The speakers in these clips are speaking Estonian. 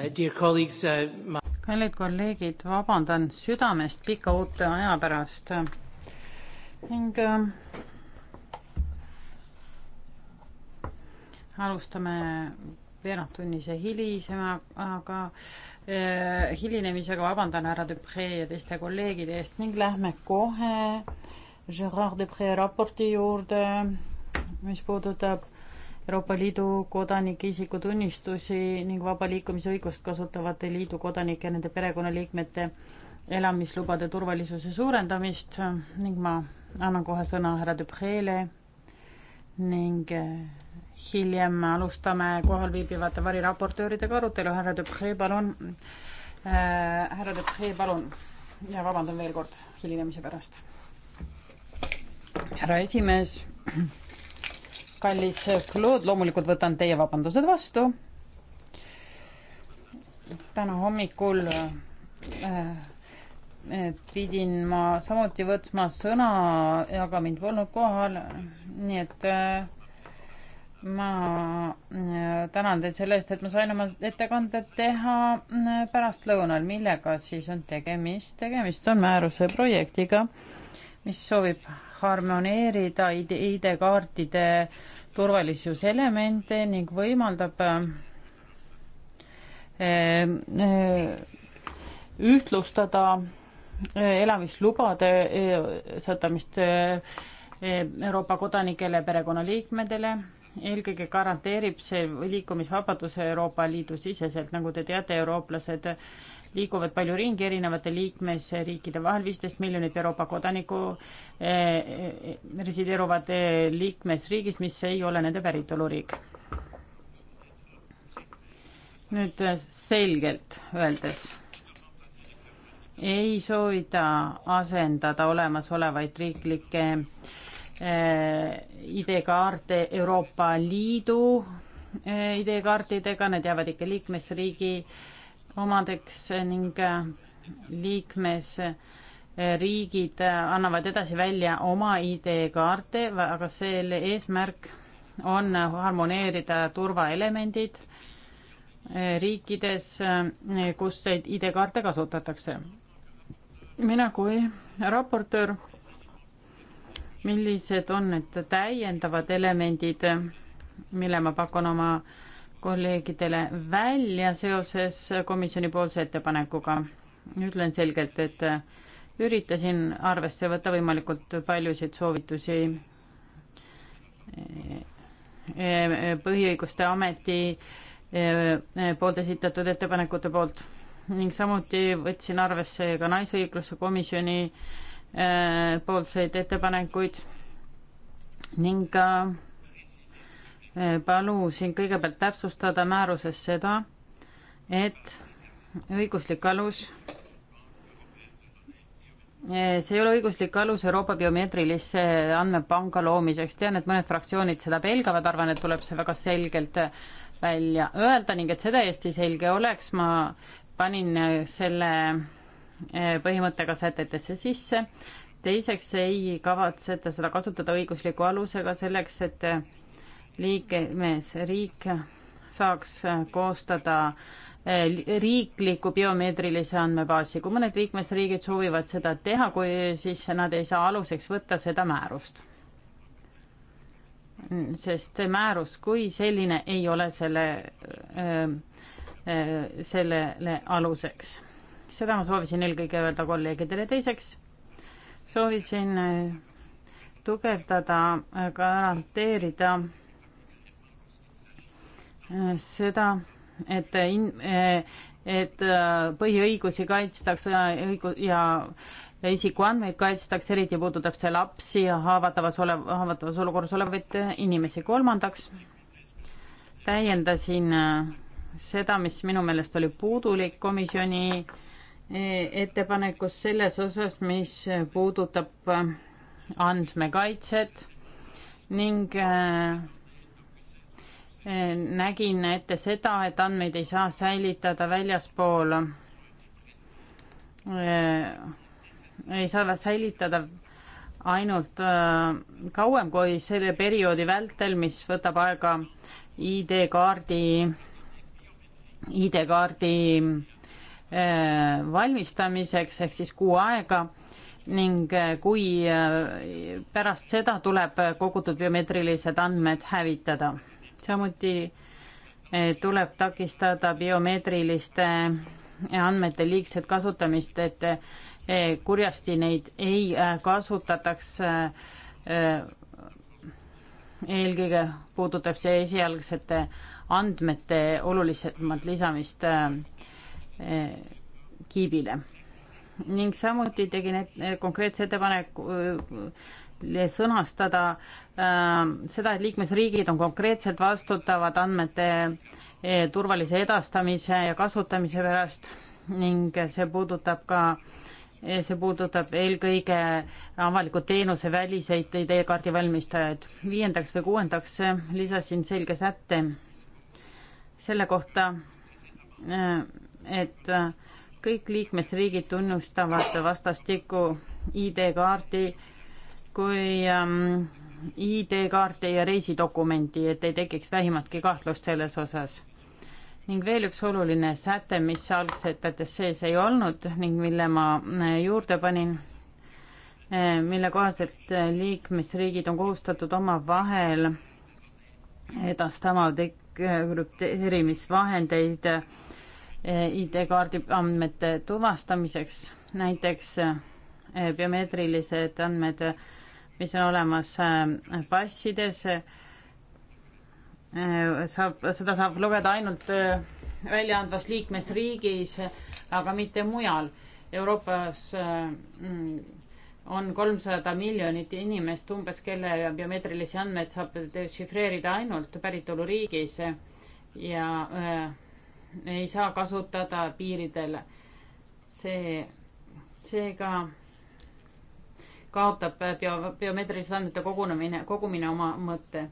Uh, uh, kallid kolleegid, vabandan südamest pika ooteaja pärast ning äh, alustame veerandtunnise hilisema, aga äh, hilinemisega vabandan härra Dupree ja teiste kolleegide eest ning lähme kohe Gerard Dupree raporti juurde, mis puudutab Euroopa Liidu kodanike isikutunnistusi ning vaba liikumise õigust kasutavate liidu kodanike ja nende perekonnaliikmete elamislubade turvalisuse suurendamist ning ma annan kohe sõna härra Dupreele ning eh, hiljem alustame kohalviibivate variraportööridega arutelu. härra Dupree, palun äh,. härra Dupree, palun ja vabandan veel kord hilinemise pärast. härra esimees kallis Claude, loomulikult võtan teie vabandused vastu. täna hommikul äh, äh, pidin ma samuti võtma sõna, aga mind polnud kohal, nii et äh, ma äh, tänan teid selle eest, et ma sain oma ettekanded teha äh, pärastlõunal, millega siis on tegemist, tegemist on määruse projektiga, mis soovib harmoneerida ID-kaartide turvalisuselemente ning võimaldab äh, äh, ühtlustada äh, elamislubade seadamist Euroopa kodanikele ja perekonnaliikmedele, eelkõige garanteerib see liikumisvabaduse Euroopa Liidu siseselt, nagu te teate, eurooplased liiguvad palju ringi erinevate liikmesriikide vahel, viisteist miljonit Euroopa kodanikku eh, eh resideeruvad eh, liikmesriigis, mis ei ole nende päritoluriik. nüüd eh, selgelt öeldes ei soovita asendada olemasolevaid riiklikke eh, ID-kaarte Euroopa Liidu eh, ID-kaartidega, need jäävad ikka liikmesriigi eh, omadeks ning äh, liikmesriigid äh, annavad edasi välja oma ID-kaarte, aga selle eesmärk on äh, harmoneerida turvaelemendid riikides, kus neid ID-kaarte kasutatakse. mina kui raportöör, millised on need täiendavad elemendid, mille ma pakun oma äh, kolleegidele välja seoses komisjoni poolse ettepanekuga. ütlen selgelt, et üritasin arvesse võtta võimalikult paljusid soovitusi e, e, põhiõiguste ameti e, poolt esitatud ettepanekute poolt ning samuti võtsin arvesse ka Naisõigluse komisjoni poolseid ettepanekuid ning ka äh, Eh, palusin kõigepealt täpsustada määruses seda, et õiguslik alus, eh, see ei ole õiguslik alus Euroopa biomeetrilise andmepanga loomiseks, tean, et mõned fraktsioonid seda pelgavad, arvan, et tuleb see väga selgelt eh, välja öelda ning et see täiesti selge oleks, ma panin selle põhimõttega sätetesse sisse, teiseks ei kavatseta seda kasutada õigusliku alusega selleks, et liikmesriik saaks koostada eh, riikliku biomeetrilise andmebaasi. kui mõned liikmesriigid soovivad seda teha, kui siis nad ei saa aluseks võtta seda määrust. sest see määrus kui selline ei ole selle, eh, eh, sellele aluseks. seda ma soovisin eelkõige öelda kolleegidele. teiseks soovisin tugevdada, garanteerida seda, et in-, et põhiõigusi kaitstakse õigu- ja isikuandmeid kaitstakse, eriti puudutab see lapsi ja haavatavas olev, haavatavas olukorras olevaid inimesi. kolmandaks täiendasin seda, mis minu meelest oli puudulik komisjoni e-, ettepanekus selles osas, mis puudutab andmekaitset ning nägin ette seda, et andmeid ei saa säilitada väljaspool, äh, ei saa säilitada ainult äh, kauem kui selle perioodi vältel, mis võtab aega ID-kaardi, ID-kaardi äh, valmistamiseks ehk siis kuu aega ning kui pärast seda tuleb kogutud biomeetrilised andmed hävitada samuti eh, tuleb takistada biomeetriliste eh, andmete liigset kasutamist, et eh, kurjasti neid ei kasutataks. eelkõige puudutab see esialgsete andmete olulisemat lisamist kiibile ning samuti tegin et, konkreetse ettepaneku sõnastada ähm, seda, et liikmesriigid on konkreetselt vastutavad andmete e, turvalise edastamise ja kasutamise pärast ning see puudutab ka, e, see puudutab eelkõige avaliku teenuse väliseid ID-kaardi valmistajaid. viiendaks või kuuendaks lisasin selge sätte selle kohta, e, et kõik liikmesriigid tunnustavad vastastikku ID-kaardi kui ähm, ID-kaarti ja reisidokumenti, et ei tekiks vähimatki kahtlust selles osas. ning veel üks oluline säte, mis algsetes sees ei olnud ning mille ma äh, juurde panin, äh, mille kohaselt äh, liikmesriigid on kohustatud omavahel edastama dekrüpteerimisvahendeid ID-kaardi andmete tuvastamiseks, näiteks biomeetrilised andmed äh, mis on olemas äh, passides, äh, saab, seda saab lugeda ainult äh, väljaandvas liikmesriigis, aga mitte mujal. Euroopas mm, on kolmsada miljonit inimest umbes, kelle biomeetrilisi andmeid saab dešifreerida ainult päritoluriigis ja äh, ei saa kasutada piiridel. see, seega kaotab äh, bio, biomeetriliste andmete kogunemine, kogumine oma mõtte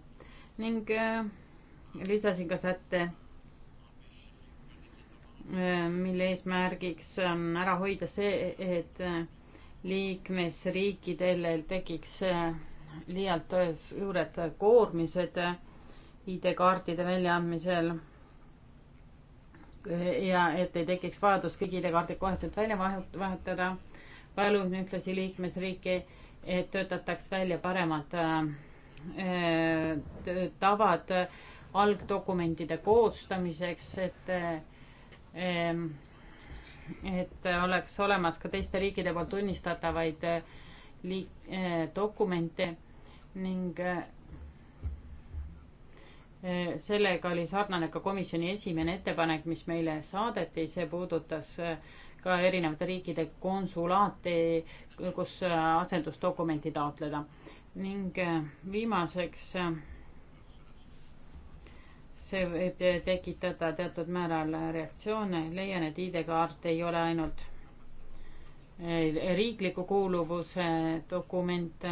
ning äh, lisasin ka sätte, äh, mille eesmärgiks on ära hoida see, et liikmesriikidel tekiks liialt suured koormised ID-kaartide väljaandmisel ja et ei tekiks vajadus kõik ID-kaardid koheselt välja vahetada palun ühtlasi liikmesriike, et töötataks välja paremad äh, äh, tavad algdokumentide koostamiseks, et ähm, et oleks olemas ka teiste riikide poolt tunnistatavaid äh, liik-, dokumente ning sellega oli sarnane ka komisjoni esimene ettepanek, mis meile saadeti, see puudutas äh, ka erinevate riikide konsulaati, kus asendusdokumenti taotleda. ning äh, viimaseks, äh, see võib tekitada teatud määral reaktsioone, leian, et ID-kaart ei ole ainult äh, riikliku kuuluvuse dokument,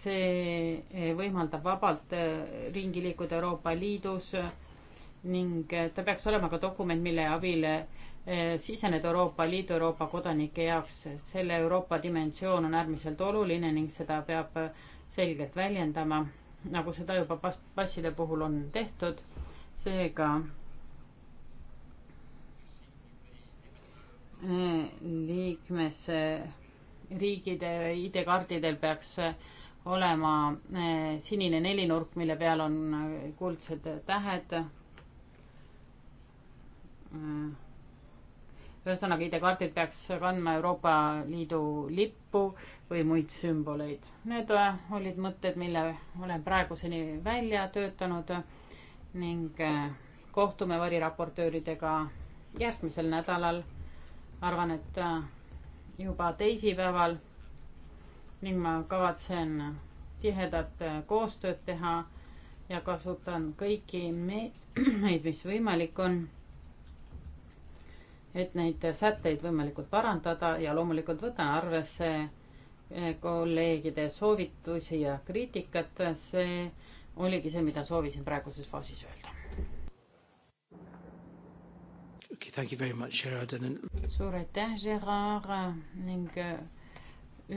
see võimaldab vabalt ringi liikuda Euroopa Liidus ning ta peaks olema ka dokument, mille abil Eh, siseneda Euroopa Liidu, Euroopa kodanike jaoks. selle Euroopa dimensioon on äärmiselt oluline ning seda peab eh, selgelt väljendama, nagu seda juba pass, passide puhul on tehtud. seega eh, liikmesriigide ID-kaardidel peaks olema sinine nelinurk, mille peal on kuldsed tähed ühesõnaga ID-kaardid peaks kandma Euroopa Liidu lippu või muid sümboleid. Need äh, olid mõtted, mille olen praeguseni välja töötanud ning äh, kohtume variraportööridega järgmisel nädalal, arvan, et äh, juba teisipäeval ning ma kavatsen tihedat koostööd teha ja kasutan kõiki meid, meid, mis võimalik on et neid sätteid võimalikult parandada ja loomulikult võtan arvesse eh, kolleegide soovitusi ja kriitikat. see oligi see, mida soovisin praeguses faasis öelda. suur aitäh, Gerard ning eh,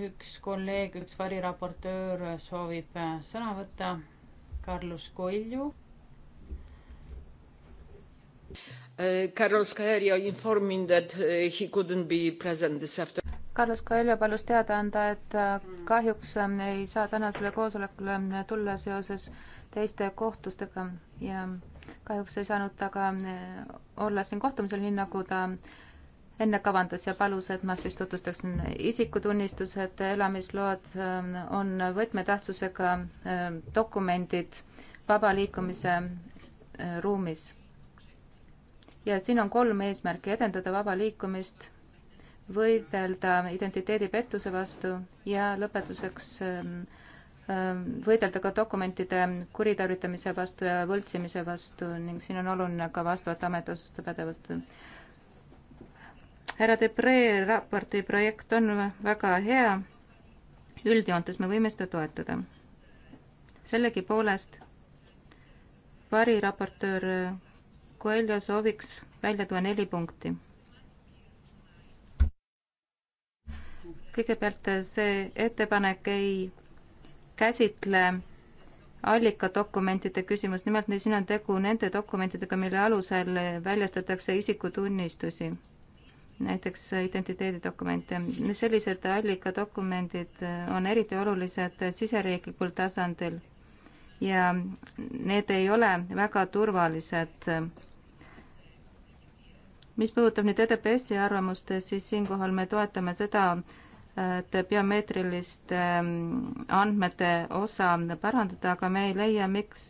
üks kolleeg, üks variraportöör soovib eh, sõna võtta. Carlos Coelho. Uh, Carlos Coelho informed me that uh, he couldn't be present this afternoon. Carlos Coelho palus teada anda, et uh, kahjuks um, ei saa tänasele koosolekule um, tulla seoses teiste kohtustega ja um, kahjuks ei saanud ta ka olla siin kohtumisel, nii nagu ta enne kavandas ja palus, et ma siis tutvustaksin isikutunnistused, elamisload on võtmetähtsusega dokumendid vaba liikumise uh, ruumis ja siin on kolm eesmärki, edendada vaba liikumist, võidelda identiteedipettuse vastu ja lõpetuseks ähm, ähm, võidelda ka dokumentide kuritarvitamise vastu ja võltsimise vastu ning siin on oluline ka vastavate ametiasutuste pädevus. härra Depree raporti projekt on väga hea, üldjoontes me võime seda toetada. sellegipoolest variraportöör Coelho sooviks välja tuua neli punkti. kõigepealt see ettepanek ei käsitle allikadokumentide küsimus, nimelt siin on tegu nende dokumentidega, mille alusel väljastatakse isikutunnistusi, näiteks identiteedidokumente. sellised allikadokumendid on eriti olulised siseriiklikul tasandil ja need ei ole väga turvalised mis puudutab nüüd EDPS-i arvamust, siis siinkohal me toetame seda, et biomeetriliste ähm, andmete osa parandada, aga me ei leia, miks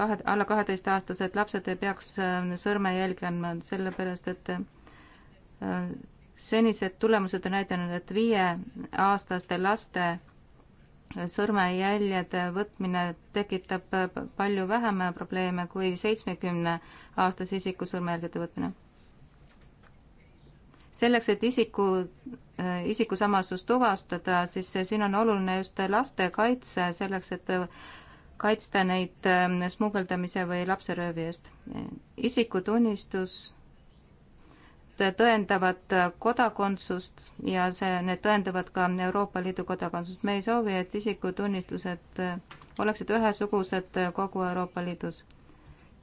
kahe, alla kaheteistaastased lapsed ei peaks ähm, sõrmejälgi andma, sellepärast et äh, senised tulemused on näidanud, et viieaastaste laste sõrmejäljede võtmine tekitab palju vähem probleeme kui seitsmekümne aastase isiku sõrmejälgede võtmine. selleks, et isiku, isikusamasust tuvastada, siis siin on oluline just laste kaitse, selleks et kaitsta neid ähm, smugeldamise või lapseröövi eest. isikutunnistus tõendavad kodakondsust ja see, need tõendavad ka Euroopa Liidu kodakondsust. me ei soovi, et isikutunnistused oleksid ühesugused kogu Euroopa Liidus.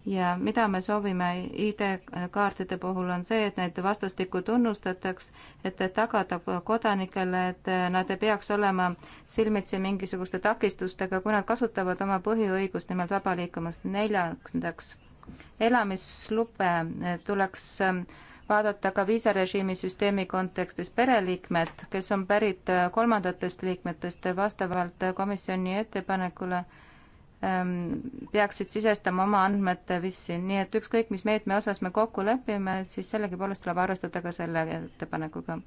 ja mida me soovime ID-kaartide puhul, on see, et neid vastastikku tunnustataks, et tagada kodanikele, et nad ei peaks olema silmitsi mingisuguste takistustega, kui nad kasutavad oma põhiõigust, nimelt vaba liikumist. neljandaks, elamislube tuleks äh, vaadata ka viisarežiimi süsteemi kontekstis pereliikmed, kes on pärit äh, kolmandatest liikmetest vastavalt komisjoni ettepanekule, ähm, peaksid sisestama oma andmed VIS-i, nii et ükskõik, mis meetme osas me kokku lepime, siis sellegipoolest tuleb arvestada ka selle ettepanekuga.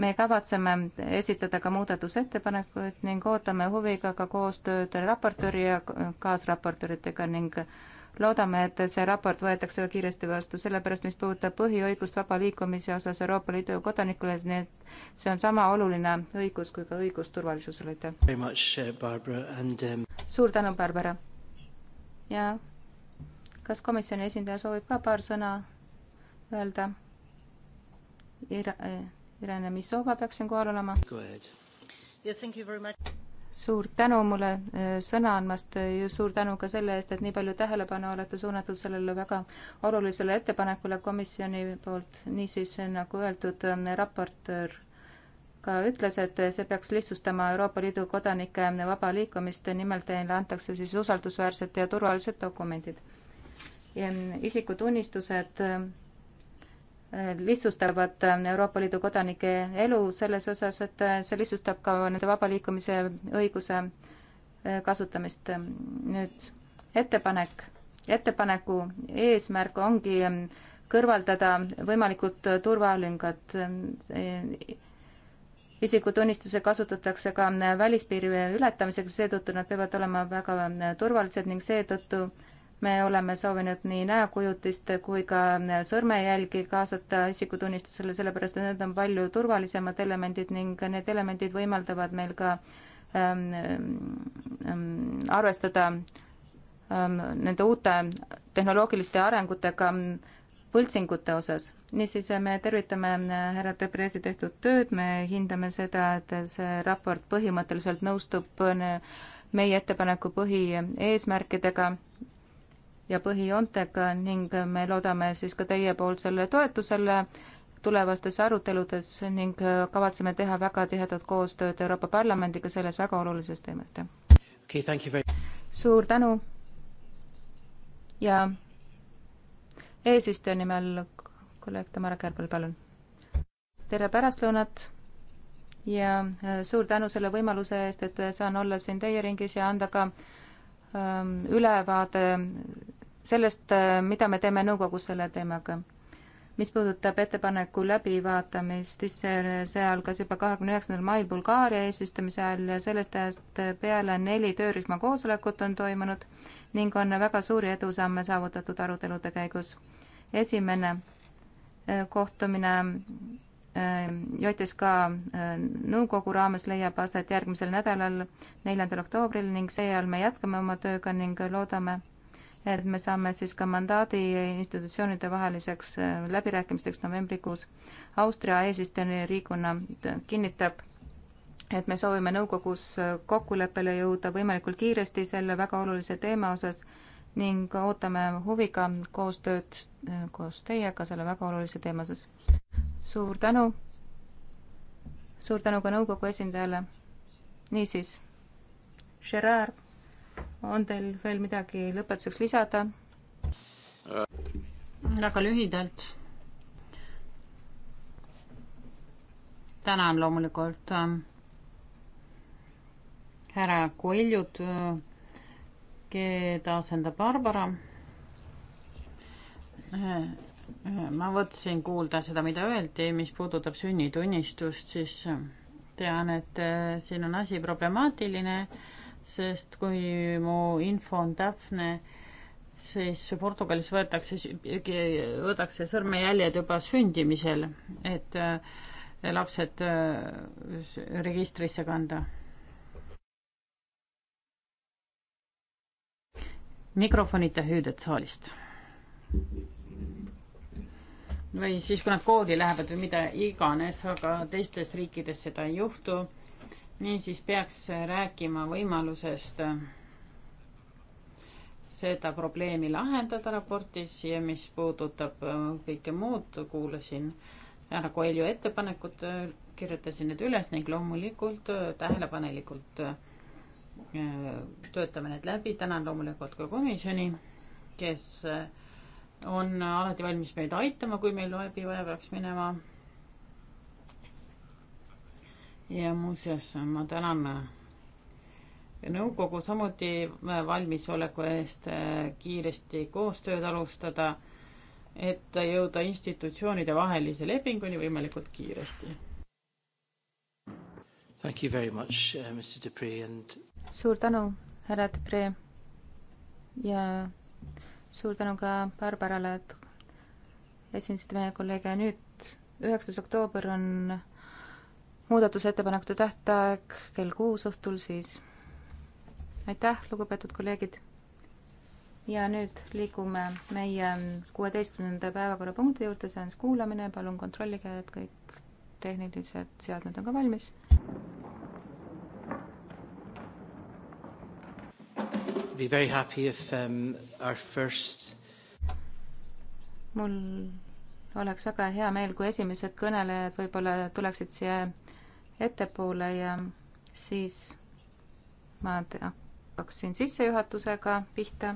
me kavatseme esitada ka muudatusettepanekuid ning ootame huviga ka koostööd raportööri ja kaasraportööritega ning loodame, et see raport võetakse ka kiiresti vastu, sellepärast mis puudutab põhiõigust vaba liikumise osas Euroopa Liidu kodanikule, nii et see on sama oluline õigus kui ka õigus turvalisusele, aitäh. Uh, um, suur tänu, Barbara. ja kas komisjoni esindaja soovib ka paar sõna öelda? Irene Missova peaks siin kohal olema. Yeah, thank you very much suur tänu mulle äh, sõna andmast äh, ja suur tänu ka selle eest, et nii palju tähelepanu olete suunatud sellele väga olulisele ettepanekule komisjoni poolt. niisiis, äh, nagu öeldud, raportöör ka ütles, et see peaks lihtsustama Euroopa Liidu kodanike vaba liikumist, nimelt neile antakse siis usaldusväärsed ja turvalised dokumendid. isikutunnistused lihtsustavad Euroopa Liidu kodanike elu selles osas, et see lihtsustab ka nende vaba liikumise õiguse äh, kasutamist. nüüd ettepanek, ettepaneku eesmärk ongi ähm, kõrvaldada võimalikud turvalüngad. Äh, isikutunnistuse kasutatakse ka äh, välispiiri ületamiseks, seetõttu nad peavad olema väga turvalised ning seetõttu äh, me oleme soovinud nii näokujutist kui ka sõrmejälgi kaasata isikutunnistusele, sellepärast et need on palju turvalisemad elemendid ning need elemendid võimaldavad meil ka ähm, ähm, arvestada ähm, nende uute tehnoloogiliste arengutega võltsingute osas. niisiis, me tervitame äh, härra Debrezi tehtud tööd, me hindame seda, et see raport põhimõtteliselt nõustub äh, meie ettepaneku põhieesmärkidega ja põhijoontega ning me loodame siis ka teie poolt selle toetusele tulevastes aruteludes ning äh, kavatseme teha väga tihedat koostööd Euroopa Parlamendiga selles väga olulises teemas okay,. Very... suur tänu ja eesistuja nimel kolleeg Tamara Kärbel, palun. tere pärastlõunat ja äh, suur tänu selle võimaluse eest, et äh, saan olla siin teie ringis ja anda ka ähm, ülevaade sellest, äh, mida me teeme nõukogus selle teemaga. mis puudutab ettepaneku läbivaatamist, siis see, see algas juba kahekümne üheksandal mail Bulgaaria eesistumise ajal ja sellest ajast peale neli töörühma koosolekut on toimunud ning on väga suuri edusamme saavutatud arutelude käigus. esimene äh, kohtumine äh, JTSK nõukogu raames leiab aset järgmisel nädalal, neljandal oktoobril ning seejärel me jätkame oma tööga ning loodame, et me saame siis ka mandaadi institutsioonide vaheliseks äh, läbirääkimisteks novembrikuus. Austria eesistujariigina kinnitab, et me soovime nõukogus äh, kokkuleppele jõuda võimalikult kiiresti selle väga olulise teema osas ning ootame huviga koostööd äh, koos teiega selle väga olulise teema osas. suur tänu. suur tänu ka nõukogu esindajale. niisiis, Gerard on teil veel midagi lõpetuseks lisada? väga lühidalt. tänan loomulikult ähm, härra Koeljut, äh, keda asendab Barbara. Äh, ma võtsin kuulda seda, mida öeldi, mis puudutab sünnitunnistust, siis äh, tean, et siin on asi problemaatiline sest kui mu info on täpne, siis Portugalis võetakse, võetakse sõrmejäljed juba sündimisel, et äh, lapsed äh, registrisse kanda. mikrofonita hüüded saalist. või siis, kui nad kooli lähevad või mida iganes, aga teistes riikides seda ei juhtu niisiis peaks rääkima võimalusest seda probleemi lahendada raportis ja mis puudutab äh, kõike muud, kuulasin härra Koelju ettepanekud, äh, kirjutasin need üles ning loomulikult äh, tähelepanelikult töötame need läbi, tänan loomulikult ka komisjoni, kes on alati valmis meid aitama, kui meil läbi vaja peaks minema ja muuseas, ma tänan äh, nõukogu samuti äh, valmisoleku eest äh, kiiresti koostööd alustada, et jõuda institutsioonide vahelise lepinguni võimalikult kiiresti. Uh, and... suur tänu, härra Dupre ja suur tänu ka Barbarale, et esindasite meie kolleege ja nüüd üheksas oktoober on muudatusettepanekute tähtaeg kell kuus õhtul siis. aitäh, lugupeetud kolleegid! ja nüüd liigume meie kuueteistkümnenda päevakorrapunkti juurde, see on siis kuulamine, palun kontrollige, et kõik tehnilised seadmed on ka valmis. Be very happy if um, our first mul oleks väga hea meel, kui esimesed kõnelejad võib-olla tuleksid siia ettepoole ja siis ma hakkaksin sissejuhatusega pihta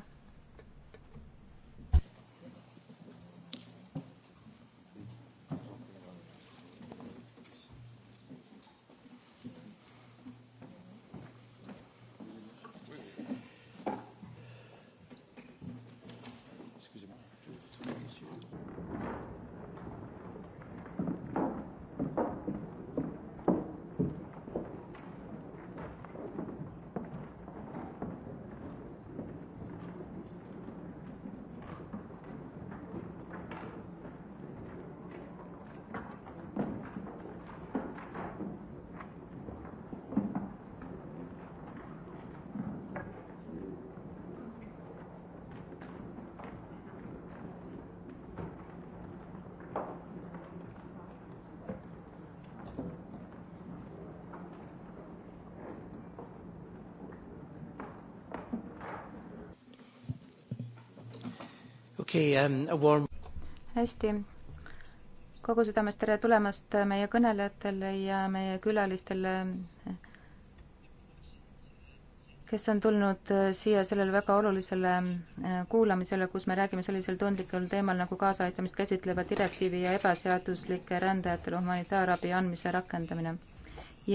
Okay, um, a warm... hästi, kogu südamest tere tulemast meie kõnelejatele ja meie külalistele, kes on tulnud äh, siia sellele väga olulisele äh, kuulamisele, kus me räägime sellisel tundlikul teemal nagu kaasaaitamist käsitleva direktiivi ja ebaseaduslike rändajatele humanitaarabi andmise rakendamine.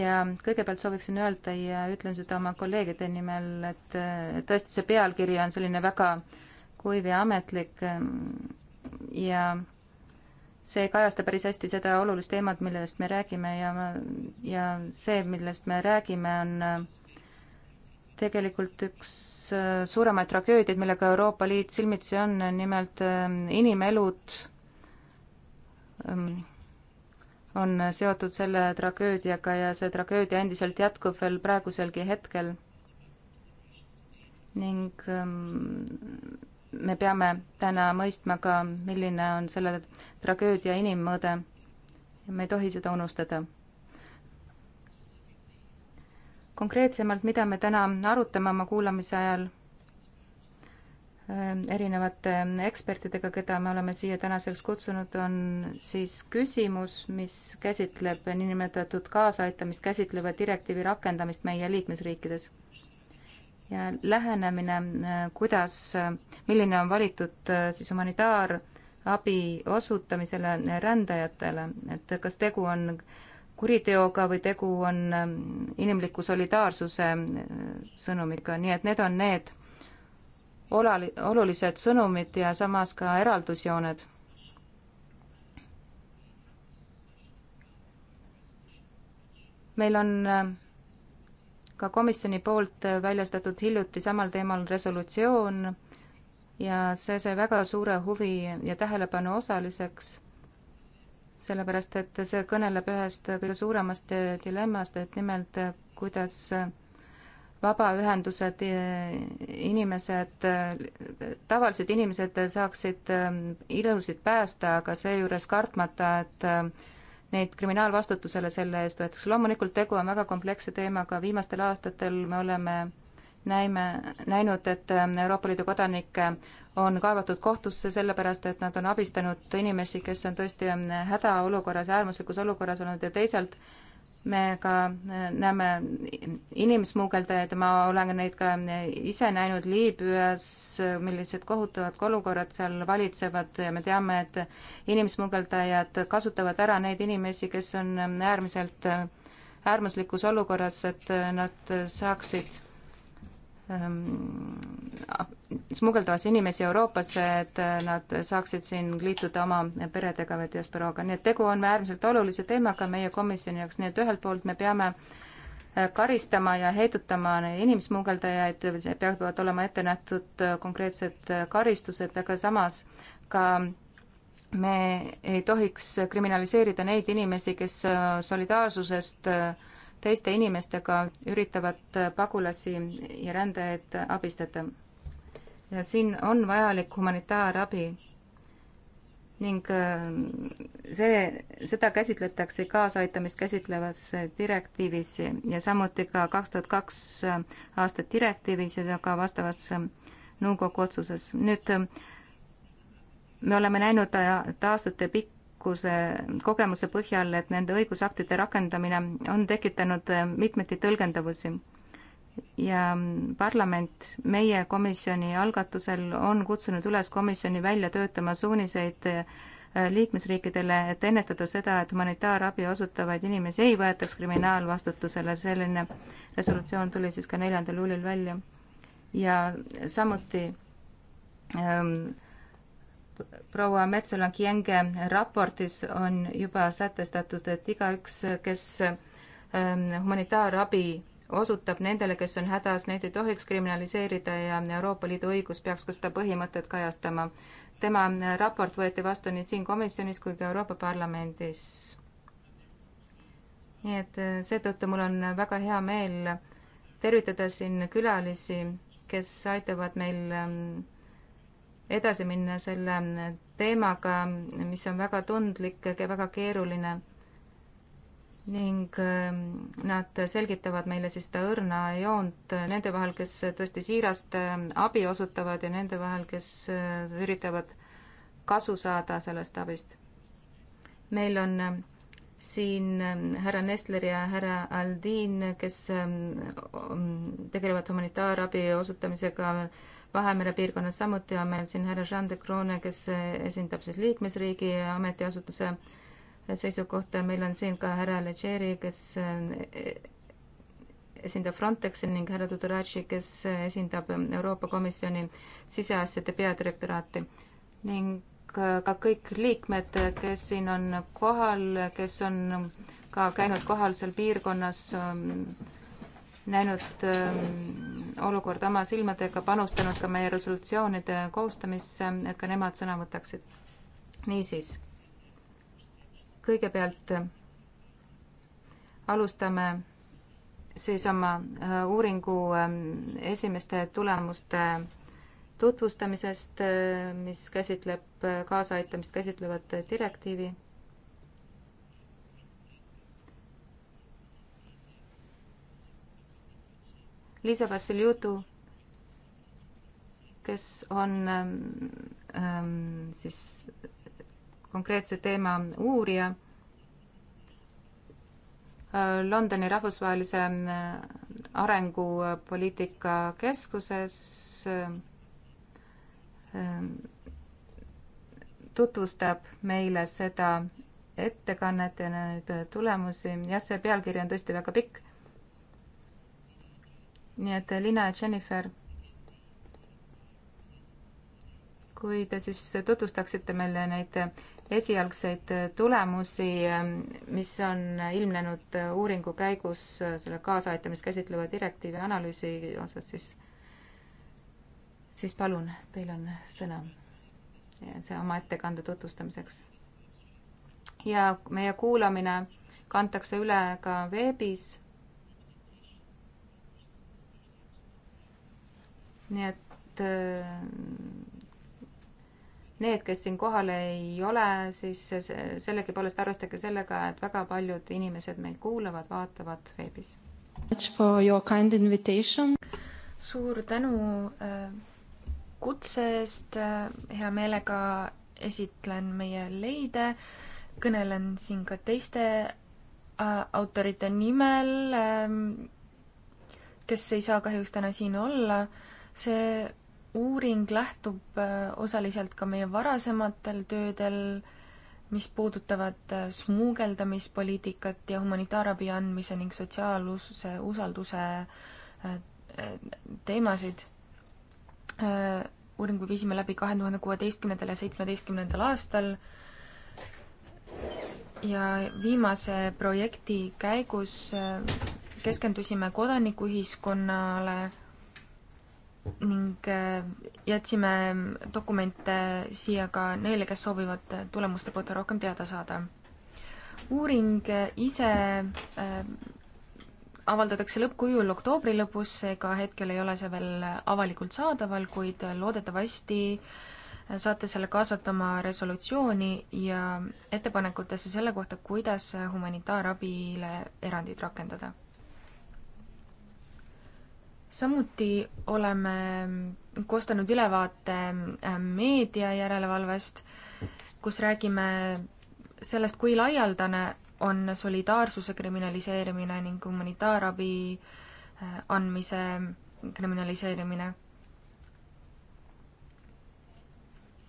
ja kõigepealt sooviksin öelda ja ütlen seda oma kolleegide nimel, et äh, tõesti, see pealkiri on selline väga äh, kuiviametlik ehm, ja see ei kajasta päris hästi seda olulist teemat, millest me räägime ja, ja see, millest me räägime, on ehm, tegelikult üks ehm, suuremaid tragöödiaid, millega Euroopa Liit silmitsi on, nimelt inimelud on seotud selle tragöödiaga ja see tragöödia endiselt jätkub veel praeguselgi hetkel. ning me peame täna mõistma ka, milline on selle tragöödia inimmõõde. me ei tohi seda unustada. konkreetsemalt, mida me täna arutame oma kuulamise ajal ähm, erinevate ekspertidega, keda me oleme siia tänaseks kutsunud, on siis küsimus, mis käsitleb niinimetatud kaasaaitamist käsitleva direktiivi rakendamist meie liikmesriikides ja lähenemine, äh, kuidas, äh, milline on valitud äh, siis humanitaarabi osutamisele rändajatele, et kas tegu on kuriteoga või tegu on inimliku solidaarsuse sõnumiga, nii et need on need olali-, olulised sõnumid ja samas ka eraldusjooned. meil on ka komisjoni poolt väljastatud hiljuti samal teemal resolutsioon ja see sai väga suure huvi ja tähelepanu osaliseks, sellepärast et see kõneleb ühest kõige suuremast dilemmast, et nimelt kuidas vabaühendused, inimesed, tavalised inimesed saaksid ähm, ilusid päästa, aga seejuures kartmata, et neid kriminaalvastutusele selle eest võetakse. loomulikult tegu on väga kompleksse teemaga, viimastel aastatel me oleme näime, näinud, et ähm, Euroopa Liidu kodanikke on kaevatud kohtusse sellepärast, et nad on abistanud inimesi, kes on tõesti ähm, hädaolukorras ja äärmuslikus olukorras olnud ja teisalt äh, me ka äh, näeme inimsmugeldajaid, ma olen neid ka äh, ise näinud Liibüas, äh, millised kohutavad olukorrad seal valitsevad ja me teame, et inimsmugeldajad kasutavad ära neid inimesi, kes on äärmiselt äärmuslikus olukorras, et nad saaksid Ehm, smugeldavas inimesi Euroopasse, et äh, nad saaksid siin liituda oma peredega või diasporaaga, nii et tegu on äärmiselt olulise teemaga meie komisjoni jaoks, nii et ühelt poolt me peame äh, karistama ja heidutama inimsmugeldajaid, peavad olema ette nähtud äh, konkreetsed karistused, aga samas ka me ei tohiks kriminaliseerida neid inimesi, kes solidaarsusest äh, teiste inimestega üritavad pagulasi ja rändajaid abistada. ja siin on vajalik humanitaarabi ning äh, see, seda käsitletakse kaasaaitamist käsitlevas direktiivis ja samuti ka kaks tuhat kaks äh, aasta direktiivis ja ka vastavas äh, nõukogu otsuses. nüüd me oleme näinud aastate pikka praeguse kogemuse põhjal, et nende õigusaktide rakendamine on tekitanud eh, mitmeti tõlgendavusi. ja parlament meie komisjoni algatusel on kutsunud üles komisjoni välja töötama suuniseid eh, liikmesriikidele, et ennetada seda, et humanitaarabi osutavaid inimesi ei võetaks kriminaalvastutusele, selline resolutsioon tuli siis ka neljandal juulil välja. ja samuti ähm, proua Metsola-Kienge raportis on juba sätestatud, et igaüks, kes ähm, humanitaarabi osutab nendele, kes on hädas, neid ei tohiks kriminaliseerida ja Euroopa Liidu õigus peaks ka seda põhimõtet kajastama. tema raport võeti vastu nii siin komisjonis kui ka Euroopa Parlamendis. nii et äh, seetõttu mul on väga hea meel tervitada siin külalisi, kes aitavad meil ähm, edasi minna selle teemaga, mis on väga tundlik, väga keeruline. ning ähm, nad selgitavad meile siis seda õrna joont nende vahel, kes tõesti siirast ähm, abi osutavad ja nende vahel, kes äh, üritavad kasu saada sellest abist. meil on ähm, siin härra Nestler ja härra Aldin, kes tegelevad humanitaarabi osutamisega Vahemere piirkonnas samuti on meil siin härra Jean de Crone, kes esindab siis liikmesriigi ametiasutuse seisukohta, meil on siin ka härra Legeri, kes eh, esindab Frontexi ning härra Tudoraci, kes esindab Euroopa Komisjoni siseasjade peadirektoraati ning ka kõik liikmed, kes siin on kohal, kes on ka käinud kohal seal piirkonnas, näinud ähm, olukorda oma silmadega, panustanud ka meie resolutsioonide koostamisse, et ka nemad sõna võtaksid. niisiis, kõigepealt äh, alustame siis oma äh, uuringu ähm, esimeste tulemuste tutvustamisest, äh, mis käsitleb, kaasaaitamist käsitlevat direktiivi Liisa Vassiljutu, kes on ähm, ähm siis konkreetse teema uurija äh, Londoni rahvusvahelise äh, arengupoliitika keskuses äh, ähm, tutvustab meile seda ettekannet ja neid tulemusi. jah, see pealkiri on tõesti väga pikk nii et eh, Lina ja Jennifer, kui te siis tutvustaksite meile neid eh, esialgseid eh, tulemusi, mis on ilmnenud uuringu käigus selle kaasaaitamist käsitleva direktiivi analüüsi osas, siis, siis palun, teil on sõna see oma ettekande tutvustamiseks. ja meie kuulamine kantakse üle ka veebis nii et äh, need, kes siin kohal ei ole, siis sellegipoolest arvestage sellega, et väga paljud inimesed meid kuulavad, vaatavad veebis. suur tänu äh, kutse eest, äh, hea meelega esitlen meie leide, kõnelen siin ka teiste autorite nimel, kes ei saa kahjuks täna siin olla see uuring lähtub äh, osaliselt ka meie varasematel töödel, mis puudutavad äh, smuugeldamispoliitikat ja humanitaarabi andmise ning sotsiaaluse usalduse äh, teemasid. uuringu viisime läbi kahe tuhande kuueteistkümnendal ja seitsmeteistkümnendal aastal ja viimase projekti käigus keskendusime kodanikuühiskonnale ning äh, jätsime dokumente siia ka neile, kes soovivad äh, tulemuste kohta rohkem teada saada. uuring äh, ise avaldatakse lõppkujul oktoobri lõpus, seega hetkel ei ole see veel avalikult saadaval, kuid loodetavasti saate selle kaasata oma resolutsiooni ja ettepanekutesse selle kohta, kuidas humanitaarabile erandid rakendada samuti oleme koostanud ülevaate äh, meediajärelevalvest, kus räägime sellest, kui laialdane on solidaarsuse kriminaliseerimine ning humanitaarabi äh, andmise kriminaliseerimine.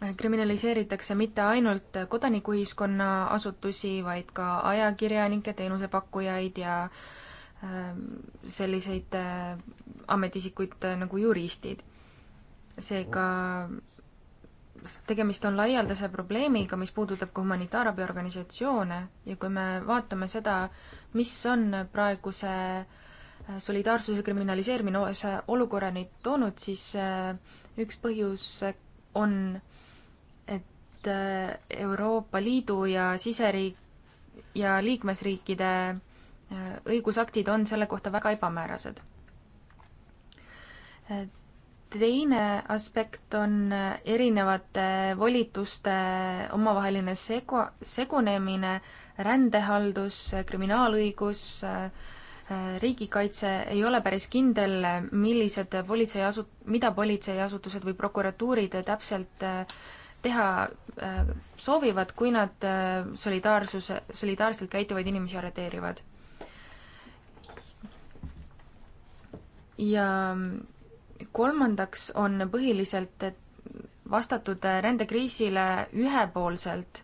Äh, kriminaliseeritakse mitte ainult kodanikuühiskonna asutusi, vaid ka ajakirjanikke, teenusepakkujaid ja äh, Ähm, selliseid äh, ametiisikuid äh, nagu juristid. seega tegemist on laialdase probleemiga, mis puudutab ka humanitaarabiorganisatsioone ja kui me vaatame seda, mis on praeguse äh, solidaarsuse kriminaliseerimine olukorrani toonud, siis üks põhjus on, et Euroopa Liidu ja siseriik- ja liikmesriikide õigusaktid on selle kohta väga ebamäärased. teine aspekt on erinevate volituste omavaheline segu, segunemine, rändehaldus, kriminaalõigus, riigikaitse, ei ole päris kindel, millised politseiasu-, mida politseiasutused või prokuratuurid täpselt teha soovivad, kui nad solidaarsuse, solidaarselt käituvaid inimesi arreteerivad ja kolmandaks on põhiliselt vastatud rändekriisile ühepoolselt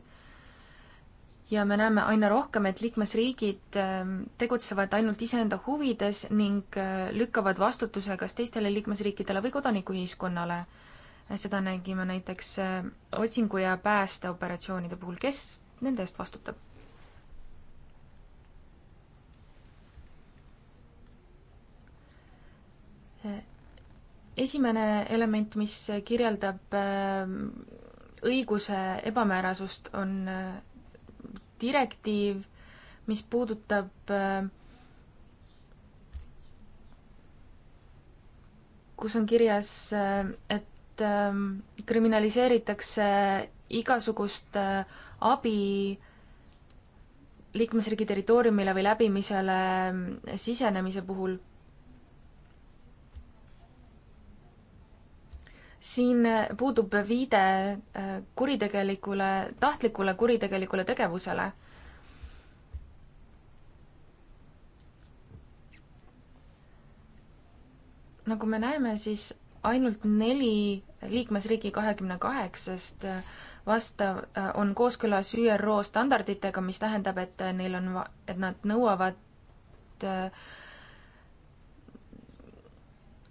ja me näeme aina rohkem, et liikmesriigid ähm, tegutsevad ainult iseenda huvides ning äh, lükkavad vastutuse kas teistele liikmesriikidele või kodanikuühiskonnale. seda nägime näiteks äh, otsingu- ja päästeoperatsioonide puhul, kes nende eest vastutab? esimene element, mis kirjeldab ähm, õiguse ebamäärasust, on äh, direktiiv, mis puudutab äh, kus on kirjas, äh, et ähm, kriminaliseeritakse igasugust abi liikmesriigi territooriumile või läbimisele sisenemise puhul siin puudub viide äh, kuritegelikule, tahtlikule kuritegelikule tegevusele. nagu me näeme, siis ainult neli liikmesriigi kahekümne kaheksast äh, vastav, äh, on kooskõlas ÜRO standarditega, mis tähendab, et neil on, et nad nõuavad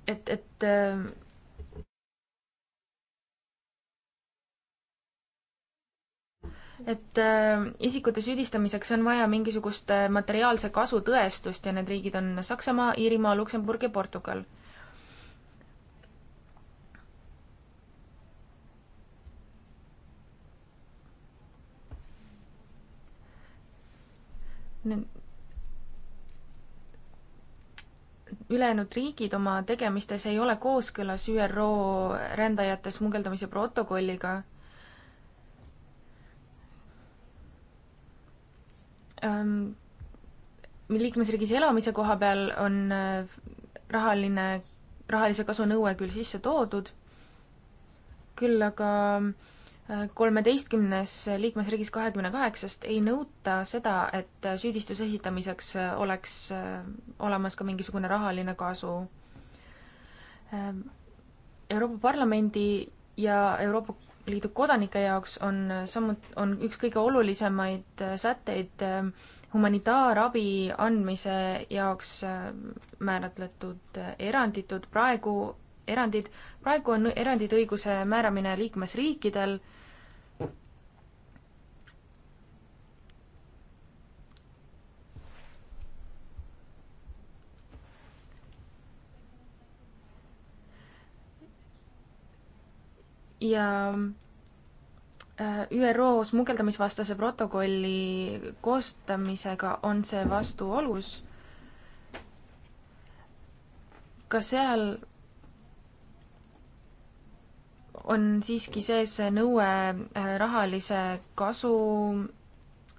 et, et et äh, isikute süüdistamiseks on vaja mingisugust äh, materiaalse kasu tõestust ja need riigid on Saksamaa, Iirimaa, Luksemburg ja Portugal. ülejäänud riigid oma tegemistes ei ole kooskõlas ÜRO rändajate smugeldamise protokolliga liikmesriigis elamise koha peal on äh, rahaline, rahalise kasu nõue küll sisse toodud, küll aga äh, kolmeteistkümnes liikmesriigis kahekümne kaheksast ei nõuta seda, et äh, süüdistuse esitamiseks oleks olemas ka mingisugune rahaline kasu. Euroopa Parlamendi ja Euroopa Liidu kodanike jaoks on äh, samuti, on üks kõige olulisemaid äh, sätteid äh, humanitaarabi andmise jaoks määratletud eranditud praegu, erandid, praegu on erandid õiguse määramine liikmesriikidel ja äh, ÜRO smugeldamisvastase protokolli koostamisega on see vastuolus. ka seal on siiski sees see nõue äh, rahalise kasu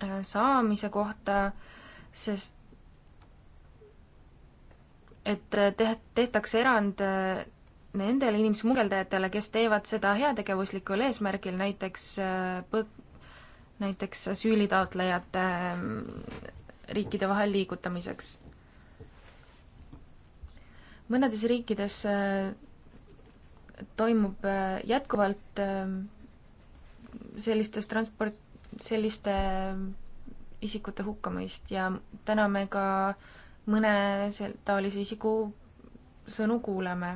äh, saamise kohta, sest et teht-, tehtakse erand nendele inimsmugeldajatele, kes teevad seda heategevuslikul eesmärgil, näiteks äh, põg-, näiteks asüülitaotlejate mm, riikide vahel liigutamiseks. mõnedes riikides äh, toimub äh, jätkuvalt sellistes transport, selliste isikute hukkamõist ja täna me ka mõne taolise isiku sõnu kuuleme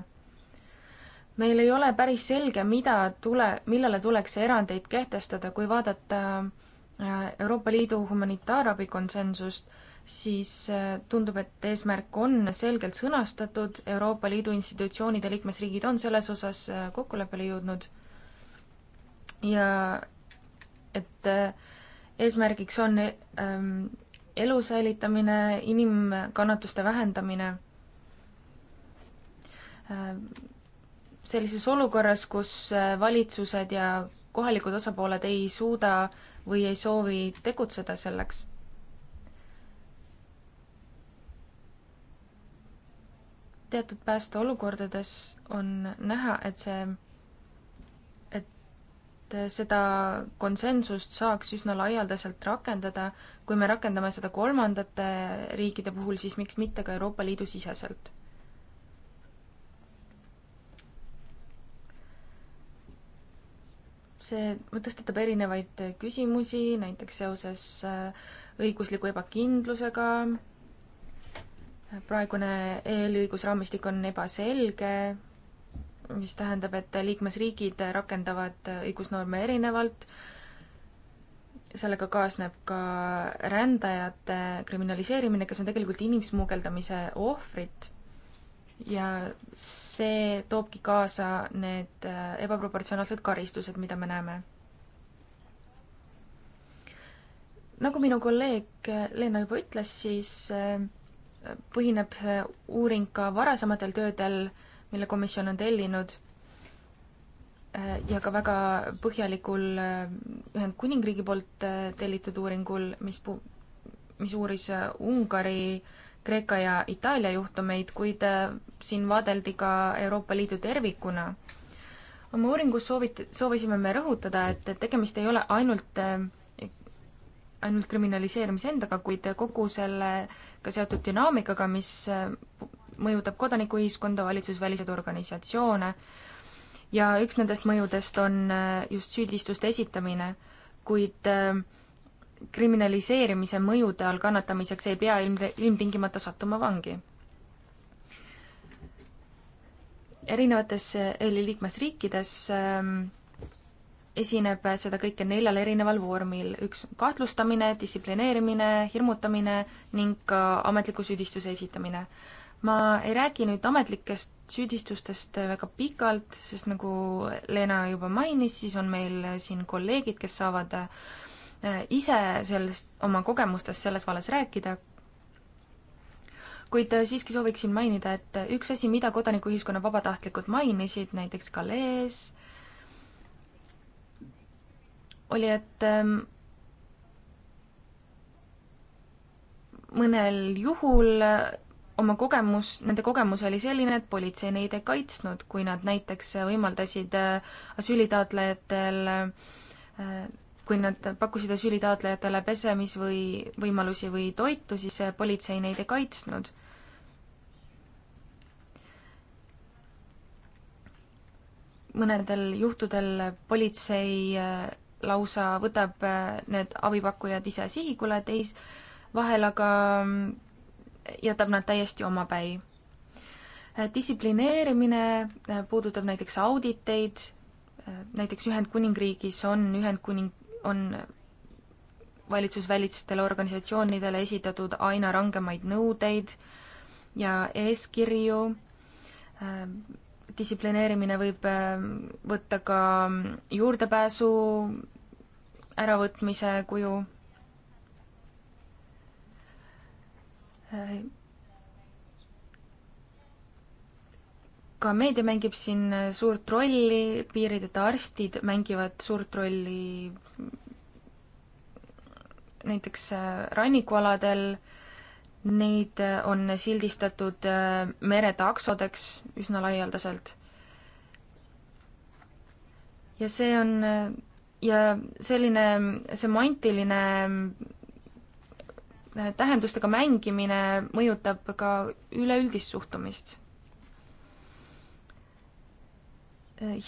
meil ei ole päris selge, mida tule, millele tuleks erandeid kehtestada, kui vaadata äh, Euroopa Liidu humanitaarabi konsensust, siis äh, tundub, et eesmärk on selgelt sõnastatud, Euroopa Liidu institutsioonid ja liikmesriigid on selles osas äh, kokkuleppele jõudnud ja et eesmärgiks on ähm, elu säilitamine, inimkannatuste vähendamine sellises olukorras, kus äh, valitsused ja kohalikud osapooled ei suuda või ei soovi tegutseda selleks. teatud päästeolukordades on näha, et see, et seda konsensust saaks üsna laialdaselt rakendada, kui me rakendame seda kolmandate riikide puhul, siis miks mitte ka Euroopa Liidu siseselt see tõstatab erinevaid küsimusi, näiteks seoses äh, õigusliku ebakindlusega. praegune eelõigusraamistik on ebaselge, mis tähendab, et liikmesriigid rakendavad õigusnorme erinevalt. sellega kaasneb ka rändajate kriminaliseerimine, kes on tegelikult inimsmugeldamise ohvrid ja see toobki kaasa need äh, ebaproportsionaalsed karistused, mida me näeme. nagu minu kolleeg äh, Leena juba ütles, siis äh, põhineb see uuring ka varasematel töödel, mille komisjon on tellinud ja ka väga põhjalikul Ühendkuningriigi poolt tellitud uuringul, mis pu-, mis uuris Ungari Kreeka ja Itaalia juhtumeid, kuid äh, siin vaadeldi ka Euroopa Liidu tervikuna. oma uuringus soovit-, soovisime me rõhutada, et tegemist ei ole ainult, äh, ainult kriminaliseerimise endaga, kuid kogu sellega seotud dünaamikaga, mis äh, mõjutab kodanikuühiskonda, valitsusväliseid organisatsioone ja üks nendest mõjudest on just süüdistuste esitamine, kuid äh, kriminaliseerimise mõjude all kannatamiseks ei pea ilm, ilmtingimata sattuma vangi. erinevates EL-i eh, liikmesriikides ähm, esineb seda kõike neljal erineval vormil. üks kahtlustamine, distsiplineerimine, hirmutamine ning ka ametliku süüdistuse esitamine. ma ei räägi nüüd ametlikest süüdistustest äh, väga pikalt, sest nagu Lena juba mainis, siis on meil äh, siin kolleegid, kes saavad äh, ise sellest, oma kogemustest selles vallas rääkida, kuid äh, siiski sooviksin mainida, et üks asi, mida kodanikuühiskonna vabatahtlikud mainisid, näiteks Galees, oli, et ähm, mõnel juhul äh, oma kogemus, nende kogemus oli selline, et politsei neid ei kaitsnud, kui nad näiteks võimaldasid äh, asüülitaotlejatel kui nad pakkusid asüülitaotlejatele pesemis- või võimalusi või toitu, siis politsei neid ei kaitsnud. mõnedel juhtudel politsei äh, lausa võtab äh, need abipakkujad ise sihikule, teis vahel aga mm, jätab nad täiesti omapäi. Äh, distsiplineerimine puudutab näiteks auditeid, näiteks Ühendkuningriigis on Ühendkuning-, on valitsusvälistele organisatsioonidele esitatud aina rangemaid nõudeid ja eeskirju. Ähm, distsiplineerimine võib ähm, võtta ka juurdepääsu äravõtmise kuju äh, ka meedia mängib siin äh, suurt rolli, piirideta arstid mängivad suurt rolli näiteks äh, rannikualadel, neid äh, on sildistatud meretaksodeks üsna laialdaselt. ja see on ja selline semantiline tähendustega mängimine mõjutab ka üleüldist suhtumist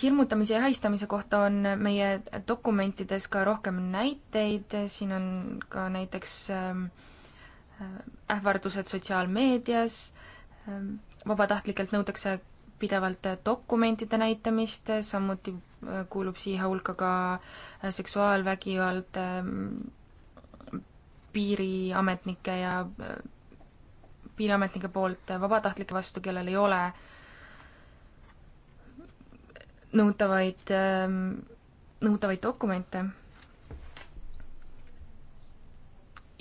hirmutamise ja häistamise kohta on meie dokumentides ka rohkem näiteid, siin on ka näiteks ähm, äh, ähvardused sotsiaalmeedias, ähm, vabatahtlikelt nõutakse pidevalt dokumentide näitamist, samuti äh, kuulub siia hulka ka äh, seksuaalvägivald ähm, piiriametnike ja piiriametnike poolt vabatahtlike vastu, kellel ei ole äh, nõutavaid, ähm, nõutavaid dokumente.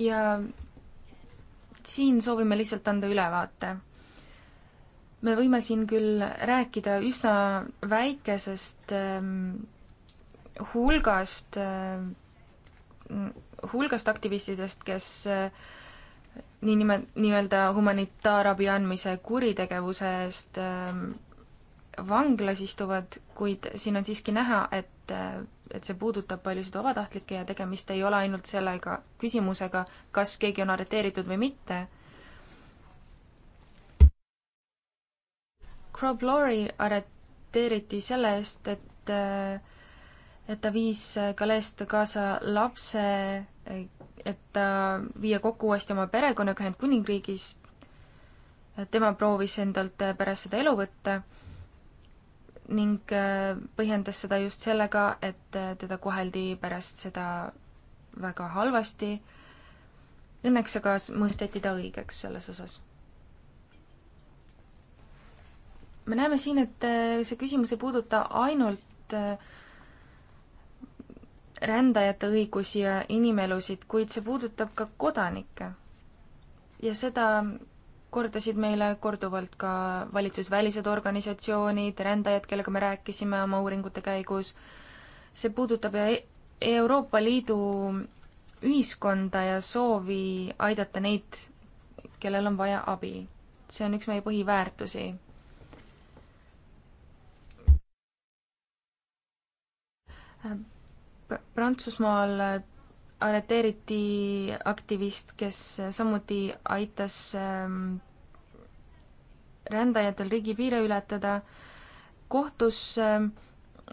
ja siin soovime lihtsalt anda ülevaate. me võime siin küll rääkida üsna väikesest ähm, hulgast, äh, hulgast aktivistidest, kes äh, niinime-, nii-öelda humanitaarabi andmise kuritegevuse eest ähm, vanglas istuvad, kuid siin on siiski näha, et, et see puudutab paljusid vabatahtlikke ja tegemist ei ole ainult sellega küsimusega, kas keegi on arreteeritud või mitte. Crow Glory arreteeriti selle eest, et, et ta viis Galeest kaasa lapse, et ta viia kokku uuesti oma perekonnaga Ühendkuningriigis. tema proovis endalt pärast seda elu võtta ning äh, põhjendas seda just sellega, et äh, teda koheldi pärast seda väga halvasti. Õnneks aga mõisteti ta õigeks selles osas. me näeme siin, et äh, see küsimus ei puuduta ainult rändajate õigusi ja inimelusid, kuid see puudutab ka kodanikke. ja seda kordasid meile korduvalt ka valitsusvälised organisatsioonid, rändajad, kellega me rääkisime oma uuringute käigus. see puudutab e-, Euroopa Liidu ühiskonda ja soovi aidata neid, kellel on vaja abi. see on üks meie põhiväärtusi. Prantsusmaal arreteeriti aktivist, kes samuti aitas ähm, rändajatel riigipiire ületada. kohtus ähm,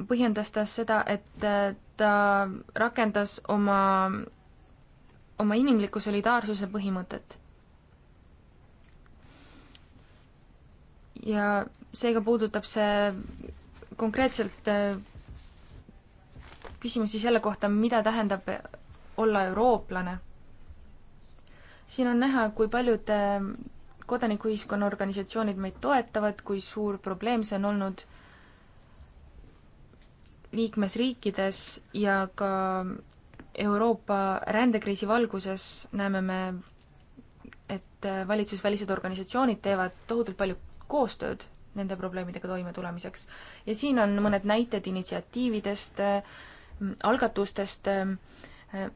põhjendas ta seda, et äh, ta rakendas oma, oma inimliku solidaarsuse põhimõtet. ja seega puudutab see konkreetselt äh, küsimus siis selle kohta, mida tähendab olla eurooplane. siin on näha, kui paljud ähm, kodanikuühiskonna organisatsioonid meid toetavad, kui suur probleem see on olnud liikmesriikides ja ka Euroopa rändekriisi valguses näeme me, et äh, valitsusvälised organisatsioonid teevad tohutult palju koostööd nende probleemidega toimetulemiseks. ja siin on mõned näited initsiatiividest, äh, algatustest, äh,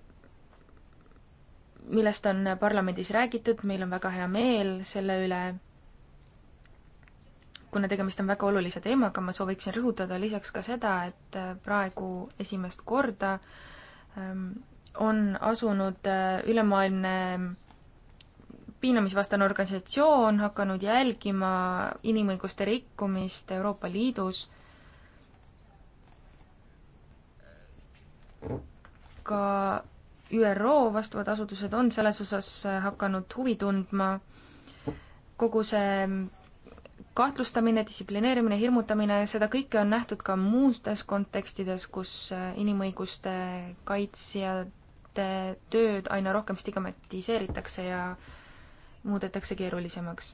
millest on parlamendis räägitud, meil on väga hea meel selle üle, kuna tegemist on väga olulise teemaga, ma sooviksin rõhutada lisaks ka seda, et praegu esimest korda ähm, on asunud äh, ülemaailmne piinamisvastane organisatsioon hakanud jälgima inimõiguste rikkumist Euroopa Liidus ka ÜRO vastavad asutused on selles osas äh, hakanud huvi tundma. kogu see mm, kahtlustamine, distsiplineerimine, hirmutamine, seda kõike on nähtud ka muudes kontekstides, kus äh, inimõiguste kaitsjate tööd aina rohkem stigmatiseeritakse ja muudetakse keerulisemaks.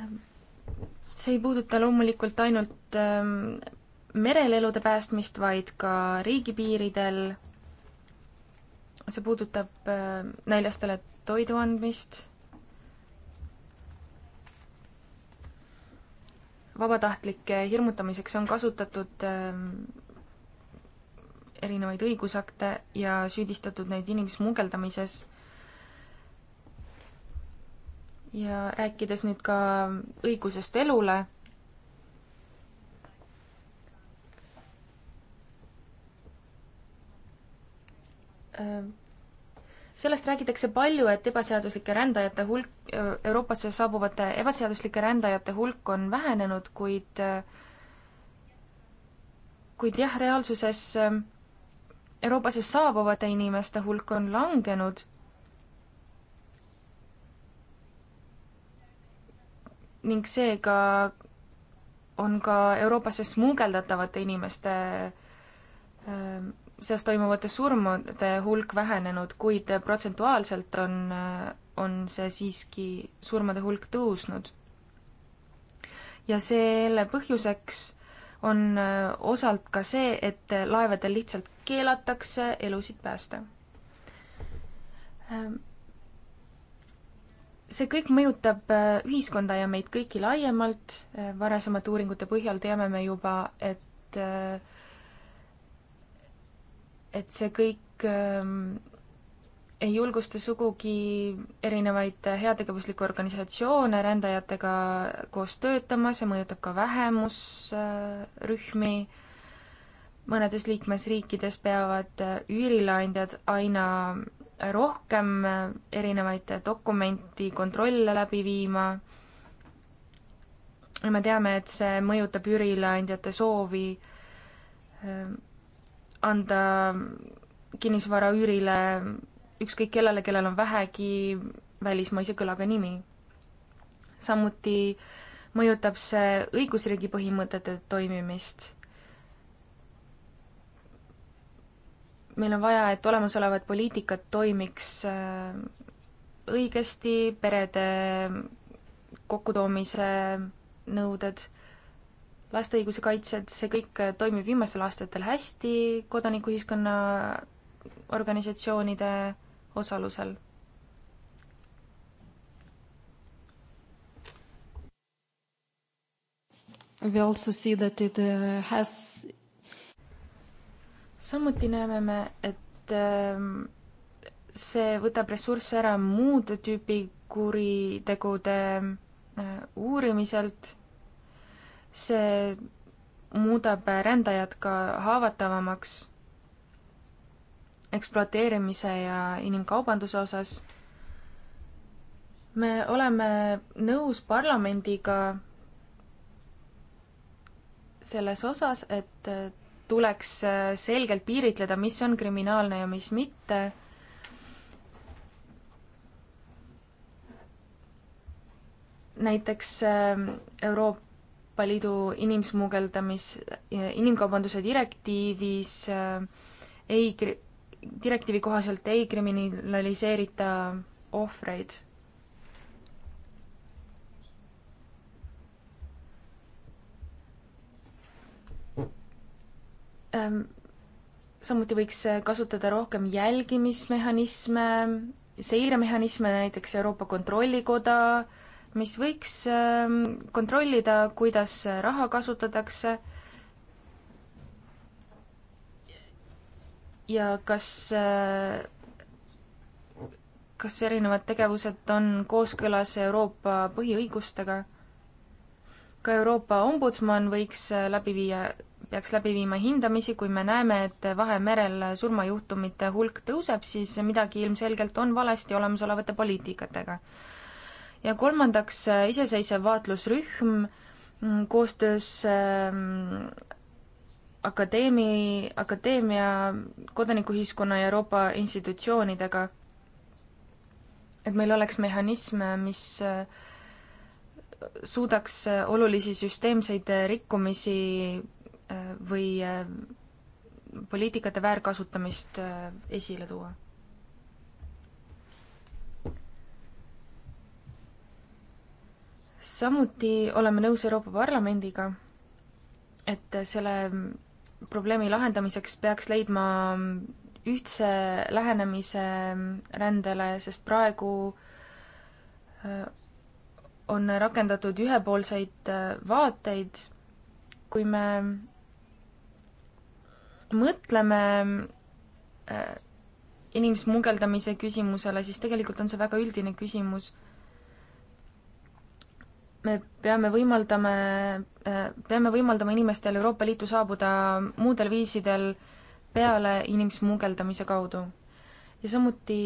Ähm, see ei puuduta loomulikult ainult ähm, merel elude päästmist, vaid ka riigipiiridel. see puudutab äh, näljastele toidu andmist, vabatahtlike hirmutamiseks on kasutatud äh, erinevaid õigusakte ja süüdistatud neid inimsmugeldamises. ja rääkides nüüd ka õigusest elule Äh, sellest räägitakse palju, et ebaseaduslike rändajate hulk, äh, Euroopasse saabuvate ebaseaduslike rändajate hulk on vähenenud, kuid äh, kuid jah, reaalsuses Euroopasse saabuvate inimeste hulk on langenud. ning seega on ka Euroopasse smugeldatavate inimeste seas toimuvate surmade hulk vähenenud, kuid protsentuaalselt on, on see siiski surmade hulk tõusnud. ja selle põhjuseks on äh, osalt ka see, et laevadel lihtsalt keelatakse elusid päästa. Ähm, see kõik mõjutab äh, ühiskonda ja meid kõiki laiemalt, äh, varasemate uuringute põhjal teame me juba, et et see kõik ähm, ei julgusta sugugi erinevaid heategevuslikke organisatsioone rändajatega koos töötama, see mõjutab ka vähemusrühmi äh,. mõnedes liikmesriikides peavad äh, üürileandjad aina rohkem äh, erinevaid dokumenti kontrolle läbi viima. ja me teame, et see mõjutab üürileandjate soovi äh, anda kinnisvara üürile ükskõik kellele, kellel on vähegi välismaise kõlaga nimi. samuti mõjutab see õigusriigi põhimõtete toimimist. meil on vaja, et olemasolevad poliitikad toimiks äh, õigesti, perede kokkutoomise nõuded laste õiguse kaitsjad, see kõik toimib viimastel aastatel hästi kodanikuühiskonna organisatsioonide osalusel. We also see that it uh, has samuti näeme me, et ähm, see võtab ressursse ära muud tüüpi kuritegude äh, uurimiselt see muudab rändajad ka haavatavamaks ekspluateerimise ja inimkaubanduse osas. me oleme nõus parlamendiga selles osas, et tuleks selgelt piiritleda, mis on kriminaalne ja mis mitte näiteks äh, Euroopa Euroopa Liidu inimsmugeldamis, inimkaubanduse direktiivis äh, ei, direktiivi kohaselt ei kriminaliseerita ohvreid. Ähm, samuti võiks äh, kasutada rohkem jälgimismehhanisme, seiremehhanisme, näiteks Euroopa Kontrollikoda äh, mis võiks ähm, kontrollida, kuidas raha kasutatakse ja kas, äh, kas erinevad tegevused on kooskõlas Euroopa põhiõigustega. ka Euroopa ombudsman võiks äh, läbi viia, peaks läbi viima hindamisi, kui me näeme, et Vahemerel surmajuhtumite hulk tõuseb, siis midagi ilmselgelt on valesti olemasolevate poliitikatega ja kolmandaks äh, iseseisev vaatlusrühm mm, koostöös ähm, akadeemi, akadeemia, kodanikuühiskonna ja Euroopa institutsioonidega. et meil oleks mehhanism, äh, mis äh, suudaks olulisi süsteemseid rikkumisi või poliitikate väärkasutamist esile tuua samuti oleme nõus Euroopa Parlamendiga, et selle probleemi lahendamiseks peaks leidma ühtse lähenemise rändele, sest praegu äh, on rakendatud ühepoolseid äh, vaateid, kui me mõtleme äh, inimsmugeldamise küsimusele, siis tegelikult on see väga üldine küsimus me peame võimaldama, peame võimaldama inimestel Euroopa Liitu saabuda muudel viisidel peale inimsmugeldamise kaudu. ja samuti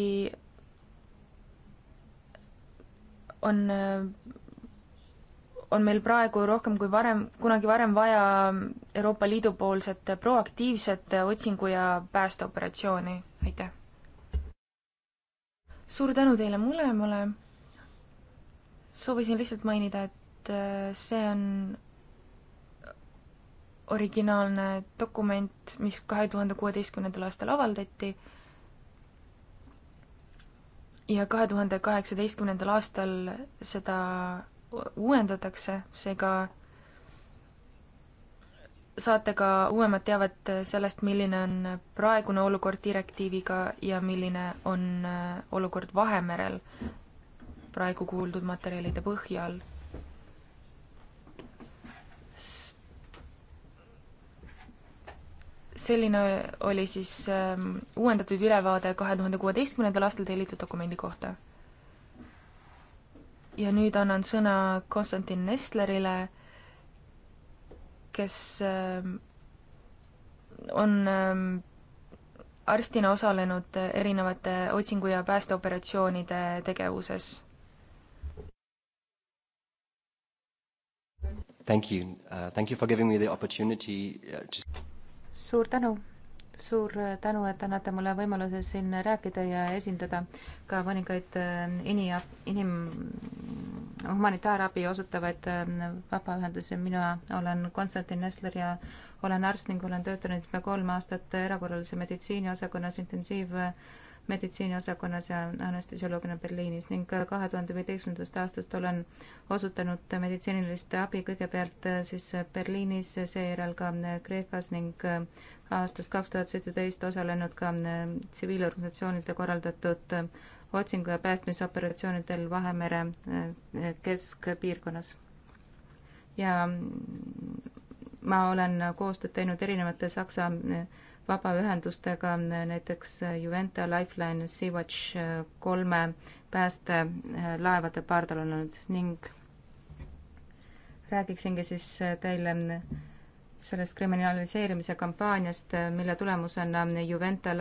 on, on meil praegu rohkem kui varem, kunagi varem vaja Euroopa Liidu poolset proaktiivset otsingu- ja päästeoperatsiooni, aitäh! suur tänu teile mõlemale soovisin lihtsalt mainida, et äh, see on originaalne dokument, mis kahe tuhande kuueteistkümnendal aastal avaldati ja kahe tuhande kaheksateistkümnendal aastal seda uuendatakse, seega saate ka uuemat teavet sellest, milline on praegune olukord direktiiviga ja milline on äh, olukord Vahemerel praegu kuuldud materjalide põhjal. selline oli siis ähm, uuendatud ülevaade kahe tuhande kuueteistkümnendal aastal tellitud dokumendi kohta. ja nüüd annan sõna Konstantin Nestlerile, kes ähm, on ähm, arstina osalenud erinevate otsingu- ja päästeoperatsioonide tegevuses Thank you uh,, thank you for giving me the opportunity just.... Uh, suur tänu, suur uh, tänu, et annate mulle võimaluse siin rääkida ja esindada ka mõningaid uh, ini-, inim-, humanitaarabi osutavaid vabaühendusi. mina olen Konstantin Nessler ja olen arst ning olen töötanud juba kolm aastat erakorralise meditsiini osakonnas intensiiv- meditsiiniosakonnas ja anestesioloogina Berliinis ning kahe tuhande viieteistkümnendast aastast olen osutanud meditsiinilist abi kõigepealt äh, siis Berliinis, seejärel ka äh, Kreekas ning äh, aastast kaks tuhat seitseteist osalenud ka tsiviilorganisatsioonide korraldatud otsingu- ja päästmisoperatsioonidel Vahemere keskpiirkonnas. ja mm, ma olen koostööd teinud erinevate Saksa vabaühendustega, näiteks Juventa, Lifeline, Sea-Watch kolme päästelaevade eh, pardal olnud ning räägiksingi siis eh, teile sellest kriminaliseerimise kampaaniast, eh, mille tulemusena Juventa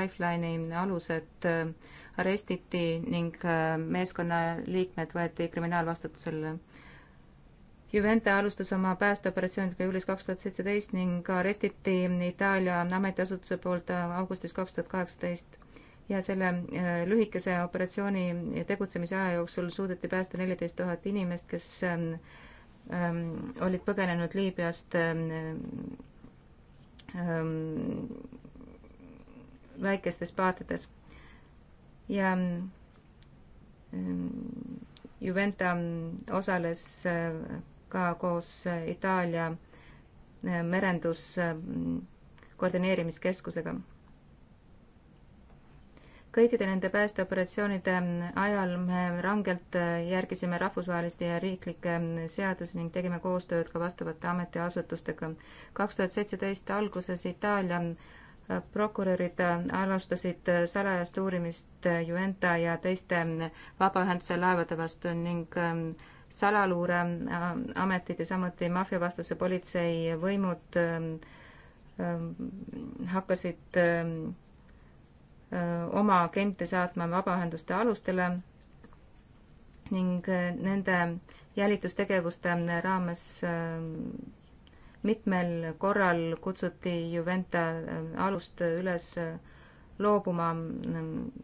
Lifeline'i alused arestiti ning meeskonna liikmed võeti kriminaalvastutusele Juvente alustas oma päästeoperatsioonidega juulis kaks tuhat seitseteist ning arestiti Itaalia ametiasutuse poolt äh, augustis kaks tuhat kaheksateist. ja selle äh, lühikese operatsiooni tegutsemise aja jooksul suudeti päästa neliteist tuhat inimest, kes ähm, ähm olid põgenenud Liibüast ähm, ähm, väikestes paatides. ja ähm, Juventa osales äh, ka koos äh, Itaalia äh, merendus koordineerimiskeskusega. kõikide nende päästeoperatsioonide äh, ajal me rangelt järgisime rahvusvahelisi ja riiklikke seadusi ning tegime koostööd ka vastavate ametiasutustega. kaks tuhat seitseteist alguses Itaalia prokurörid alustasid salajast uurimist Juventa ja teiste vabaühenduse laevade vastu ning ähm, salaluureametid ja samuti maffiavastase politsei võimud ähm, ähm, hakkasid ähm, äh, oma agente saatma vabaühenduste alustele ning äh, nende jälitustegevuste raames mitmel korral kutsuti Juventa äh, alust üles loobuma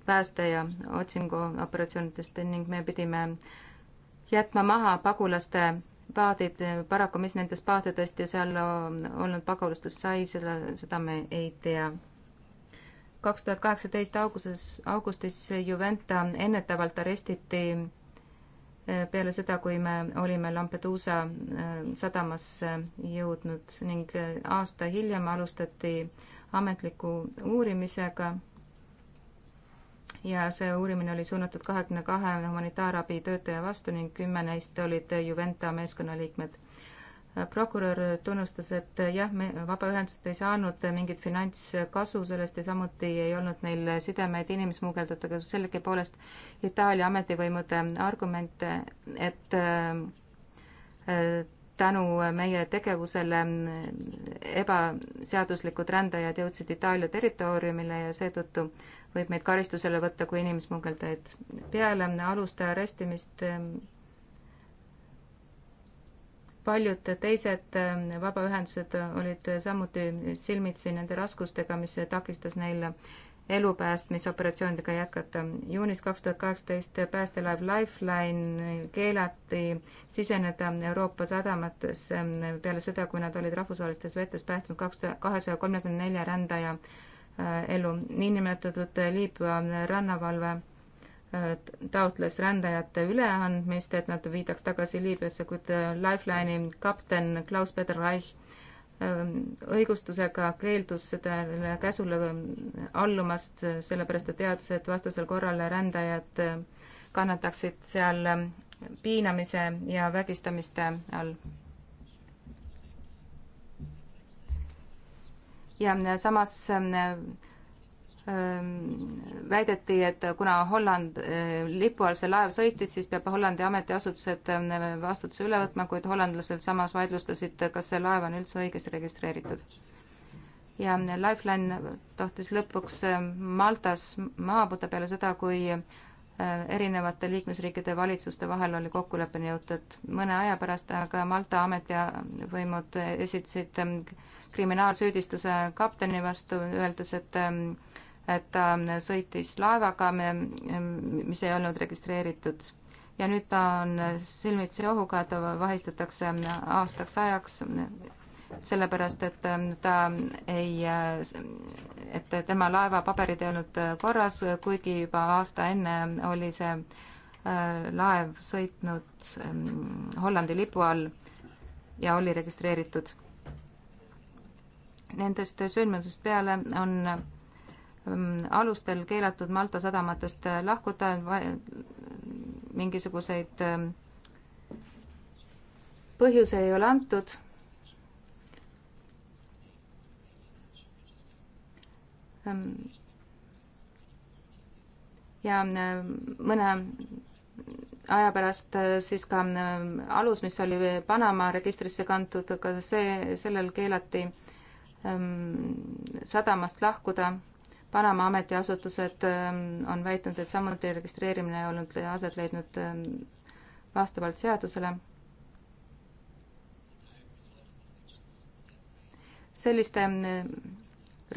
pääste- ja otsinguoperatsioonidest ning me pidime jätma maha pagulaste paadid, paraku mis nendest paadidest ja seal olnud pagulastest sai, selle, seda me ei tea. kaks tuhat kaheksateist augustis, augustis Juventa ennetavalt arestiti eh, peale seda, kui me olime Lampeduusa eh, sadamasse jõudnud ning eh, aasta hiljem alustati ametliku uurimisega ja see uurimine oli suunatud kahekümne kahe humanitaarabi töötaja vastu ning kümme neist olid Juventa meeskonnaliikmed. prokurör tunnustas, et jah, me, vabaühendused ei saanud mingit finantskasu sellest ja samuti ei olnud neil sidemeid inimsmugeldajatega, sellegipoolest Itaalia ametivõimude argument, et tänu meie tegevusele ebaseaduslikud rändajad jõudsid Itaalia territooriumile ja seetõttu võib meid karistusele võtta kui inimsmugeldajaid. peale aluste arestimist ehm, paljud teised ehm, vabaühendused olid samuti silmitsi nende raskustega, mis takistas neil elu päästmisoperatsioonidega jätkata. juunis kaks tuhat kaheksateist päästelaev Lifeline keelati siseneda Euroopa sadamatesse ehm, peale seda, kui nad olid rahvusvahelistes vetes päästnud kaks tuhat kahesaja kolmekümne nelja rändaja Äh, elu. niinimetatud Liibüa rannavalve äh, taotles rändajate üleandmist, et nad viidaks tagasi Liibüasse, kuid äh, Lifeline'i kapten Klaus-Peter Reich ähm, õigustusega keeldus sellele käsule ähm, allumast, sellepärast et teadis, et vastasel korral rändajad kannataksid seal ähm, piinamise ja vägistamiste all ja mm, samas mm, mm, väideti, et kuna Holland äh, lipu all see laev sõitis, siis peab Hollandi ametiasutused vastutuse üle võtma, kuid hollandlased samas vaidlustasid, kas see laev on üldse õigesti registreeritud. ja Lifeline tohtis lõpuks Maltas maha võtta peale seda, kui äh, erinevate liikmesriikide valitsuste vahel oli kokkuleppeni jõutud. mõne aja pärast aga Malta ametivõimud esitasid kriminaalsüüdistuse kapteni vastu, öeldes, et ähm, et ta sõitis laevaga, ähm, mis ei olnud registreeritud. ja nüüd ta on silmitsi ohuga, et ta vahistatakse ähm, aastaks ajaks, sellepärast et ta ei, äh, et tema laeva paberid ei olnud äh, korras, kuigi juba aasta enne oli see äh, laev sõitnud Hollandi lipu all ja oli registreeritud nendest sündmusest peale on ähm, alustel keelatud Malta sadamatest äh, lahkuda mingisuguseid ähm, põhjuseid ei ole antud. Ähm, ja äh, mõne aja pärast äh, siis ka alus, mis oli Panama registrisse kantud, aga see, sellel keelati Ähm, sadamast lahkuda. Panama ametiasutused ähm, on väitnud, et samuti registreerimine ei olnud aset leidnud ähm, vastavalt seadusele. selliste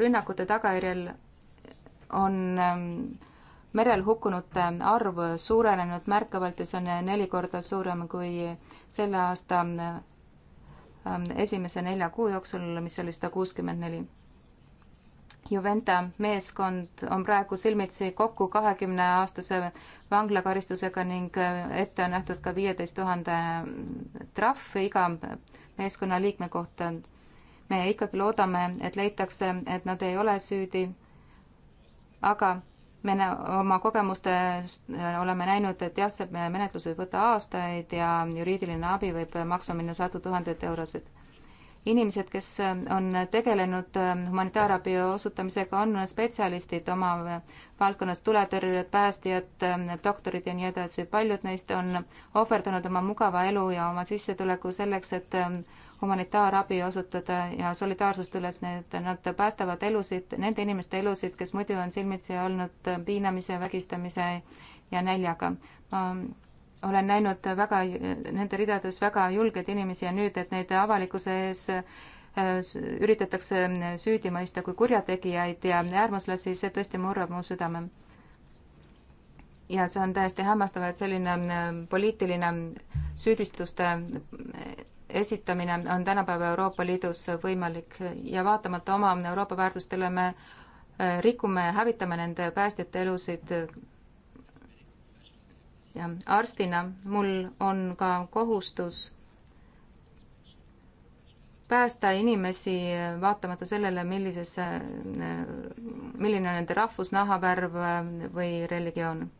rünnakute tagajärjel on merel hukkunute arv suurenenud märkavalt ja see on neli korda suurem kui selle aasta Ähm, esimese nelja kuu jooksul, mis oli sada kuuskümmend neli. Juventa meeskond on praegu silmitsi kokku kahekümne aastase vanglakaristusega ning äh, ette on nähtud ka viieteist tuhande äh, trahv iga meeskonnaliikme kohta. me ikkagi loodame, et leitakse, et nad ei ole süüdi. aga me oma kogemustest äh, oleme näinud, et jah, see menetlus võib võtta aastaid ja juriidiline abi võib maksma minna sadu tuhandeid eurosid. inimesed, kes äh, on tegelenud äh, humanitaarabi osutamisega, on spetsialistid oma valdkonnas, tuletõrjujad, päästjad, doktorid ja nii edasi. paljud neist on ohverdanud oma mugava elu ja oma sissetuleku selleks, et humanitaarabi osutada ja solidaarsust üles, need, nad päästavad elusid, nende inimeste elusid, kes muidu on silmitsi olnud piinamise, vägistamise ja näljaga. ma olen näinud väga, nende ridades väga julgeid inimesi ja nüüd, et neid avalikkuse ees äh, üritatakse süüdi mõista kui kurjategijaid ja äärmuslasi, see tõesti murrab mu südame ja see on täiesti hämmastav, et selline äh, poliitiline süüdistuste esitamine on tänapäeva Euroopa Liidus võimalik ja vaatamata oma Euroopa väärtustele me äh, rikume ja hävitame nende päästjate elusid. ja arstina mul on ka kohustus päästa inimesi äh, vaatamata sellele, millises, äh, milline on nende rahvus, nahavärv või religioon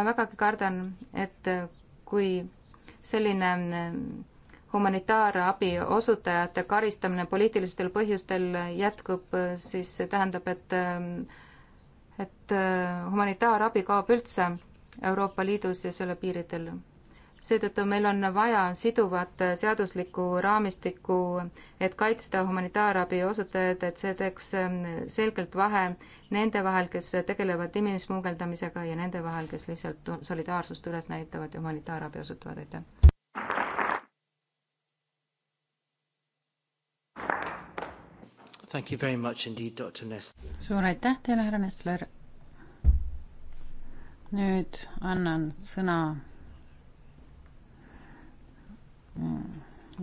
ma vägagi kardan, et kui selline äh, humanitaarabi osutajate karistamine poliitilistel põhjustel jätkub, siis see tähendab, et äh, et äh, humanitaarabi kaob üldse Euroopa Liidus ja selle piiridel seetõttu meil on vaja siduvat seaduslikku raamistikku, et kaitsta humanitaarabi osutajad, et see teeks ähm, selgelt vahe nende vahel, kes tegelevad inimsmugeldamisega ja nende vahel, kes lihtsalt solidaarsust üles näitavad ja humanitaarabi osutavad, aitäh. Thank you very much indeed, Dr Nest-. suur aitäh teile, härra Nestler. nüüd annan sõna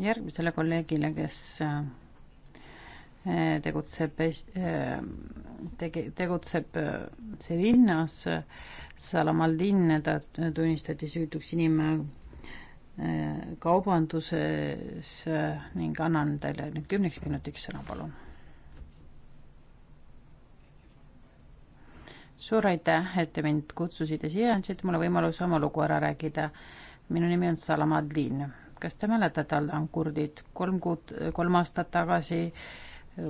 järgmisele kolleegile, kes äh, tegutseb, äh, tegi, tegutseb äh, see linnas, Salamaldin, ta tunnistati süütuks inimkaubanduses ning annan teile nüüd kümneks minutiks sõna, palun. suur aitäh, et te mind kutsusite siia, andsite mulle võimaluse oma lugu ära rääkida. minu nimi on Salamaldin kas te mäletate, Aldan Kurdit, kolm kuud, kolm aastat tagasi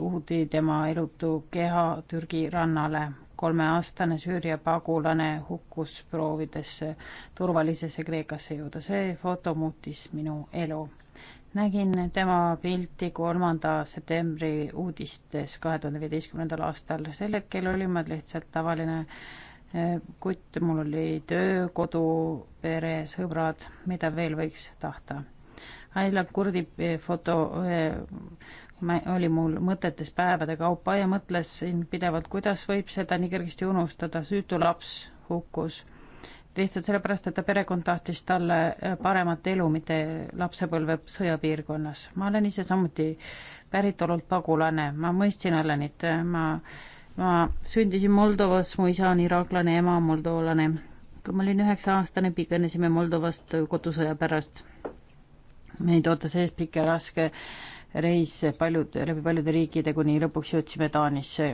uhuti tema elutu keha Türgi rannale. kolmeaastane Süüria pagulane hukkus proovides turvalisesse Kreekasse jõuda. see foto muutis minu elu. nägin tema pilti kolmanda septembri uudistes kahe tuhande viieteistkümnendal aastal. sel hetkel olin ma lihtsalt tavaline eh, kutt, mul oli töö, kodu, pere, sõbrad, mida veel võiks tahta Aila Kurdi eh, foto eh, oli mul mõtetes päevade kaupa ja mõtlesin pidevalt, kuidas võib seda nii kergesti unustada, süütu laps hukkus lihtsalt sellepärast, et ta perekond tahtis talle eh, paremat elu, mitte lapsepõlve sõjapiirkonnas. ma olen ise samuti päritolult pagulane, ma mõistsin Alenit, ma, ma sündisin Moldovas, mu isa on iraaklane, ema on moldoolane. kui ma olin üheksa-aastane, põgenesime Moldovast kodusõja pärast meid ootas ees pikk ja raske reis paljude, läbi paljude riikide, kuni lõpuks jõudsime Taanisse,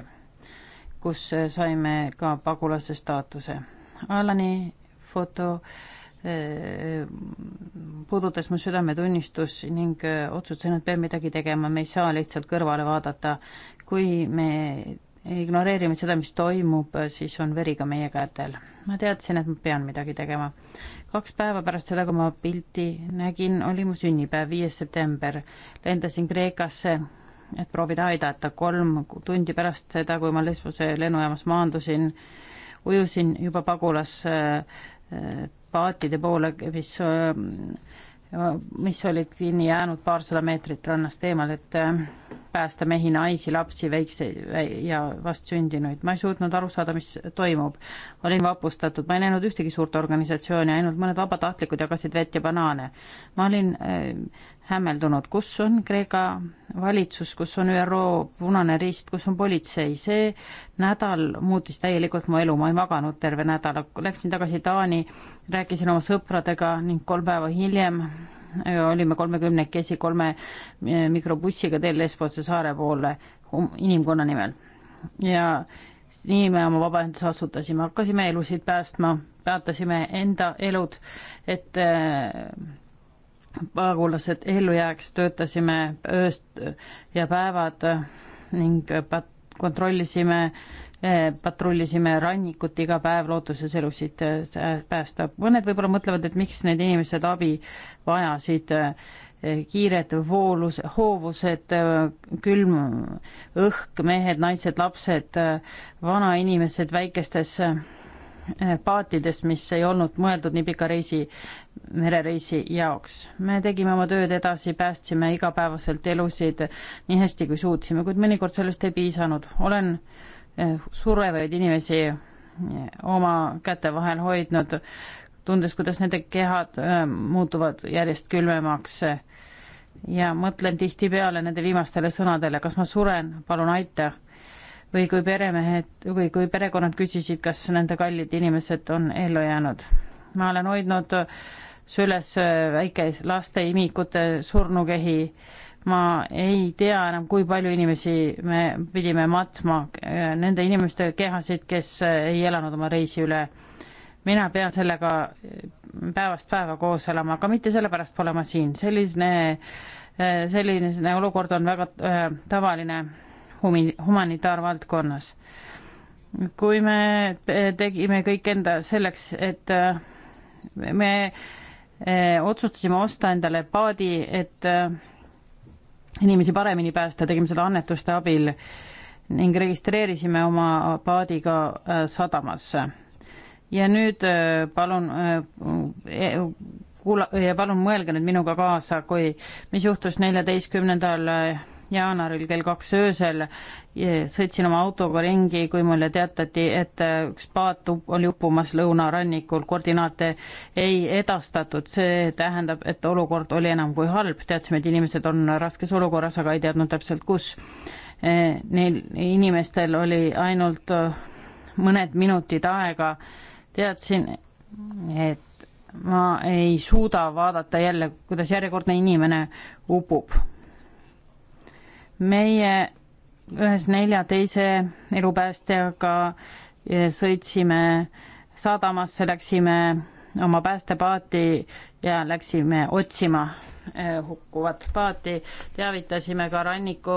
kus saime ka pagulase staatuse. Alani foto eh, puudutas mu südametunnistus ning eh, otsustasin, et pean midagi tegema, me ei saa lihtsalt kõrvale vaadata. kui me ignoreerime seda, mis toimub, siis on veri ka meie kätel. ma teadsin, et ma pean midagi tegema kaks päeva pärast seda, kui ma pilti nägin, oli mu sünnipäev, viies september. lendasin Kreekasse, et proovida aidata. kolm tundi pärast seda, kui ma Lesbose lennujaamas maandusin, ujusin juba pagulas äh, paatide poole, mis mis olid kinni jäänud paarsada meetrit rannast eemal, et äh, päästa mehi, naisi, lapsi, väikseid ja vastsündinuid. ma ei suutnud aru saada, mis toimub. olin vapustatud, ma ei näinud ühtegi suurt organisatsiooni, ainult mõned vabatahtlikud jagasid vett ja banaane. ma olin äh, hämmeldunud, kus on Kreeka valitsus, kus on ÜRO Punane Rist, kus on politsei, see nädal muutis täielikult mu elu, ma ei maganud terve nädala, läksin tagasi Taani, rääkisin oma sõpradega ning kolm päeva hiljem olime kolmekümnekesi kolme eh, mikrobussiga teel Lesbose saare poole um-, inimkonna nimel. ja nii me oma vabaühenduse asutasime, hakkasime elusid päästma, peatasime enda elud, et äh, pagulased ellu jääks, töötasime ööst ja päevad ning pat-, kontrollisime, eh, patrullisime rannikut iga päev lootuses elusid eh, päästa. mõned võib-olla mõtlevad, et miks need inimesed abi vajasid, eh, kiired voolus, hoovused, külm õhk, mehed, naised, lapsed, vanainimesed väikestes paatides, mis ei olnud mõeldud nii pika reisi merereisi jaoks. me tegime oma tööd edasi, päästsime igapäevaselt elusid nii hästi, kui suutsime, kuid mõnikord sellest ei piisanud. olen eh, surevaid inimesi eh, oma käte vahel hoidnud, tundes, kuidas nende kehad eh, muutuvad järjest külmemaks ja mõtlen tihtipeale nende viimastele sõnadele, kas ma suren, palun aita. või kui peremehed või kui perekonnad küsisid, kas nende kallid inimesed on ellu jäänud. ma olen hoidnud süles äh, väike laste imikute surnukehi. ma ei tea enam, kui palju inimesi me pidime matma, äh, nende inimeste kehasid, kes äh, ei elanud oma reisi üle. mina pean sellega päevast päeva koos elama, aga mitte sellepärast pole ma siin, selline, selline olukord on väga tavaline humi-, humanitaarvaldkonnas. kui me tegime kõik enda selleks, et me Eh, otsustasime osta endale paadi, et eh, inimesi paremini päästa, tegime seda annetuste abil ning registreerisime oma paadi ka eh, sadamasse. ja nüüd palun kuula- ja palun mõelge nüüd minuga kaasa, kui, mis juhtus neljateistkümnendal jaanuaril kell kaks öösel sõitsin oma autoga ringi, kui mulle teatati, et üks paat oli uppumas lõunarannikul, koordinaate ei edastatud, see tähendab, et olukord oli enam kui halb, teadsime, et inimesed on raskes olukorras, aga ei teadnud täpselt, kus. E, neil inimestel oli ainult e, mõned minutid aega, teadsin, et ma ei suuda vaadata jälle, kuidas järjekordne inimene upub meie ühes nelja teise elupäästjaga eh, sõitsime sadamasse, läksime oma päästepaati ja läksime otsima eh, hukkuvat paati. teavitasime ka ranniku,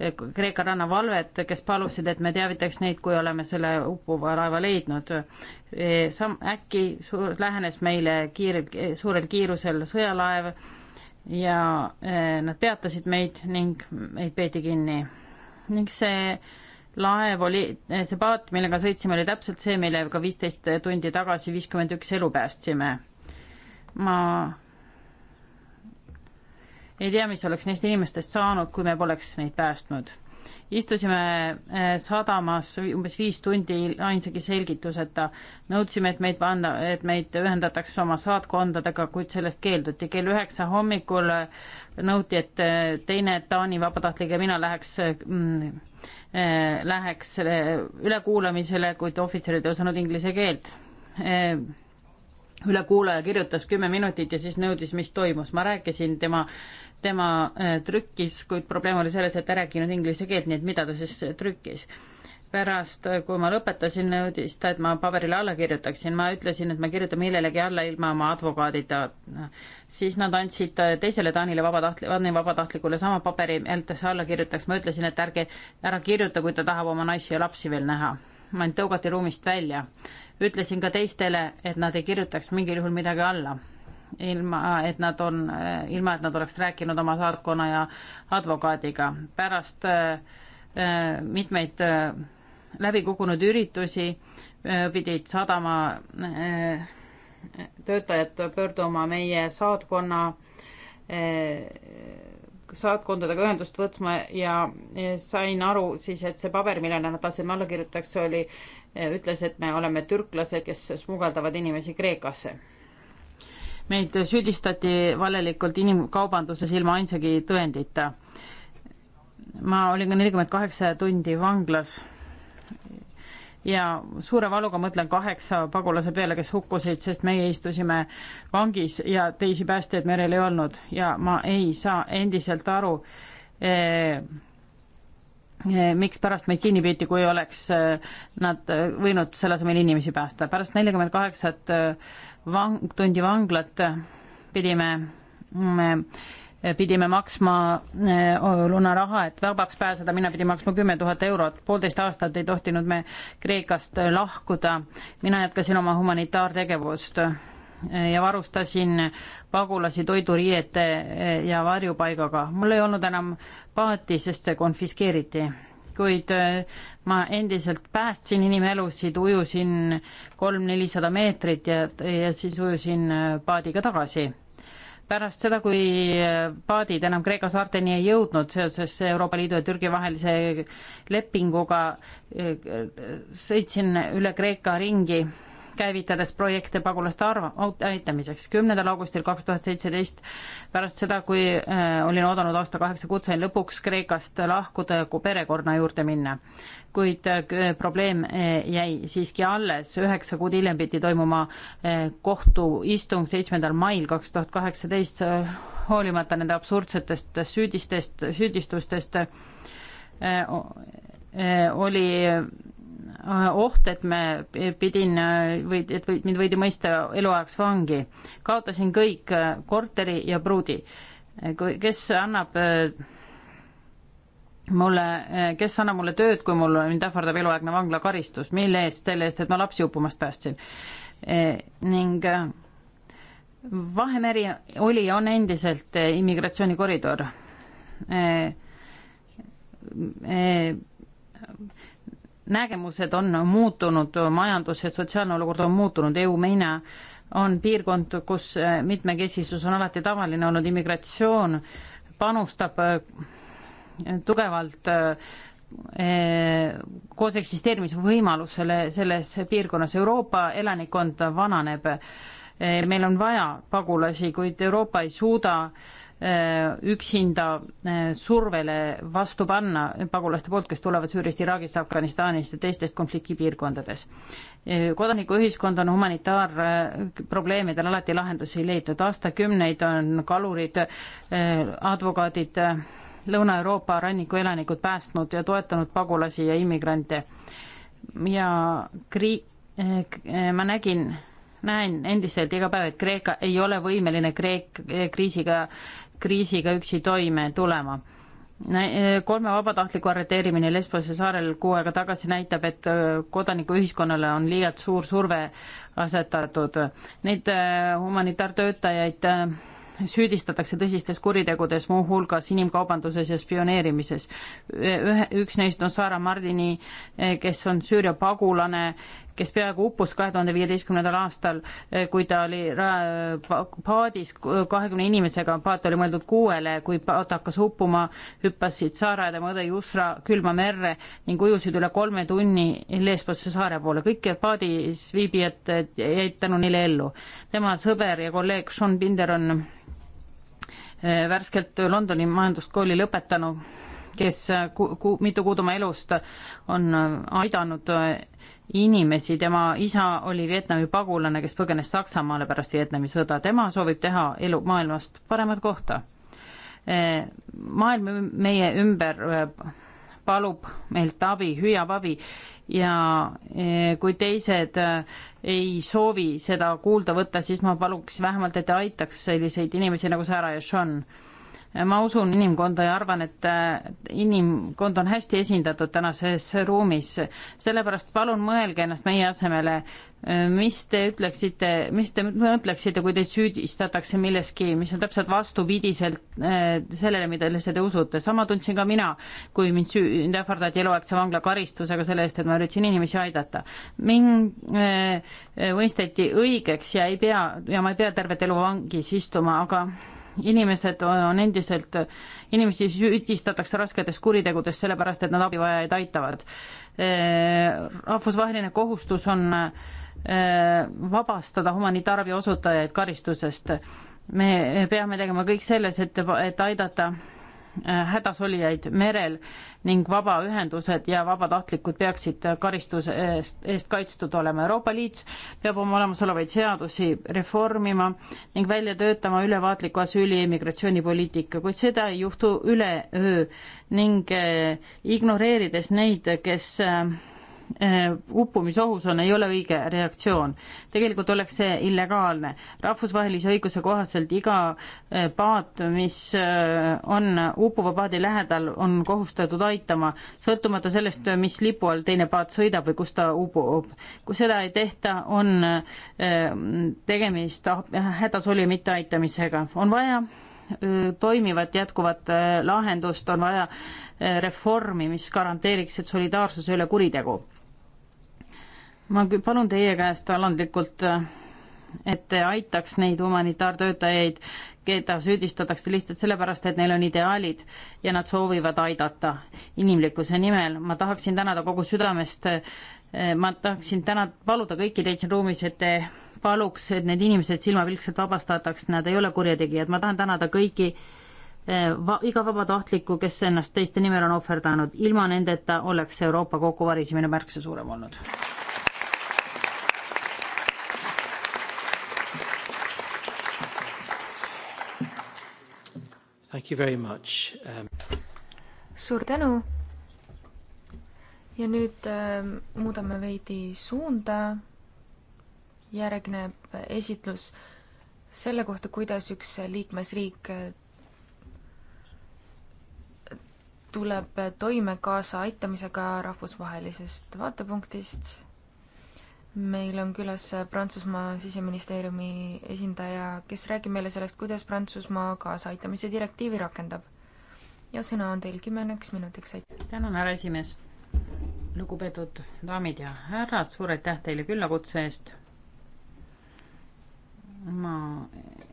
eh, Kreeka rannavalvet, kes palusid, et me teavitaks neid, kui oleme selle uppuva laeva leidnud. Sam-, äkki suur, lähenes meile kiirel, suurel kiirusel sõjalaev ja eh, nad peatasid meid ning meid peeti kinni. ning see laev oli, eh, see paat, millega sõitsime, oli täpselt see, millega viisteist tundi tagasi viiskümmend üks elu päästsime. ma ei tea, mis oleks neist inimestest saanud, kui me poleks neid päästnud istusime eh, sadamas umbes viis tundi ainsagi selgituseta. nõudsime, et meid panna, et meid ühendatakse oma saatkondadega, kuid sellest keelduti. kell üheksa hommikul nõuti, et eh, teine Taani vabatahtlik ja mina läheks eh, mm, Läheks ülekuulamisele, kuid ohvitserid ei osanud inglise keelt ülekuulaja kirjutas kümme minutit ja siis nõudis, mis toimus. ma rääkisin tema tema äh, trükkis, kuid probleem oli selles, et ta ei rääkinud inglise keelt, nii et mida ta siis äh, trükkis. pärast, äh, kui ma lõpetasin, nõudis ta, et ma paberile alla kirjutaksin, ma ütlesin, et ma kirjutan millelegi alla ilma oma advokaadita. siis nad andsid teisele Taanile vabatahtli-, Taani vabatahtlikule sama paberi, et see alla kirjutaks, ma ütlesin, et ärge ära kirjuta, kui ta tahab oma naisi ja lapsi veel näha. mind tõugati ruumist välja. ütlesin ka teistele, et nad ei kirjutaks mingil juhul midagi alla ilma et nad on, ilma et nad oleks rääkinud oma saatkonna ja advokaadiga. pärast äh, äh mitmeid äh, läbikukkunud üritusi äh, pidid sadama äh, töötajad pöörduma meie saatkonna, äh, saatkondadega ühendust võtma ja sain aru siis, et see paber, millele nad lasid me alla kirjutaks, oli, ütles, et me oleme türklased, kes smugeldavad inimesi Kreekasse meid süüdistati valelikult inimkaubanduses ilma ainsagi tõendita. ma olin ka nelikümmend kaheksa tundi vanglas ja suure valuga mõtlen kaheksa pagulase peale, kes hukkusid, sest meie istusime vangis ja teisi päästjaid merel ei olnud ja ma ei saa endiselt aru eh,, eh, mikspärast meid kinni peeti, kui oleks eh, nad võinud selle asemel inimesi päästa. pärast neljakümmet kaheksat eh, vang-, tundi vanglat pidime me pidime maksma eh, lunaraha, et vabaks pääseda, mina pidin maksma kümme tuhat eurot, poolteist aastat ei tohtinud me Kreekast lahkuda. mina jätkasin oma humanitaartegevust eh, ja varustasin pagulasi toiduriiete eh, ja varjupaigaga. mul ei olnud enam paati, sest see konfiskeeriti kuid äh, ma endiselt päästsin inimelusid, ujusin kolm-nelisada meetrit ja, ja siis ujusin äh, paadiga tagasi. pärast seda, kui äh, paadid enam Kreeka saarteni ei jõudnud seoses Euroopa Liidu ja Türgi vahelise lepinguga, sõitsin üle Kreeka ringi käivitades projekte pagulaste arv-, aitamiseks. kümnendal augustil kaks tuhat seitseteist, pärast seda, kui äh, olin oodanud aasta kaheksa kuud, sain lõpuks Kreekast lahkuda ja perekonna juurde minna. kuid äh, probleem äh, jäi siiski alles, üheksa kuud hiljem pidi toimuma äh, kohtuistung seitsmendal mail kaks tuhat kaheksateist, äh, hoolimata nende absurdsetest süüdistest, süüdistustest äh, äh oli äh, Äh, oht, et me pidin äh, või et või, mind võidi mõista eluaegs vangi. kaotasin kõik, äh, korteri ja pruudi. kes annab mulle, kes annab mulle tööd, kui mul, mind ähvardab eluaegne vanglakaristus, mille eest, selle eest, et ma lapsi uppumast päästsin e,. ning Vahemeri oli ja on endiselt immigratsioonikoridor e,. E, nägemused on muutunud, majandus ja sotsiaalne olukord on muutunud, EU-meina on piirkond, kus äh, mitmekesisus on alati tavaline olnud, immigratsioon panustab äh, tugevalt äh, koos eksisteerimisvõimalusele selles piirkonnas, Euroopa elanikkond vananeb, meil on vaja pagulasi, kuid Euroopa ei suuda Äh, üksinda äh, survele vastu panna pagulaste poolt, kes tulevad Süüriast, Iraagist, Afganistanist ja teistest konfliktipiirkondades. Äh, kodanikuühiskond on humanitaarprobleemidel alati lahendusi leidnud, aastakümneid on kalurid, advokaadid, Lõuna-Euroopa rannikuelanikud päästnud ja toetanud pagulasi ja immigrante. ja kri-, ma nägin näen endiselt iga päev, et Kreeka ei ole võimeline Kreek kriisiga kriisiga üksi toime tulema. kolme vabatahtliku arreteerimine Lesbose saarel kuu aega tagasi näitab, et äh, kodanikuühiskonnale on liialt suur surve asetatud. Neid äh, humanitaartöötajaid äh, süüdistatakse tõsistes kuritegudes, muuhulgas inimkaubanduses ja spioneerimises. ühe, üks neist on Sara Mardini, kes on Süüria pagulane kes peaaegu uppus kahe tuhande viieteistkümnendal aastal, eh, kui ta oli paadis kahekümne inimesega, paat oli mõeldud kuuele, kui paat hakkas uppuma, hüppasid Saara ja tema õde Jusra külma merre ning ujusid üle kolme tunni Lesbosse saare poole, kõik paadis viibijad eh, jäid tänu neile ellu. tema sõber ja kolleeg Sean Pinder on eh, värskelt Londoni majanduskooli lõpetanu, kes ku-, ku-, mitu kuud oma elust on aidanud inimesi, tema isa oli Vietnami pagulane, kes põgenes Saksamaale pärast Vietnami sõda, tema soovib teha elu maailmast paremat kohta. Eh, maailm meie ümber eh, palub meilt abi, hüüab abi ja eh, kui teised ei soovi seda kuulda võtta, siis ma paluks vähemalt, et te aitaks selliseid inimesi nagu Sarah ja Sean ma usun inimkonda ja arvan, et äh, inimkond on hästi esindatud tänases ruumis. sellepärast palun mõelge ennast meie asemele. Äh, mis te ütleksite, mis te mõtleksite, kui teid süüdistatakse milleski, mis on täpselt vastupidiselt äh, sellele, millesse te usute. sama tundsin ka mina, kui mind süü-, ähvardati eluaegse vanglakaristusega selle eest, et ma üritasin inimesi aidata. mind mõisteti õigeks ja ei pea, ja ma ei pea tervet elu vangis istuma, aga inimesed on endiselt, inimesi süüdistatakse rasketes kuritegudes sellepärast, et nad abivajajaid aitavad. Äh, rahvusvaheline kohustus on äh, vabastada humanitaarabi osutajaid karistusest. me peame tegema kõik selles, et, et aidata Äh, hädasolijaid merel ning vabaühendused ja vabatahtlikud peaksid karistuse eest, eest kaitstud olema. Euroopa Liit peab oma olemasolevaid seadusi reformima ning välja töötama ülevaatliku asüüli ja immigratsioonipoliitika, kuid seda ei juhtu üleöö ning äh, ignoreerides neid, kes äh, Äh, uppumisohus on, ei ole õige reaktsioon. tegelikult oleks see illegaalne. rahvusvahelise õiguse kohaselt iga äh, paat, mis äh, on uppuva paadi lähedal, on kohustatud aitama, sõltumata sellest, mis lipu all teine paat sõidab või kus ta upub. kui seda ei tehta, on tegemist ah-, hädas oli mitte aitamisega. on vaja toimivat jätkuvat lahendust, on vaja reformi, mis garanteeriks, et solidaarsuse üle kuritegu ma palun teie käest alandlikult, et te aitaks neid humanitaartöötajaid, keda süüdistatakse lihtsalt sellepärast, et neil on ideaalid ja nad soovivad aidata inimlikkuse nimel. ma tahaksin tänada kogu südamest, ma tahaksin täna paluda kõiki teid siin ruumis, et te paluks, et need inimesed silmapilkselt vabastataks, nad ei ole kurjategijad, ma tahan tänada kõiki eh, va-, iga vabatahtlikku, kes ennast teiste nimel on ohverdanud, ilma nendeta oleks Euroopa kokkuvarisemine märksa suurem olnud. Thank you very much um.... suur tänu. ja nüüd äh, muudame veidi suunda. järgneb esitlus selle kohta, kuidas üks liikmesriik äh, tuleb toime kaasa aitamisega rahvusvahelisest vaatepunktist meil on külas äh, Prantsusmaa siseministeeriumi esindaja, kes räägib meile sellest, kuidas Prantsusmaa kaasaaitamise direktiivi rakendab. ja sõna on teil kümneks minutiks, aitäh. tänan, härra esimees. lugupeetud daamid ja härrad, suur aitäh teile küllakutse eest. ma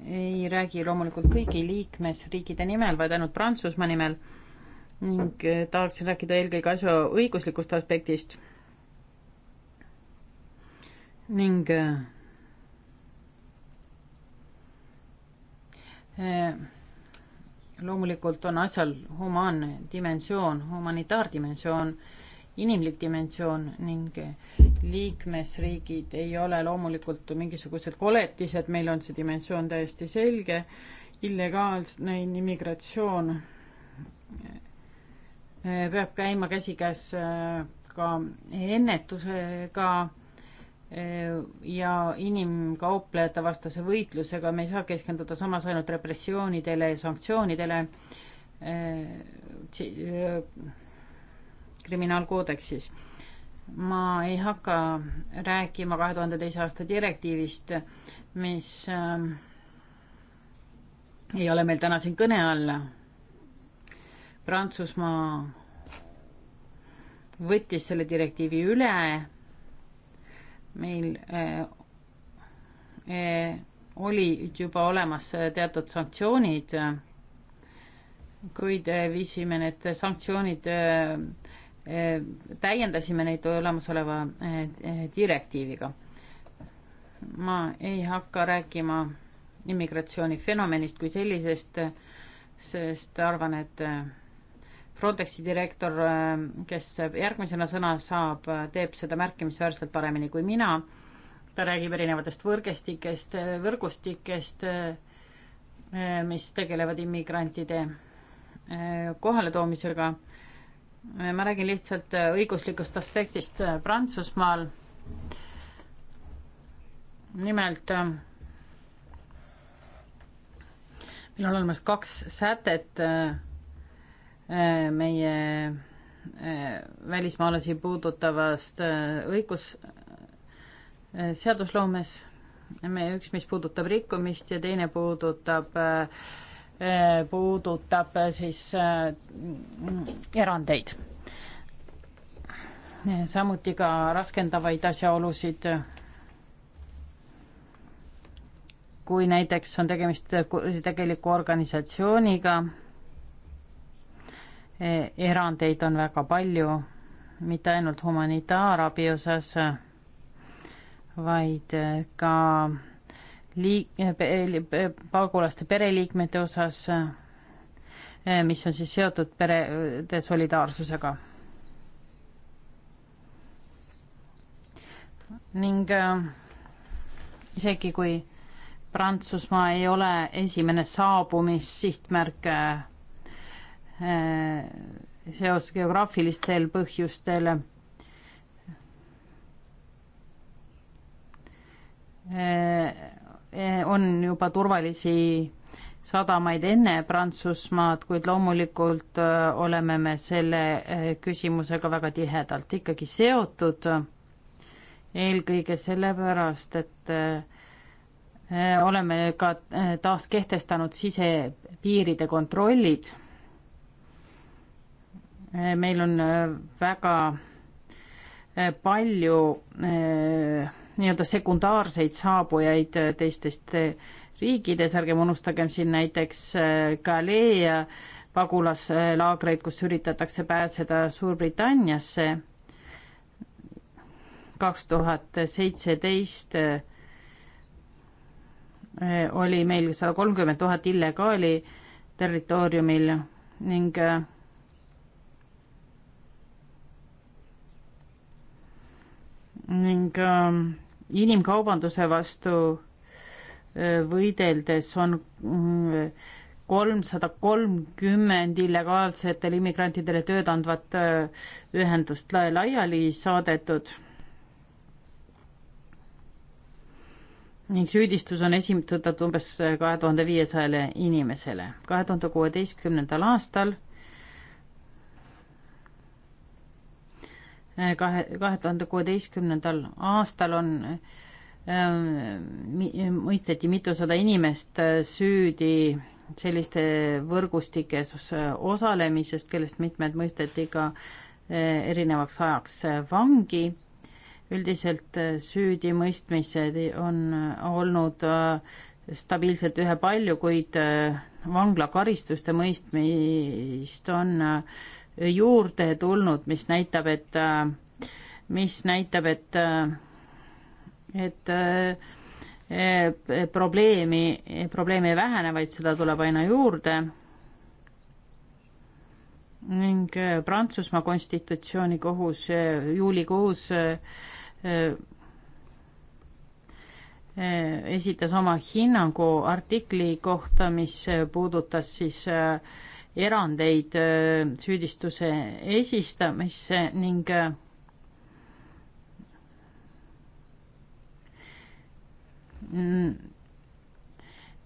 ei räägi loomulikult kõigi liikmesriikide nimel, vaid ainult Prantsusmaa nimel ning äh, tahaksin rääkida eelkõige asja õiguslikust aspektist ning äh, äh, loomulikult on asjal humaanne dimensioon, humanitaardimensioon, inimlik dimensioon ning äh, liikmesriigid ei ole loomulikult mingisugused koletised, meil on see dimensioon täiesti selge, illegaalne immigratsioon peab käima käsikäes ka ennetusega ja inimkauplejate vastase võitlusega, me ei saa keskenduda samas ainult repressioonidele ja sanktsioonidele eh, eh, kriminaalkoodeksis. ma ei hakka rääkima kahe tuhande teise aasta direktiivist, mis eh, ei ole meil täna siin kõne all. Prantsusmaa võttis selle direktiivi üle meil eh, eh, olid juba olemas eh, teatud sanktsioonid, kuid viisime need sanktsioonid, täiendasime neid olemasoleva direktiiviga. ma ei hakka rääkima immigratsioonifenomenist kui sellisest, sest arvan, et Frontexi direktor, äh, kes järgmisena sõna saab, teeb seda märkimisväärselt paremini kui mina. ta räägib erinevatest võrgestikest, võrgustikest, äh, mis tegelevad immigrantide äh, kohaletoomisega. ma räägin lihtsalt õiguslikust aspektist Prantsusmaal. nimelt meil on olemas kaks sätet Äh, meie äh, välismaalasi puudutavast äh, õigus seadusloomes, üks, mis puudutab rikkumist ja teine puudutab, puudutab siis erandeid. samuti ka raskendavaid asjaolusid. kui näiteks on tegemist tegeliku organisatsiooniga Eh, erandeid on väga palju, mitte ainult humanitaarabi osas, vaid eh, ka liik-, eh, pagulaste pereliikmete osas, mis on siis seotud perede solidaarsusega. ning isegi kui Prantsusmaa ei ole esimene saabumissihtmärk Äh, seos geograafilistel põhjustel. Äh, äh, on juba turvalisi sadamaid enne Prantsusmaad, kuid loomulikult oleme me selle küsimusega väga tihedalt ikkagi seotud. eelkõige sellepärast, et oleme ka taas kehtestanud sisepiiride kontrollid meil on äh, väga äh, palju äh, nii-öelda sekundaarseid saabujaid teistest riikides, ärgem unustagem siin näiteks Galee pagulaslaagreid, kus üritatakse pääseda Suurbritanniasse. kaks tuhat seitseteist oli meil sada kolmkümmend tuhat illegaali territooriumil ning ning ähm, inimkaubanduse vastu äh, võideldes on mm, kolmsada kolmkümmend illegaalsetele immigrantidele tööd andvat äh, ühendust laiali saadetud. ning süüdistus on esitatud umbes äh, kahe tuhande viiesajale inimesele. kahe tuhande kuueteistkümnendal aastal Äh, kahe, kahe tuhande kuueteistkümnendal aastal on äh, mõisteti mitusada inimest äh, süüdi selliste võrgustikes osalemisest, kellest mitmed mõisteti ka erinevaks ajaks vangi. üldiselt süüdimõistmised on olnud stabiilselt ühepalju, kuid vanglakaristuste mõistmist on juurde tulnud, mis näitab, et, äh, mis näitab, et, äh, et, äh, et probleemi, probleemi ei vähene, vaid seda tuleb aina juurde. ning Prantsusmaa konstitutsioonikohus juulikuus esitas oma hinnangu artikli kohta, mis puudutas siis äh, erandeid äh, süüdistuse esistamisse ning äh, mm,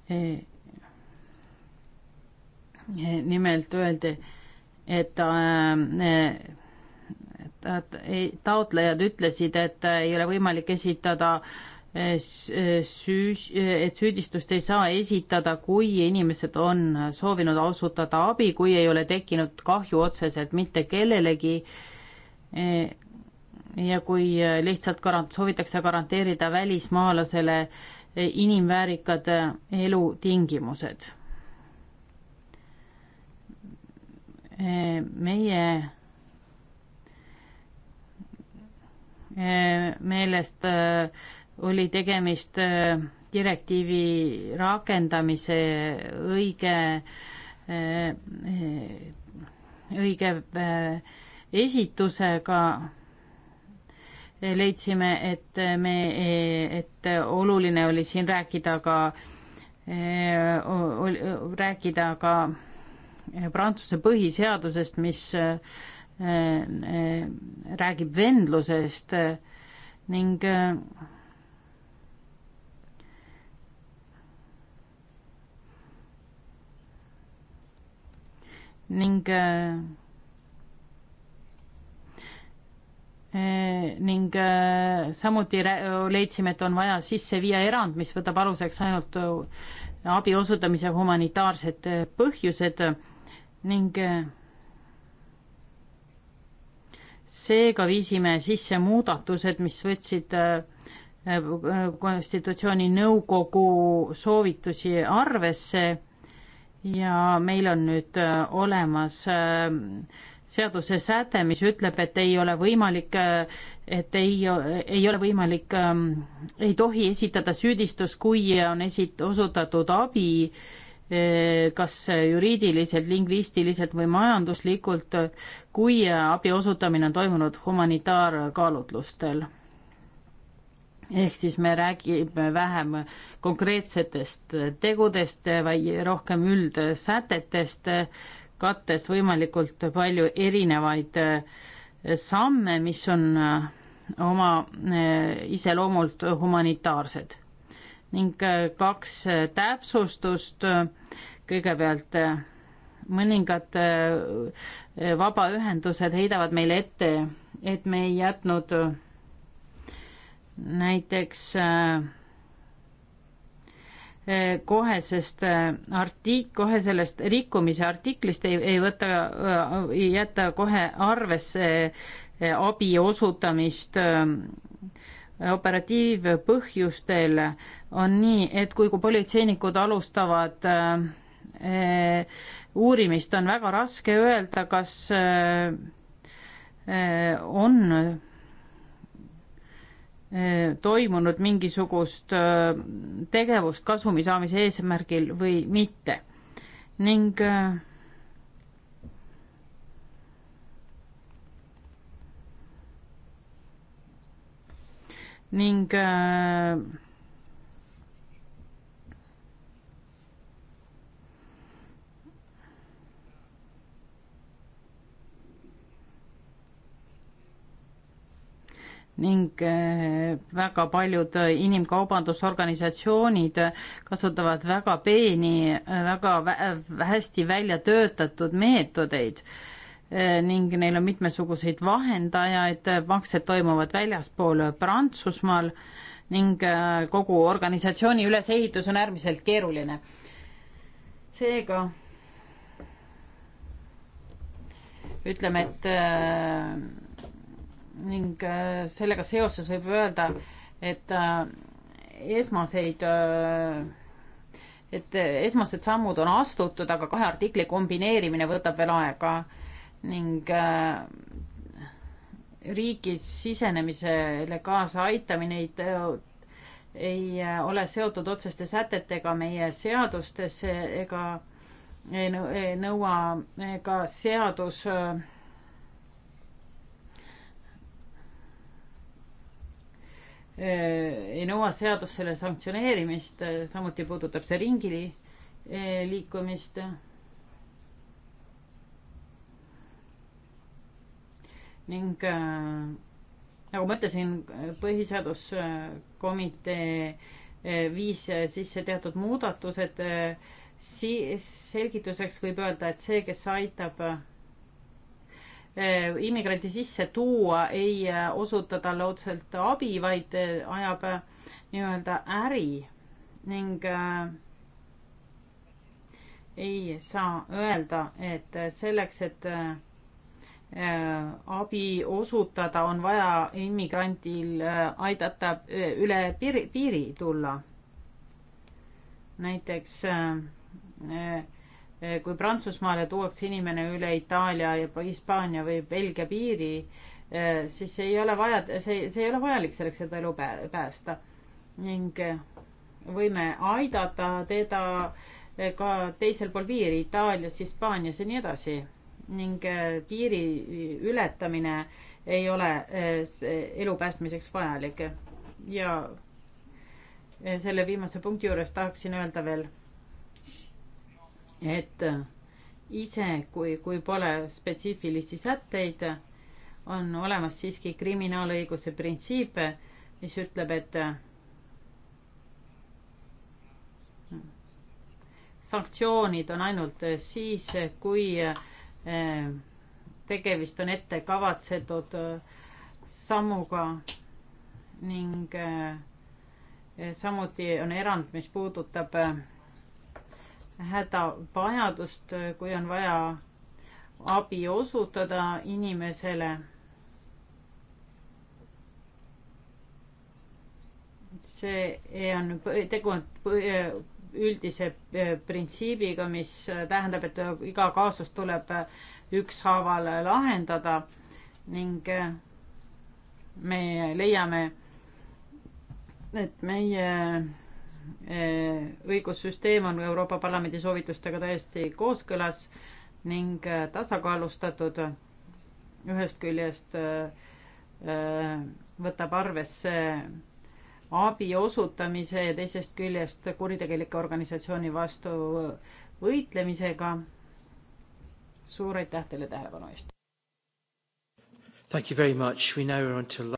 äh, nimelt öeldi, et, et taotlejad ütlesid, et ei ole võimalik esitada äh, süüs-, et süüdistust ei saa esitada, kui inimesed on soovinud osutada abi, kui ei ole tekkinud kahju otseselt mitte kellelegi e, ja kui lihtsalt garant-, soovitakse garanteerida välismaalasele inimväärikad elutingimused. E, meie e, meelest äh, oli tegemist äh, direktiivi rakendamise õige, äh, õige äh, esitusega. leidsime, et me, et oluline oli siin rääkida ka, rääkida ka Prantsuse põhiseadusest, mis räägib vendlusest ning ning äh, äh, ning äh, samuti leidsime, et on vaja sisse viia erand, mis võtab aluseks ainult abi osutamise humanitaarsed põhjused ning seega viisime sisse muudatused, mis võtsid konstitutsiooni nõukogu soovitusi arvesse ja meil on nüüd äh, olemas äh, seadusesäte, mis ütleb, et ei ole võimalik, äh, et ei, ei ole võimalik, ähm, ei tohi esitada süüdistus, kui on esit-, osutatud abi kas juriidiliselt, lingvistiliselt või majanduslikult, kui abi osutamine on toimunud humanitaarkaalutlustel ehk siis me räägime vähem konkreetsetest tegudest, vaid rohkem üldsätetest, kattes võimalikult palju erinevaid samme, mis on oma iseloomult humanitaarsed. ning kaks täpsustust, kõigepealt mõningad vabaühendused heidavad meile ette, et me ei jätnud näiteks äh, äh, kohesest äh, artik-, kohe sellest rikkumise artiklist ei, ei võta, ei jäta kohe arvesse abi osutamist operatiivpõhjustel on nii, et kui, kui politseinikud alustavad äh, uurimist, on väga raske öelda, kas äh, on Eh, toimunud mingisugust eh, tegevust kasumi saamise eesmärgil või mitte. ning eh, ning ning eh, väga paljud eh, inimkaubandusorganisatsioonid eh, kasutavad väga peeni, väga hästi välja töötatud meetodeid ning neil on mitmesuguseid vahendajaid, maksed toimuvad väljaspool Prantsusmaal ning kogu organisatsiooni ülesehitus on äärmiselt keeruline. seega ütleme, et ning äh, sellega seoses võib öelda, et äh, esmaseid, äh, et esmased sammud on astutud, aga kahe artikli kombineerimine võtab veel aega ning riigi sisenemisele kaasa aitamine ei, ei ole seotud otseste sätetega meie seadustesse ega ei nõua ka seadus äh, Äh, ei nõua seadus selle sanktsioneerimist, äh, samuti puudutab see ringi äh, liikumist. ning nagu ma ütlesin, põhiseaduskomitee viis sisse teatud muudatused. si-, selgituseks võib öelda, et see, kes aitab Eh, immigranti sisse tuua, ei eh, osuta talle otseselt abi, vaid eh, ajab nii-öelda äri ning äh, ei saa öelda, et selleks, et äh, abi osutada, on vaja immigrandil äh, aidata üle piiri, piiri tulla. näiteks äh, Eh, kui Prantsusmaale tuuakse inimene üle Itaalia ja Hispaania või Belgia piiri, eh, siis ei ole vaja, see, see ei ole vajalik selleks, et elu päästa. ning eh, võime aidata teda ka teisel pool piiri, Itaalias, Hispaanias ja nii edasi. ning piiri ületamine ei ole elu päästmiseks vajalik. ja selle viimase punkti juures tahaksin öelda veel et ise, kui, kui pole spetsiifilisi sätteid, on olemas siiski kriminaalõiguse printsiip, mis ütleb, et sanktsioonid on ainult siis, kui eh, tegemist on ette kavatsetud eh, sammuga ning eh, samuti on erand, mis puudutab hädavajadust, kui on vaja abi osutada inimesele. see on, tegu on üldise e, printsiibiga, mis tähendab, et iga kaasust tuleb ükshaaval lahendada ning e, me leiame, et meie Eh, õigussüsteem on Euroopa Parlamendi soovitustega täiesti kooskõlas ning eh, tasakaalustatud. ühest küljest eh, võtab arvesse abi osutamise ja teisest küljest kuritegelike organisatsiooni vastu võitlemisega. suur aitäh teile tähelepanu eest! Thank you very much. We now are on to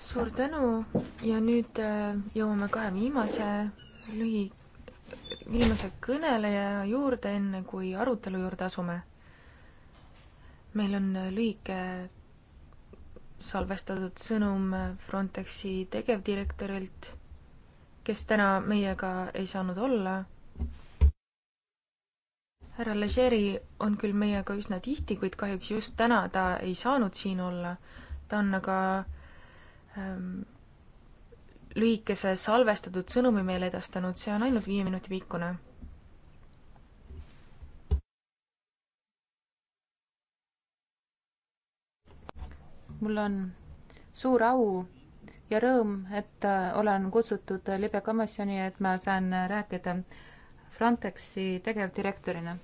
suur tänu ja nüüd äh, jõuame kahe viimase lühi, viimase kõneleja juurde, enne kui arutelu juurde asume. meil on äh, lühike salvestatud sõnum äh, Frontexi tegevdirektorilt, kes täna meiega ei saanud olla. härra Legeri on küll meiega üsna tihti, kuid kahjuks just täna ta ei saanud siin olla. ta on aga äh, Ähm, lühikese salvestatud sõnumi meile edastanud, see on ainult viie minuti pikkune mul on suur au ja rõõm, et äh, olen kutsutud libekomisjoni, et ma saan rääkida Frontexi tegevdirektorina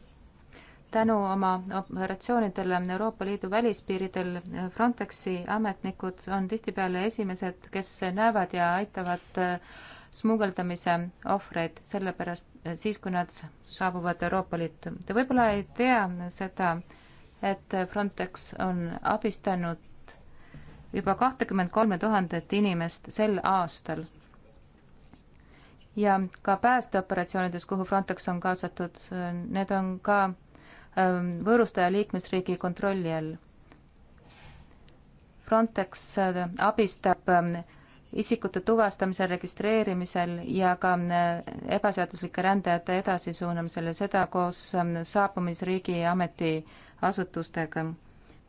tänu oma operatsioonidele Euroopa Liidu välispiiridel Frontexi ametnikud on tihtipeale esimesed, kes näevad ja aitavad äh, smugeldamise ohvreid, sellepärast äh, siis, kui nad saabuvad Euroopa Liitu. Te võib-olla ei tea seda, et Frontex on abistanud juba kahtekümmend kolme tuhandet inimest sel aastal ja ka päästeoperatsioonides, kuhu Frontex on kaasatud, äh, need on ka Ähm, võõrustaja liikmesriigi kontrolli all. Frontex äh, abistab ähm, isikute tuvastamisel, registreerimisel ja ka äh, ebaseaduslike rändajate edasisuunamisel ja seda koos ähm, saabumisriigi ametiasutustega.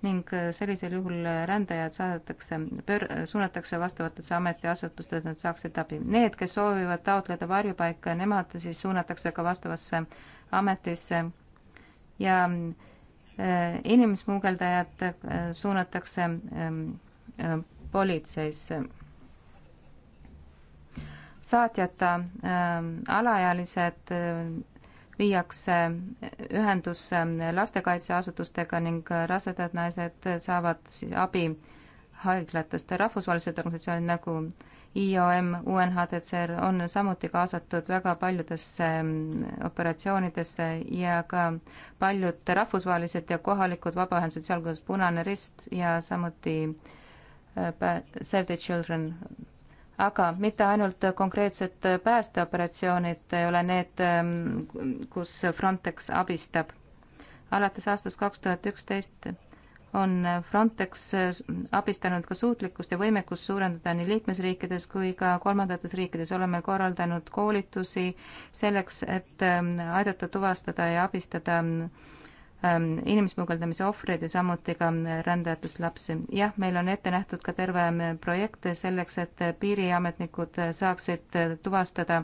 ning äh, sellisel juhul rändajad saadetakse, pöör-, suunatakse vastavatesse ametiasutustesse, et nad saaksid abi. Need, kes soovivad taotleda varjupaika, nemad siis suunatakse ka vastavasse ametisse ja äh, inimsmugeldajad äh, suunatakse ähm, äh, politseisse. saatjata ähm, alaealised viiakse ühendusse lastekaitseasutustega ning rasedad naised saavad siis abi haiglatest. rahvusvahelised organisatsioonid nagu IOM, UNHCR on samuti kaasatud väga paljudesse mm, operatsioonidesse ja ka paljud rahvusvahelised ja kohalikud vabaühendused, sealhulgas Punane Rist ja samuti äh, Save the Children. aga mitte ainult konkreetsed päästeoperatsioonid ei ole need, mm, kus Frontex abistab. alates aastast kaks tuhat üksteist on Frontex äh, abistanud ka suutlikkust ja võimekust suurendada nii liikmesriikides kui ka kolmandates riikides. oleme korraldanud koolitusi selleks, et ähm, aidata tuvastada ja abistada ähm, inimsmugeldamise ohvreid ja samuti ka äh, rändajatest lapsi. jah, meil on ette nähtud ka terve ähm, projekt selleks, et piiriametnikud äh, saaksid tuvastada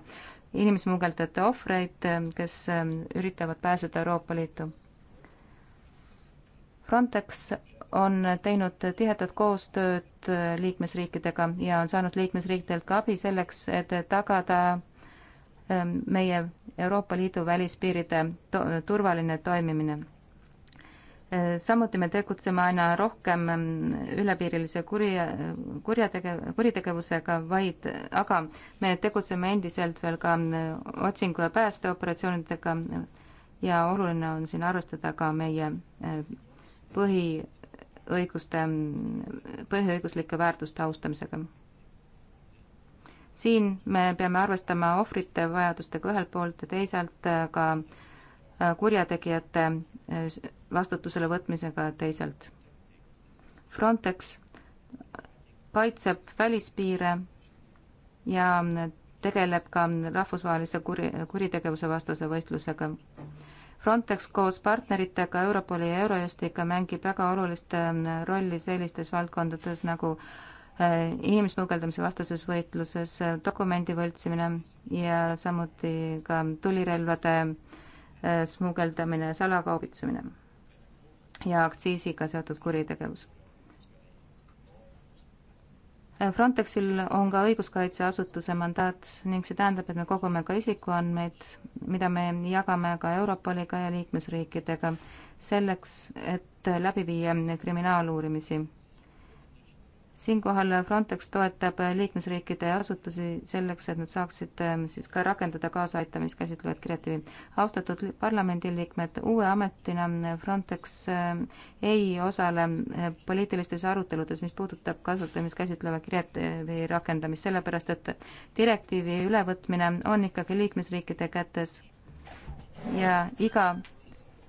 inimsmugeldajate ohvreid, kes üritavad pääseda Euroopa Liitu Frontex on teinud tihedat koostööd liikmesriikidega ja on saanud liikmesriikidelt ka abi selleks, et tagada ähm, meie Euroopa Liidu välispiiride to turvaline toimimine. Äh, samuti me tegutseme aina rohkem ähm, ülepiirilise kurja, kurjategev-, kuritegevusega, vaid, aga me tegutseme endiselt veel ka ähm, otsingu- ja päästeoperatsioonidega ja oluline on siin arvestada ka meie äh, põhiõiguste, põhiõiguslike väärtuste austamisega. siin me peame arvestama ohvrite vajadustega ühelt poolt ja teisalt ka äh, kurjategijate äh, vastutusele võtmisega teisalt. Frontex kaitseb välispiire ja tegeleb ka rahvusvahelise kuri, kuritegevuse vastase võitlusega Frontex koos partneritega Europoli ja Eurojustiga mängib väga olulist ähm, rolli sellistes valdkondades nagu äh, inimsmugeldamise vastases võitluses, äh, dokumendi võltsimine ja samuti ka tulirelvade äh, smugeldamine, salakaubitsemine ja aktsiisiga seotud kuritegevus. Frontexil on ka õiguskaitseasutuse mandaat ning see tähendab, et me kogume ka isikuandmeid, mida me jagame ka Europoliga ja liikmesriikidega selleks, et läbi viia kriminaaluurimisi siinkohal Frontex toetab liikmesriikide asutusi selleks, et nad saaksid ähm, siis ka rakendada kaasaaitamist käsitlevat direktiivi. austatud parlamendiliikmed, uue ametina Frontex ähm, ei osale äh, poliitilistes aruteludes, mis puudutab kasutamist käsitleva direktiivi äh, rakendamist, sellepärast et direktiivi ülevõtmine on ikkagi liikmesriikide kätes ja iga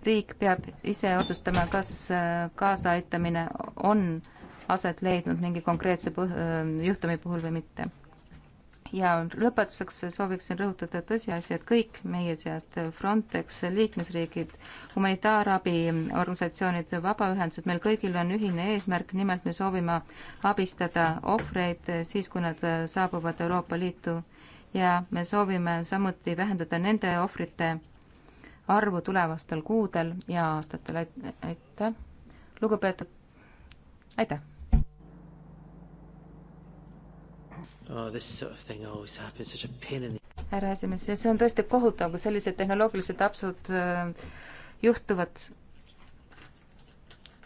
riik peab ise otsustama, kas äh, kaasaaitamine on äh, aset leidnud mingi konkreetse põh-, äh, juhtumi puhul või mitte. ja lõpetuseks sooviksin rõhutada tõsiasi, et kõik meie seast, Frontex, liikmesriigid, humanitaarabiorganisatsioonid, vabaühendused, meil kõigil on ühine eesmärk, nimelt me soovime abistada ohvreid siis, kui nad saabuvad Euroopa Liitu ja me soovime samuti vähendada nende ohvrite arvu tulevastel kuudel ja aastatel, aitäh, lugupeetud, aitäh! oh,. härra esimees, see on tõesti kohutav, kui sellised tehnoloogilised apsud äh, juhtuvad.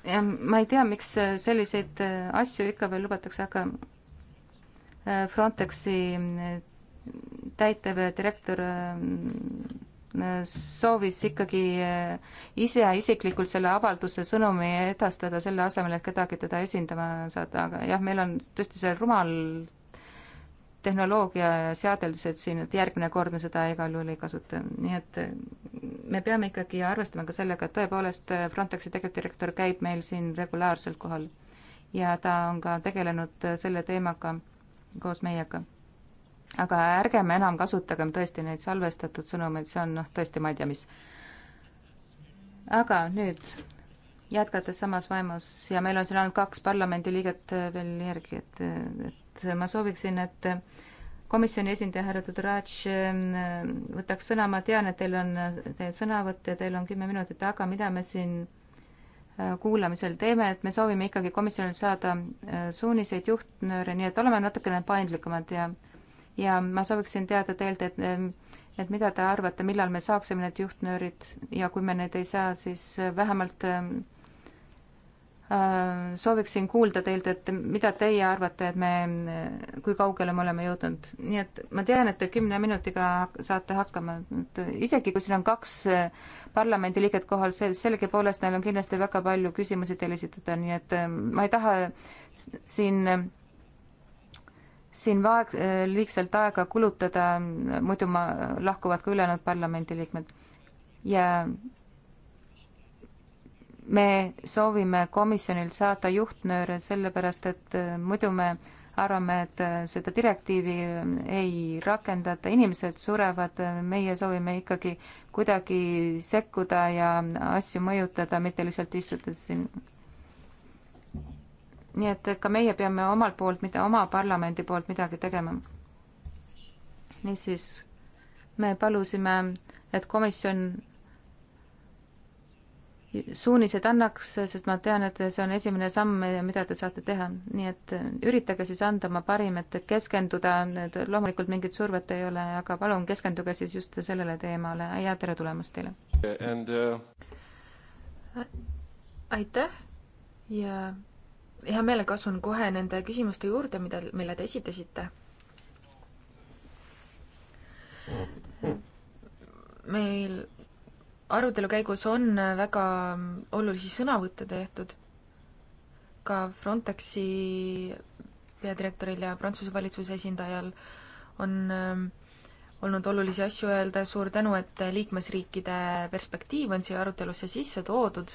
ja ma ei tea, miks äh, selliseid äh, asju ikka veel lubatakse, aga Frontexi täitev direktor soovis ikkagi ise isiklikult selle avalduse sõnumi edastada, selle asemel, et kedagi teda esindama saada, aga jah, meil on tõesti see rumal tehnoloogia ja seadeldused siin, et järgmine kord me seda igal juhul ei kasuta. nii et me peame ikkagi arvestama ka sellega, et tõepoolest äh, Frontexi tegevdirektor käib meil siin regulaarselt kohal ja ta on ka tegelenud äh, selle teemaga koos meiega. aga ärgem enam kasutagem tõesti neid salvestatud sõnumeid, see on noh, tõesti ma ei tea, mis. aga nüüd jätkates samas vaimus ja meil on siin ainult kaks parlamendiliiget äh, veel järgi, et, et et ma sooviksin, et komisjoni esindaja härra Tudoratš ähm, võtaks sõna, ma tean, et teil on teie sõnavõtt ja teil on kümme minutit, aga mida me siin äh, kuulamisel teeme, et me soovime ikkagi komisjonil saada äh, suuniseid juhtnööre, nii et oleme natukene paindlikumad ja ja ma sooviksin teada teilt, et ähm, et mida te arvate, millal me saaksime need juhtnöörid ja kui me need ei saa, siis äh, vähemalt äh, Äh, sooviksin kuulda teilt, et mida teie arvate, et me, kui kaugele me oleme jõudnud, nii et ma tean, et te kümne minutiga saate hakkama, et isegi kui siin on kaks äh, parlamendiliiget kohal, see sellegipoolest neil on kindlasti väga palju küsimusi teile esitada, nii et äh, ma ei taha siin siin vaeg-, liigselt aega kulutada, muidu ma, lahkuvad ka ülejäänud parlamendiliikmed. ja me soovime komisjonilt saada juhtnööre, sellepärast et äh, muidu me arvame, et äh, seda direktiivi äh, ei rakendata, inimesed surevad, meie soovime ikkagi kuidagi sekkuda ja asju mõjutada, mitte lihtsalt istuda siin. nii et ka meie peame omalt poolt, mitte oma parlamendi poolt midagi tegema. niisiis, me palusime, et komisjon suunised annaks, sest ma tean, et see on esimene samm, mida te saate teha. nii et üritage siis anda oma parim, et keskenduda, et loomulikult mingit survet ei ole, aga palun keskenduge siis just sellele teemale ja tere tulemast teile! Uh... aitäh ja hea meelega asun kohe nende küsimuste juurde, mida, mille te esitasite. Mm-hmm. meil arutelu käigus on väga olulisi sõnavõtte tehtud, ka Frontexi peadirektoril ja Prantsuse valitsuse esindajal on ähm, olnud olulisi asju öelda, suur tänu, et liikmesriikide perspektiiv on siia arutelusse sisse toodud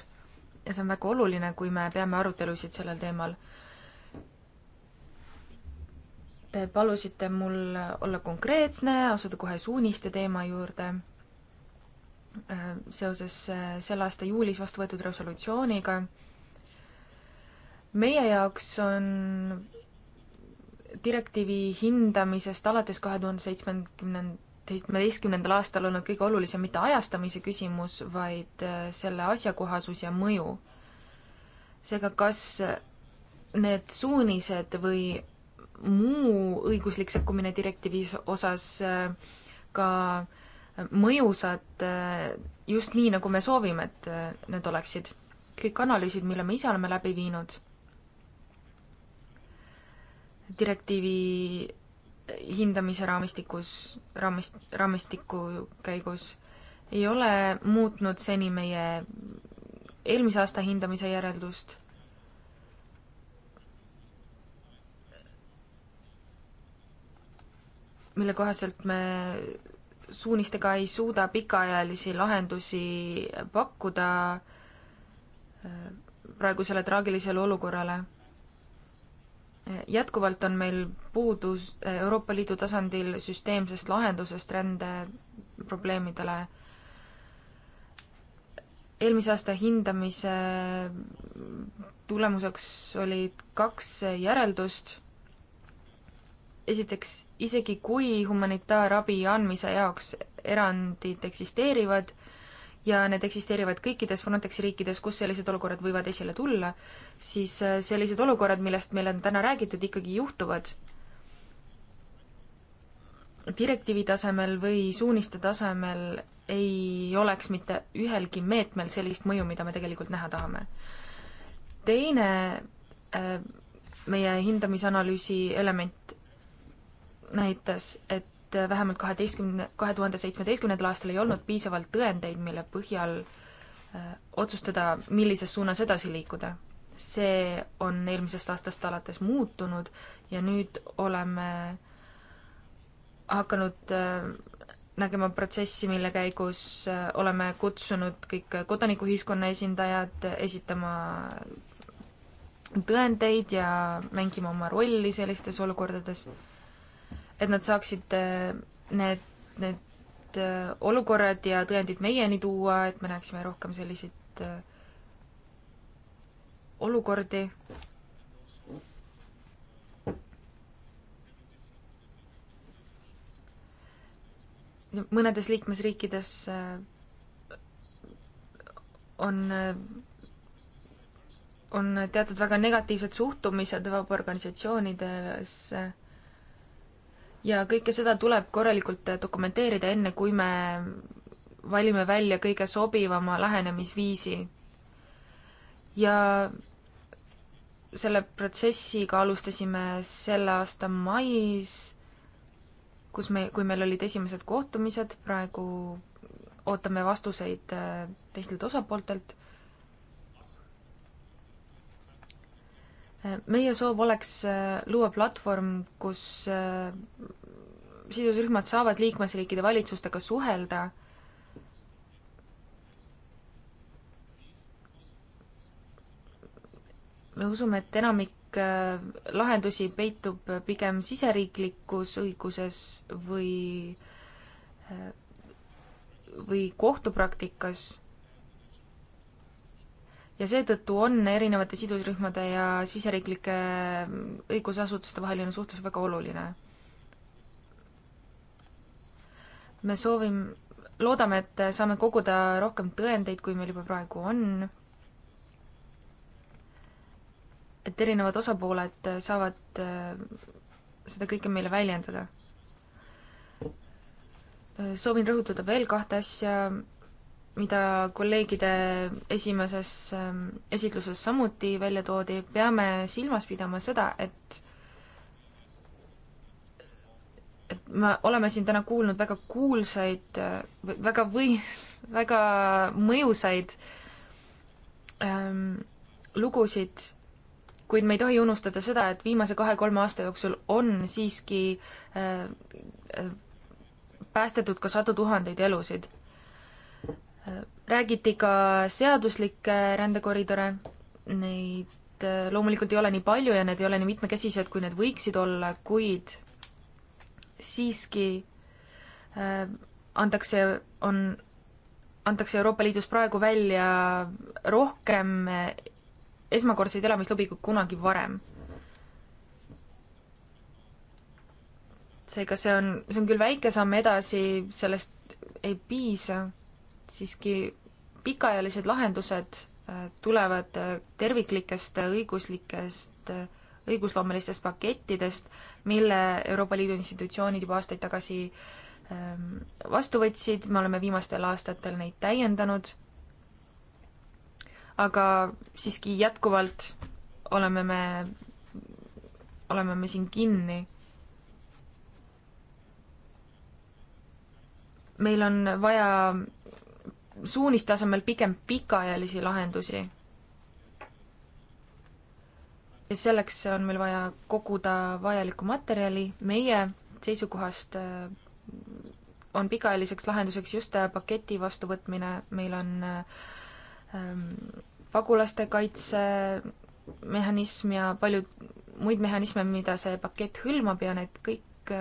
ja see on väga oluline, kui me peame arutelusid sellel teemal. Te palusite mul olla konkreetne, asuda kohe suuniste teema juurde Äh, seoses äh, selle aasta juulis vastu võetud resolutsiooniga. meie jaoks on direktiivi hindamisest alates kahe tuhande seitsmekümnenda, seitsmeteistkümnendal aastal olnud kõige olulisem mitte ajastamise küsimus, vaid äh, selle asjakohasus ja mõju. seega, kas need suunised või muu õiguslik sekkumine direktiivi osas ka äh, mõjusad äh, just nii, nagu me soovime, et äh, need oleksid. kõik analüüsid, mille me ise oleme läbi viinud, direktiivi hindamise raamistikus, raamist, raamistiku käigus, ei ole muutnud seni meie eelmise aasta hindamise järeldust mille kohaselt me suunistega ei suuda pikaajalisi lahendusi pakkuda äh, praegusele traagilisele olukorrale. jätkuvalt on meil puudus äh, Euroopa Liidu tasandil süsteemsest lahendusest rändeprobleemidele. eelmise aasta hindamise tulemuseks olid kaks järeldust esiteks, isegi kui humanitaarabi andmise jaoks erandid eksisteerivad ja need eksisteerivad kõikides Frontexi riikides, kus sellised olukorrad võivad esile tulla, siis äh, sellised olukorrad, millest meil on täna räägitud, ikkagi juhtuvad. direktiivi tasemel või suuniste tasemel ei oleks mitte ühelgi meetmel sellist mõju, mida me tegelikult näha tahame. teine äh, meie hindamisanalüüsi element näitas, et vähemalt kaheteistkümne, kahe tuhande seitsmeteistkümnendal aastal ei olnud piisavalt tõendeid, mille põhjal äh, otsustada, millises suunas edasi liikuda. see on eelmisest aastast alates muutunud ja nüüd oleme hakanud äh, nägema protsessi, mille käigus äh, oleme kutsunud kõik kodanikuühiskonna esindajad esitama tõendeid ja mängima oma rolli sellistes olukordades et nad saaksid äh, need, need äh, olukorrad ja tõendid meieni tuua, et me näeksime rohkem selliseid äh, olukordi. mõnedes liikmesriikides on on teatud väga negatiivsed suhtumised vabaorganisatsioonidesse ja kõike seda tuleb korralikult dokumenteerida, enne kui me valime välja kõige sobivama lähenemisviisi. ja selle protsessiga alustasime selle aasta mais, kus me, kui meil olid esimesed kohtumised, praegu ootame vastuseid äh, teistelt osapooltelt meie soov oleks äh, luua platvorm, kus äh, sidusrühmad saavad liikmesriikide valitsustega suhelda me usume, et enamik äh, lahendusi peitub pigem siseriiklikus õiguses või, või kohtupraktikas ja seetõttu on erinevate sidusrühmade ja siseriiklike õigusasutuste vaheline suhtlus väga oluline. me soovime, loodame, et saame koguda rohkem tõendeid, kui meil juba praegu on, et erinevad osapooled saavad äh, seda kõike meile väljendada. soovin rõhutada veel kahte asja mida kolleegide esimeses ähm, esitluses samuti välja toodi, peame silmas pidama seda, et et me oleme siin täna kuulnud väga kuulsaid, äh, väga või-, väga mõjusaid ähm, lugusid, kuid me ei tohi unustada seda, et viimase kahe-kolme aasta jooksul on siiski äh, äh päästetud ka sadu tuhandeid elusid räägiti ka seaduslikke rändekoridore, neid äh, loomulikult ei ole nii palju ja need ei ole nii mitmekesised, kui need võiksid olla, kuid siiski äh, antakse, on, antakse Euroopa Liidus praegu välja rohkem äh, esmakordseid elamislubi kui kunagi varem. seega see on, see on küll väike samm edasi, sellest ei piisa siiski pikaajalised lahendused äh, tulevad äh, terviklikest äh, õiguslikest, õigusloomelistest pakettidest, mille Euroopa Liidu institutsioonid juba aastaid tagasi ähm, vastu võtsid, me oleme viimastel aastatel neid täiendanud, aga siiski jätkuvalt oleme me, oleme me siin kinni meil on vaja suuniste asemel pigem pikaajalisi lahendusi. ja selleks on meil vaja koguda vajalikku materjali, meie seisukohast äh, on pikaajaliseks lahenduseks just äh, paketi vastuvõtmine, meil on äh, ähm, pagulaste kaitse mehhanism ja palju muid mehhanisme, mida see pakett hõlmab ja need kõik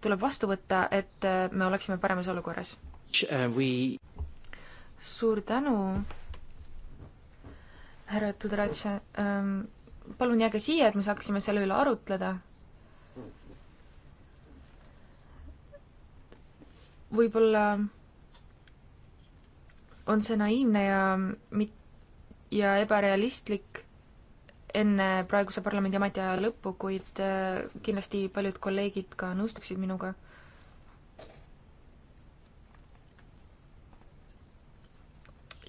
tuleb vastu võtta, et me oleksime paremas olukorras. We suur tänu, härra Tudoratša ähm,. palun jääge siia, et me saaksime selle üle arutleda. võib-olla on see naiivne ja mit-, ja ebarealistlik enne praeguse parlamendi ametiaja lõppu, kuid eh, kindlasti paljud kolleegid ka nõustuksid minuga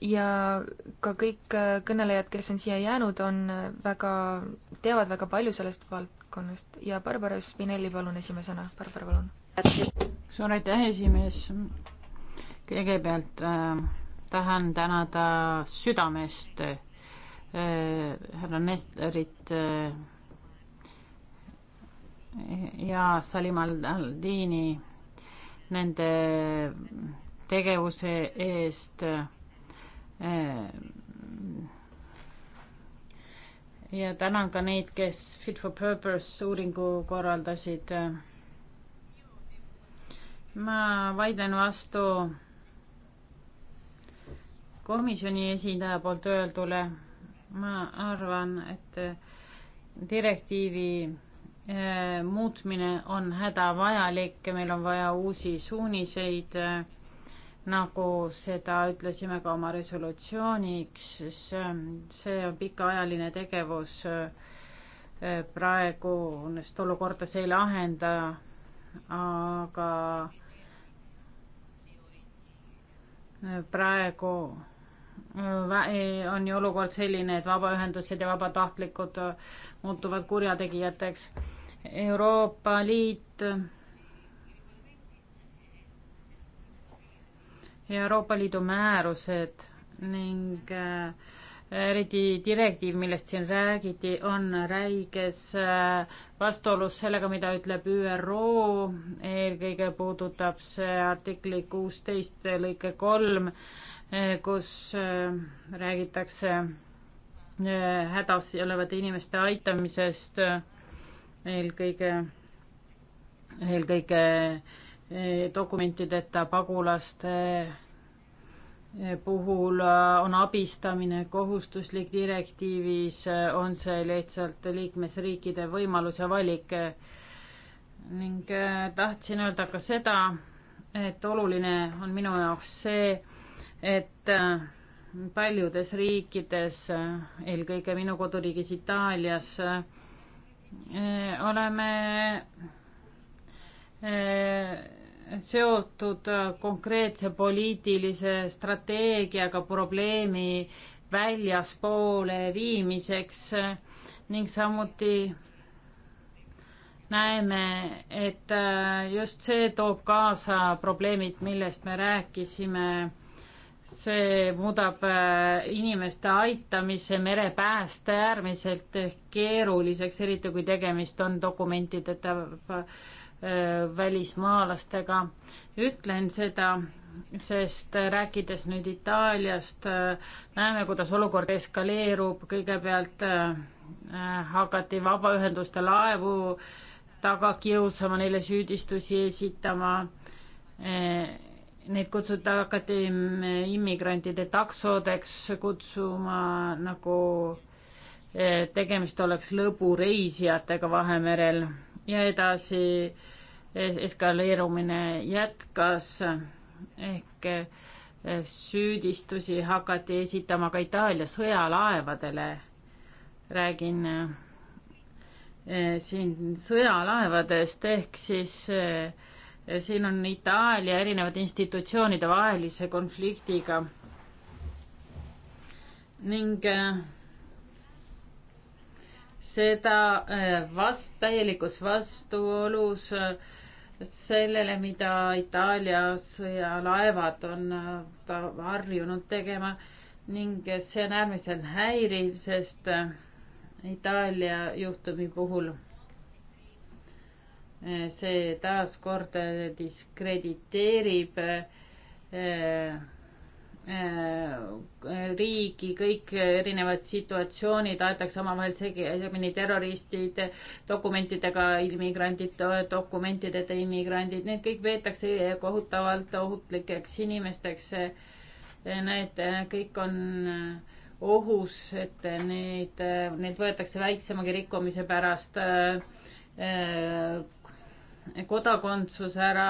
ja ka kõik äh, kõnelejad, kes on siia jäänud, on äh, väga, teavad väga palju sellest valdkonnast ja Barbara Spinelli, palun esimesena, Barbara, palun. suur aitäh, esimees. kõigepealt äh, tahan tänada südamest äh, härra Nestlerit äh, ja Salim Aldini nende tegevuse eest äh, Ehm, ja tänan ka neid, kes Fit for Purpose uuringu korraldasid. ma vaidlen vastu komisjoni esindaja poolt öeldule. ma arvan, et direktiivi eh, muutmine on hädavajalik ja meil on vaja uusi suuniseid eh, nagu seda ütlesime ka oma resolutsiooniks, siis ähm, see on pikaajaline tegevus. Äh, praegust olukorda see ei lahenda, aga äh, praegu äh, on ju olukord selline, et vabaühendused ja vabatahtlikud muutuvad kurjategijateks. Euroopa Liit ja Euroopa Liidu määrused ning äh, eriti direktiiv, millest siin räägiti, on räiges äh, vastuolus sellega, mida ütleb ÜRO, eelkõige puudutab see artikli kuusteist lõike kolm, äh, kus räägitakse hädas olevate inimeste aitamisest eelkõige, eelkõige Eh, dokumentideta pagulaste eh, puhul eh, on abistamine kohustuslik direktiivis, on see lihtsalt liikmesriikide võimalus ja valik. ning tahtsin öelda ka seda, et oluline on minu jaoks see, et paljudes riikides, eelkõige minu koduriigis Itaalias, oleme seotud äh, konkreetse poliitilise strateegiaga probleemi väljaspoole viimiseks äh, ning samuti näeme, et äh, just see toob kaasa probleemid, millest me rääkisime. see muudab inimeste aitamise merepääste äärmiselt keeruliseks, eriti kui tegemist on dokumentideta Äh, välismaalastega. ütlen seda, sest rääkides nüüd Itaaliast, äh, näeme, kuidas olukord eskaleerub, kõigepealt äh, hakati vabaühenduste laevu taga kiusama, neile süüdistusi esitama. Neid kutsuda, hakati immigrantide taksodeks kutsuma, nagu tegemist oleks lõbureisijatega Vahemerel ja edasi eskaleerumine jätkas ehk eh, süüdistusi hakati esitama ka Itaalia sõjalaevadele. räägin eh, siin sõjalaevadest ehk siis eh, siin on Itaalia erinevate institutsioonide vahelise konfliktiga ning seda äh, vast, täielikus vastuolus äh, sellele, mida Itaalia sõjalaevad on äh, harjunud tegema ning see on äärmiselt häiriv, sest Itaalia juhtumi puhul see taaskord diskrediteerib Äh, riigi, kõik erinevad situatsioonid aetakse omavahel segamini, terroristid dokumentidega, immigrandid dokumentideta immigrandid, need kõik peetakse kohutavalt ohutlikeks inimesteks. Need kõik on ohus, et neid, neid võetakse väiksemagi rikkumise pärast äh, kodakondsus ära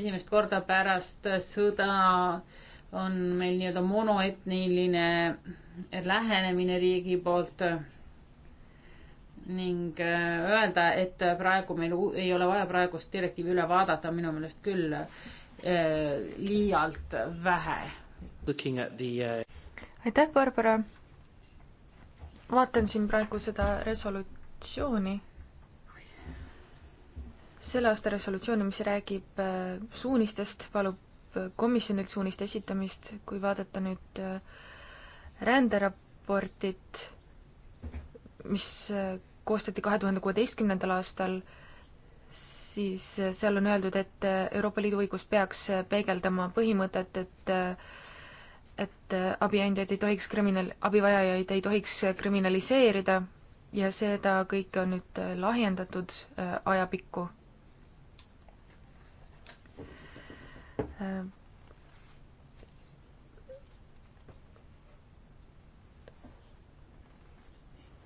esimest korda pärast sõda on meil nii-öelda monoetniline lähenemine riigi poolt ning äh, öelda, et praegu meil ei ole vaja praegust direktiivi üle vaadata, minu meelest küll äh, liialt vähe. Äh, aitäh, Barbara. vaatan siin praegu seda resolutsiooni selle aasta resolutsiooni, mis räägib suunistest, palub komisjonilt suuniste esitamist, kui vaadata nüüd äh, ränderaportit, mis äh, koostati kahe tuhande kuueteistkümnendal aastal, siis äh, seal on öeldud, et Euroopa Liidu õigus peaks peegeldama põhimõtet, et et abiandjaid ei tohiks kriminal, abivajajaid ei tohiks kriminaliseerida ja seda kõike on nüüd lahjendatud ajapikku Äh,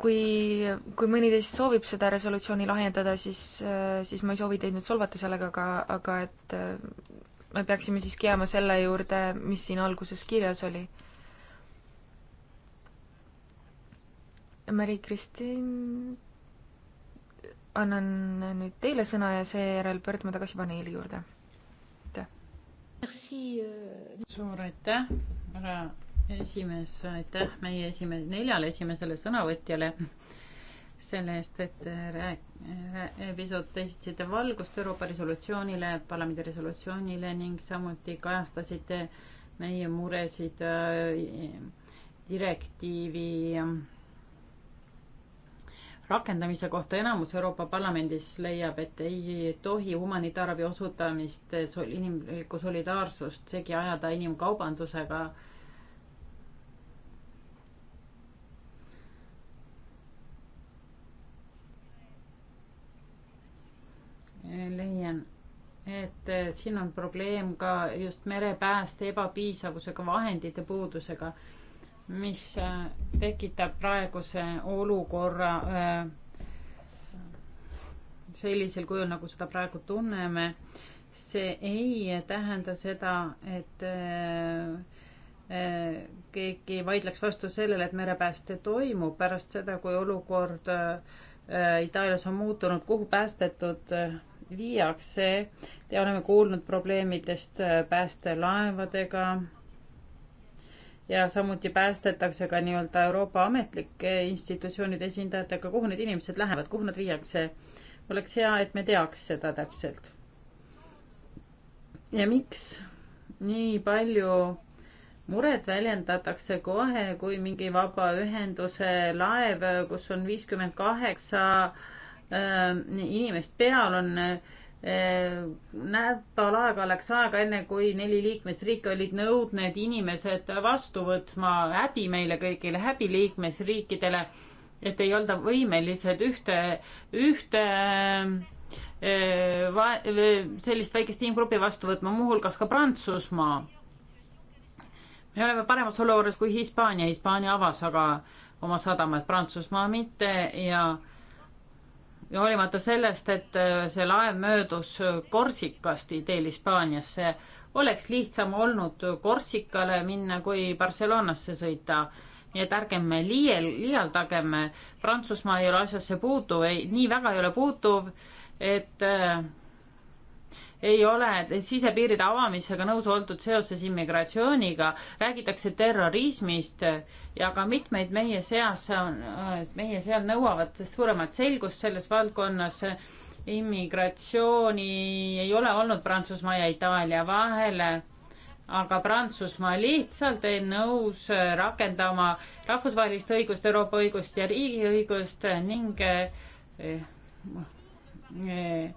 kui, kui mõni teist soovib seda resolutsiooni lahendada, siis, äh, siis ma ei soovi teid nüüd solvata sellega, aga, aga et äh, me peaksime siiski jääma selle juurde, mis siin alguses kirjas oli. Mari-Kristin, annan nüüd teile sõna ja seejärel pöördume tagasi paneeli juurde Euh, suur aitäh, härra esimees, aitäh meie esimees, neljale esimesele sõnavõtjale selle eest, et rää-, rää-, pisut esitasite valgust Euroopa resolutsioonile, parlamendi resolutsioonile ning samuti kajastasite meie muresid äh, direktiivi rakendamise kohta enamus Euroopa Parlamendis leiab, et ei tohi humanitaarabi osutamist, inimlikku solidaarsust segi ajada inimkaubandusega. leian, et siin on probleem ka just merepääste ebapiisavusega, vahendite puudusega mis äh, tekitab praeguse olukorra äh, sellisel kujul, nagu seda praegu tunneme. see ei tähenda seda, et äh, keegi vaidleks vastu sellele, et merepääste toimub pärast seda, kui olukord Itaalias on muutunud, kuhu päästetud viiakse. oleme kuulnud probleemidest päästelaevadega ja samuti päästetakse ka nii-öelda Euroopa ametlike institutsioonide esindajatega, kuhu need inimesed lähevad, kuhu nad viiakse. oleks hea, et me teaks seda täpselt. ja miks nii palju muret väljendatakse kohe, kui mingi vabaühenduse laev, kus on viiskümmend kaheksa äh, inimest peal, on äh, nädal aega läks aega, enne kui neli liikmesriiki olid nõud need inimesed vastu võtma, häbi meile kõigile, häbi liikmesriikidele, et ei olda võimelised ühte, ühte va-, sellist väikest tiimgruppi vastu võtma, muuhulgas ka Prantsusmaa. me oleme paremas olukorras kui Hispaania, Hispaania avas aga oma sadamad, Prantsusmaa mitte ja äh, ja hoolimata sellest, et äh, see laev möödus äh, Korsikast ideel Hispaaniasse, oleks lihtsam olnud Korsikale minna kui Barcelonasse sõita. nii et ärgem liiel, liialdagem, äh, Prantsusmaa ei ole asjasse puutuv, ei, nii väga ei ole puutuv, et ei ole sisepiiride avamisega nõus oldud seoses immigratsiooniga, räägitakse terrorismist ja ka mitmeid meie seas, meie seal nõuavad suuremat selgust selles valdkonnas. immigratsiooni ei ole olnud Prantsusmaa ja Itaalia vahel aga Prantsusmaa lihtsalt ei nõus rakendama rahvusvahelist õigust, Euroopa õigust ja riigiõigust ning eh, eh,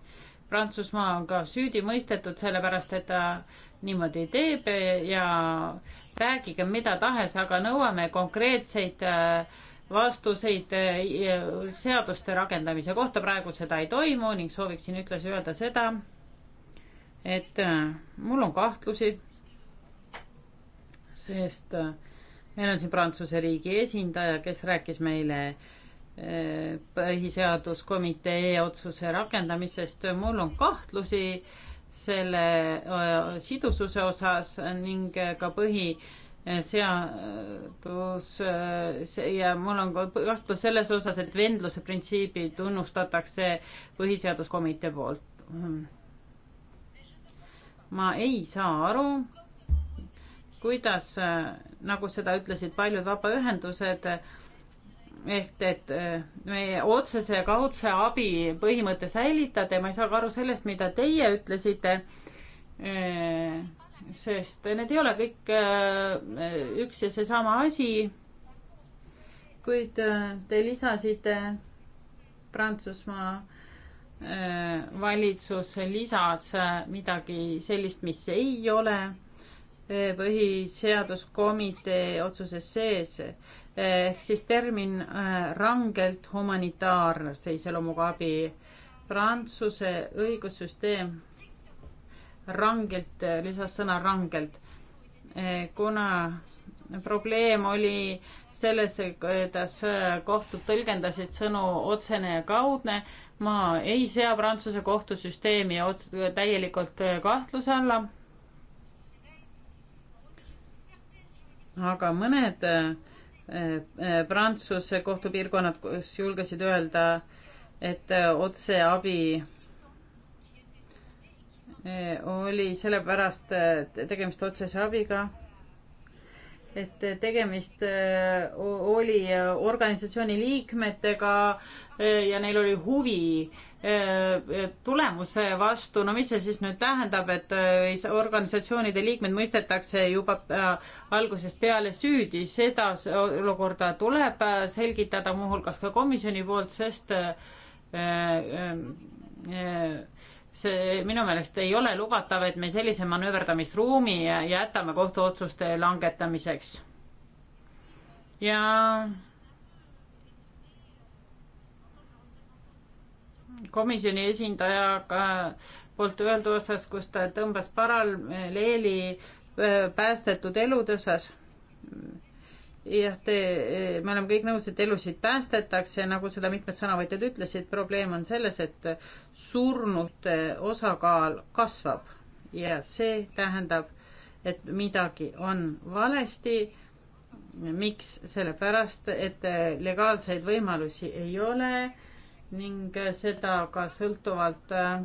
Prantsusmaa on ka süüdi mõistetud sellepärast, et ta niimoodi teeb ja rääkige mida tahes, aga nõuame konkreetseid äh, vastuseid äh, seaduste rakendamise kohta. praegu seda ei toimu ning sooviksin ühtlasi öelda seda, et äh, mul on kahtlusi, sest meil on siin Prantsuse riigi esindaja, kes rääkis meile äh, põhiseaduskomitee otsuse rakendamisest. mul on kahtlusi selle äh, sidususe osas ning ka põhiseadus äh, ja mul on kahtlus selles osas, et vendluse printsiibi tunnustatakse põhiseaduskomitee poolt. ma ei saa aru, kuidas, äh, nagu seda ütlesid paljud vabaühendused, et, et äh, meie otsese ja kaudse abi põhimõte säilitada ja ma ei saa ka aru sellest, mida teie ütlesite. Äh, sest need ei ole kõik äh, üks ja seesama asi. kuid te lisasite Prantsusmaa valitsus lisas midagi sellist, mis ei ole põhiseaduskomitee otsuses sees siis termin äh, rangelt humanitaarse iseloomuga abi. Prantsuse õigussüsteem rangelt äh, lisas sõna rangelt, äh, kuna probleem oli selles, kuidas kohtud tõlgendasid sõnu otsene ja kaudne. ma ei sea Prantsuse kohtusüsteemi ots-, täielikult kahtluse alla. aga mõned äh, Äh, äh, Prantsuse kohtupiirkonnad, kus julgesid öelda, et äh, otseabi oli sellepärast tegemist otsese abiga, et tegemist oli organisatsiooni liikmetega, Äh, ja neil oli huvi äh, äh, tulemuse vastu, no mis see siis nüüd tähendab, et organisatsioonide liikmed mõistetakse juba algusest peale süüdi, seda olukorda tuleb selgitada muuhulgas ka komisjoni poolt, sest see minu meelest ei ole lubatav, et me sellise manööverdamisruumi jätame kohtuotsuste langetamiseks. ja komisjoni esindajaga poolt öeldu osas, kus ta tõmbas paralleeli päästetud elude osas. jah, te, me oleme kõik nõus, et elusid päästetakse, nagu seda mitmed sõnavõtjad ütlesid, probleem on selles, et surnute osakaal kasvab ja see tähendab, et midagi on valesti. miks? sellepärast, et legaalseid võimalusi ei ole ning seda ka sõltuvalt äh,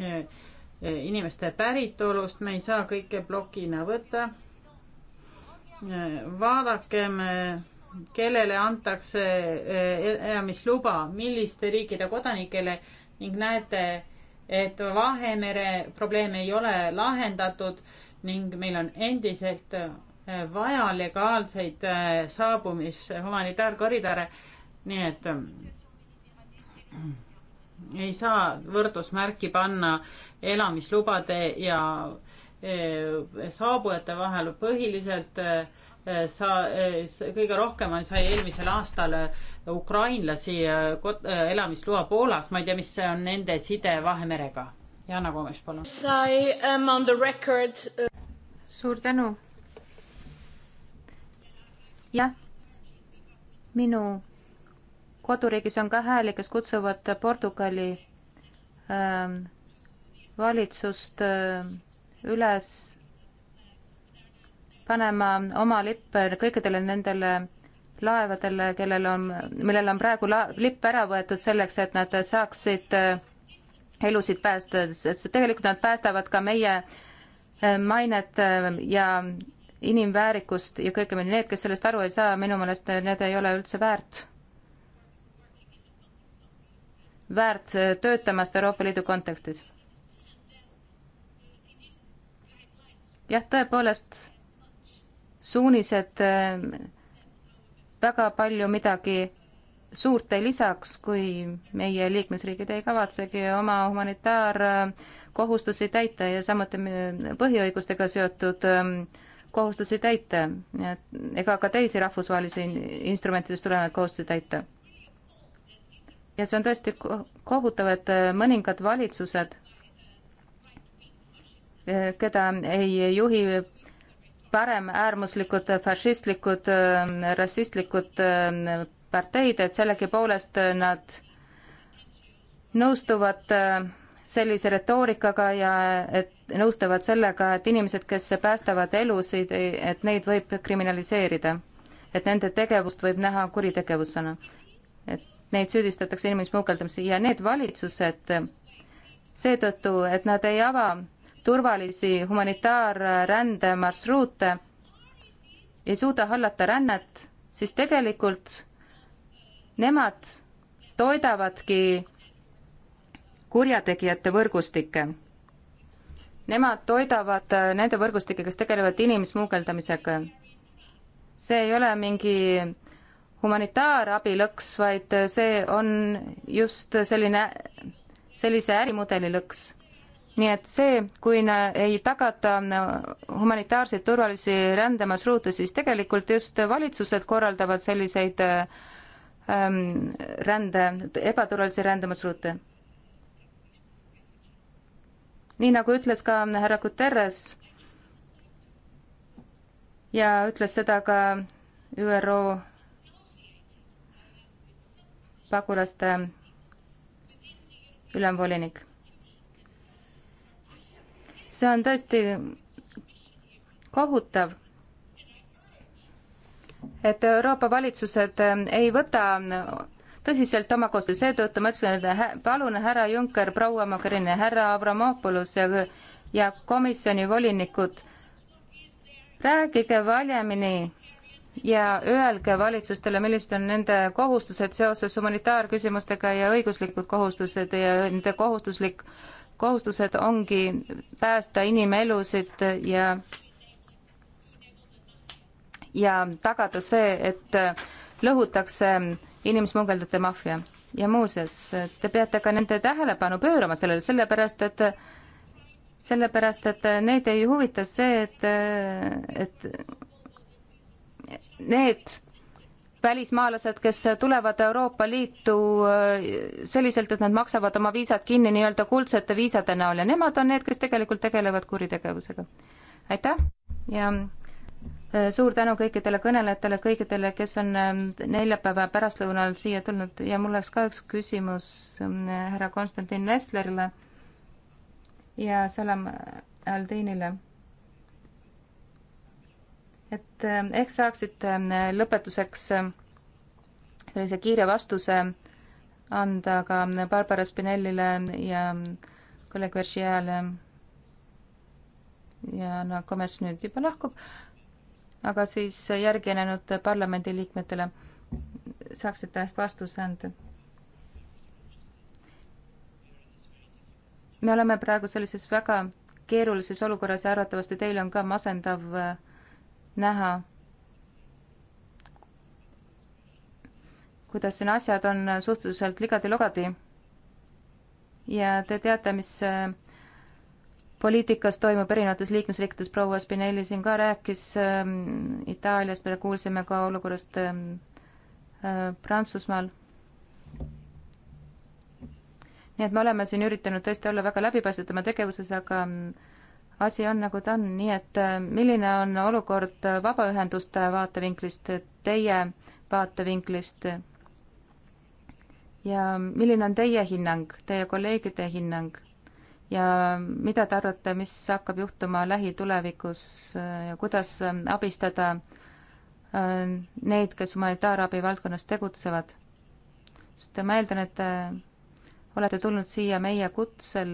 äh, inimeste päritolust, me ei saa kõike plokina võtta. Äh, vaadakem, kellele antakse elamisluba, milliste riikide kodanikele ning näete, et Vahemere probleem ei ole lahendatud ning meil on endiselt vaja legaalseid saabumis humanitaarkoridore. nii et ei saa võrdusmärki panna elamislubade ja e, saabujate vahel põhiliselt e, sa, e, kõige rohkem sai eelmisel aastal ukrainlasi elamisloa Poolas, ma ei tea, mis on nende side Vahemerega. Jana Komes, palun. suur tänu. jah, minu koduriigis on ka hääli, kes kutsuvad Portugali äh, valitsust äh, üles panema oma lippe kõikidele nendele laevadele, kellel on, millel on praegu la-, lipp ära võetud selleks, et nad saaksid äh, elusid päästa, sest tegelikult nad päästavad ka meie äh, mainet äh, ja inimväärikust ja kõike, need, kes sellest aru ei saa, minu meelest need ei ole üldse väärt väärt töötamast Euroopa Liidu kontekstis. jah, tõepoolest, suunised eh, väga palju midagi suurt ei lisaks, kui meie liikmesriigid ei kavatsegi oma humanitaarkohustusi täita ja samuti eh, põhiõigustega seotud eh, kohustusi täita, ega ka teisi rahvusvahelisi instrumentidest tulenevaid kohustusi täita ja see on tõesti kohutav, et äh, mõningad valitsused, äh, keda ei juhi paremäärmuslikud, äh, fašistlikud, rassistlikud parteid, et sellegipoolest nad nõustuvad sellise retoorikaga ja et nõustuvad sellega, et inimesed, kes päästavad elusid, et neid võib kriminaliseerida. et nende tegevust võib näha kuritegevusena neid süüdistatakse inimsmugeldamises ja need valitsused seetõttu, et nad ei ava turvalisi humanitaarrände marsruute, ei suuda hallata rännet, siis tegelikult nemad toidavadki kurjategijate võrgustikke. Nemad toidavad nende võrgustike, kes tegelevad inimsmugeldamisega. see ei ole mingi humanitaarabi lõks, vaid see on just selline, sellise ärimudeli lõks. nii et see, kui ei tagata humanitaarseid turvalisi rändemarsruute, siis tegelikult just valitsused korraldavad selliseid ähm, rände, ebaturvalisi rändemarsruute. nii nagu ütles ka härra Guterres ja ütles seda ka ÜRO pagulaste ülemvolinik. see on tõesti kohutav, et Euroopa valitsused ei võta tõsiselt oma koostöö, seetõttu ma ütlesin, et palun härra Juncker, proua Mogherini, härra Avramopoulos ja, ja komisjoni volinikud, rääkige valjemini ja öelge valitsustele, millised on nende kohustused seoses humanitaarküsimustega ja õiguslikud kohustused ja nende kohustuslik, kohustused ongi päästa inimelusid ja ja tagada see, et lõhutakse inimsmugeldajate maffia. ja muuseas, te peate ka nende tähelepanu pöörama sellele, sellepärast et sellepärast, et neid ei huvita see, et, et need välismaalased, kes tulevad Euroopa Liitu äh, selliselt, et nad maksavad oma viisad kinni nii-öelda kuldsete viisade näol ja nemad on need, kes tegelikult tegelevad kuritegevusega. aitäh ja äh, suur tänu kõikidele kõnelejatele, kõikidele, kes on äh, neljapäeva pärastlõunal siia tulnud ja mul oleks ka üks küsimus ähm, härra Konstantin Nestlerile ja Salam Aldinile et eh, ehk saaksite eh, lõpetuseks eh, sellise kiire vastuse anda ka Barbara Spinellile ja mm, kolleeg Veržijale. ja no Komes nüüd juba lahkub, aga siis järgi jäänud parlamendiliikmetele saaksite ehk vastuse anda. me oleme praegu sellises väga keerulises olukorras ja arvatavasti teil on ka masendav ma näha, kuidas siin asjad on suhteliselt ligadi-logadi. ja te teate, mis äh, poliitikas toimub erinevates liikmesriikides, proua Spinelli siin ka rääkis ähm, Itaaliast, me kuulsime ka olukorrast ähm, äh, Prantsusmaal. nii et me oleme siin üritanud tõesti olla väga läbipaistvad oma tegevuses, aga äh, asi on, nagu ta on, nii et äh, milline on olukord vabaühenduste vaatevinklist, teie vaatevinklist? ja milline on teie hinnang, teie kolleegide hinnang? ja mida te arvate, mis hakkab juhtuma lähitulevikus äh, ja kuidas äh, abistada neid, kes humanitaarabi valdkonnas tegutsevad? sest ma eeldan, et olete tulnud siia meie kutsel,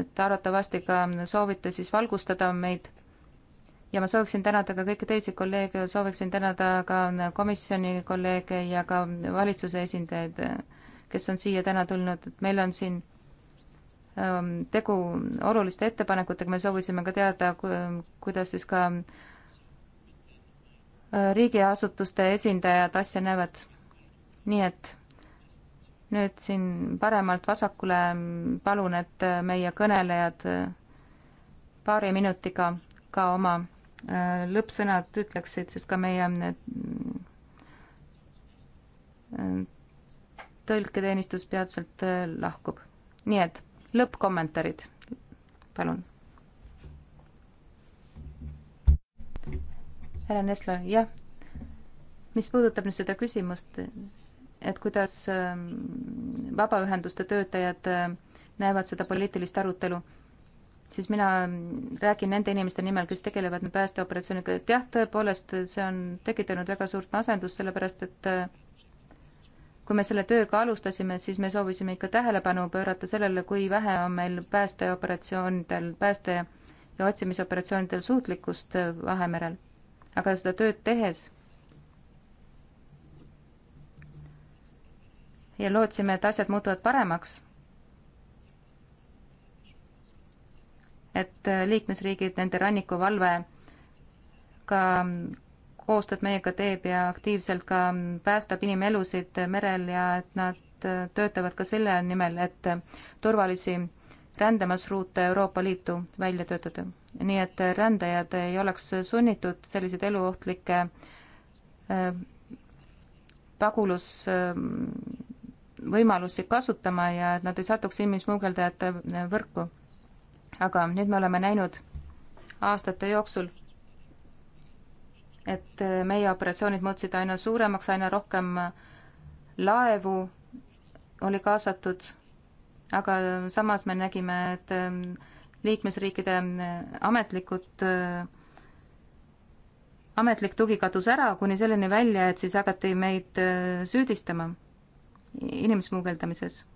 et arvatavasti ka soovite siis valgustada meid. ja ma sooviksin tänada ka kõiki teisi kolleege, sooviksin tänada ka komisjoni kolleege ja ka valitsuse esindajaid, kes on siia täna tulnud, et meil on siin ähm, tegu oluliste ettepanekutega, me soovisime ka teada, kuidas siis ka äh, riigiasutuste esindajad asja näevad. nii et nüüd siin paremalt vasakule palun, et meie kõnelejad paari minutiga ka oma äh, lõppsõnad ütleksid, sest ka meie äh, tõlketeenistus peatselt äh, lahkub. nii et lõppkommentaarid, palun. härra Nesla, jah, mis puudutab nüüd seda küsimust, et kuidas ähm, vabaühenduste töötajad ähm, näevad seda poliitilist arutelu, siis mina ähm, räägin nende inimeste nimel, kes tegelevad päästeoperatsiooniga, et jah, tõepoolest, see on tekitanud väga suurt masendust, sellepärast et äh, kui me selle tööga alustasime, siis me soovisime ikka tähelepanu pöörata sellele, kui vähe on meil päästeoperatsioonidel, pääste- ja otsimisoperatsioonidel suutlikkust äh, Vahemerel. aga seda tööd tehes ja lootsime, et asjad muutuvad paremaks. et liikmesriigid, nende rannikuvalve ka koostööd meiega teeb ja aktiivselt ka päästab inimelusid merel ja et nad töötavad ka selle nimel, et turvalisi rändemasruute Euroopa Liitu välja töötada. nii et rändajad ei oleks sunnitud selliseid eluohtlikke äh, pagulus ähm, võimalusi kasutama ja et nad ei satuks inimsmugeldajate võrku. aga nüüd me oleme näinud aastate jooksul, et meie operatsioonid muutsid aina suuremaks, aina rohkem laevu oli kaasatud, aga samas me nägime, et liikmesriikide ametlikud ametlik tugi kadus ära kuni selleni välja, et siis hakati meid süüdistama inimsmugeldamises.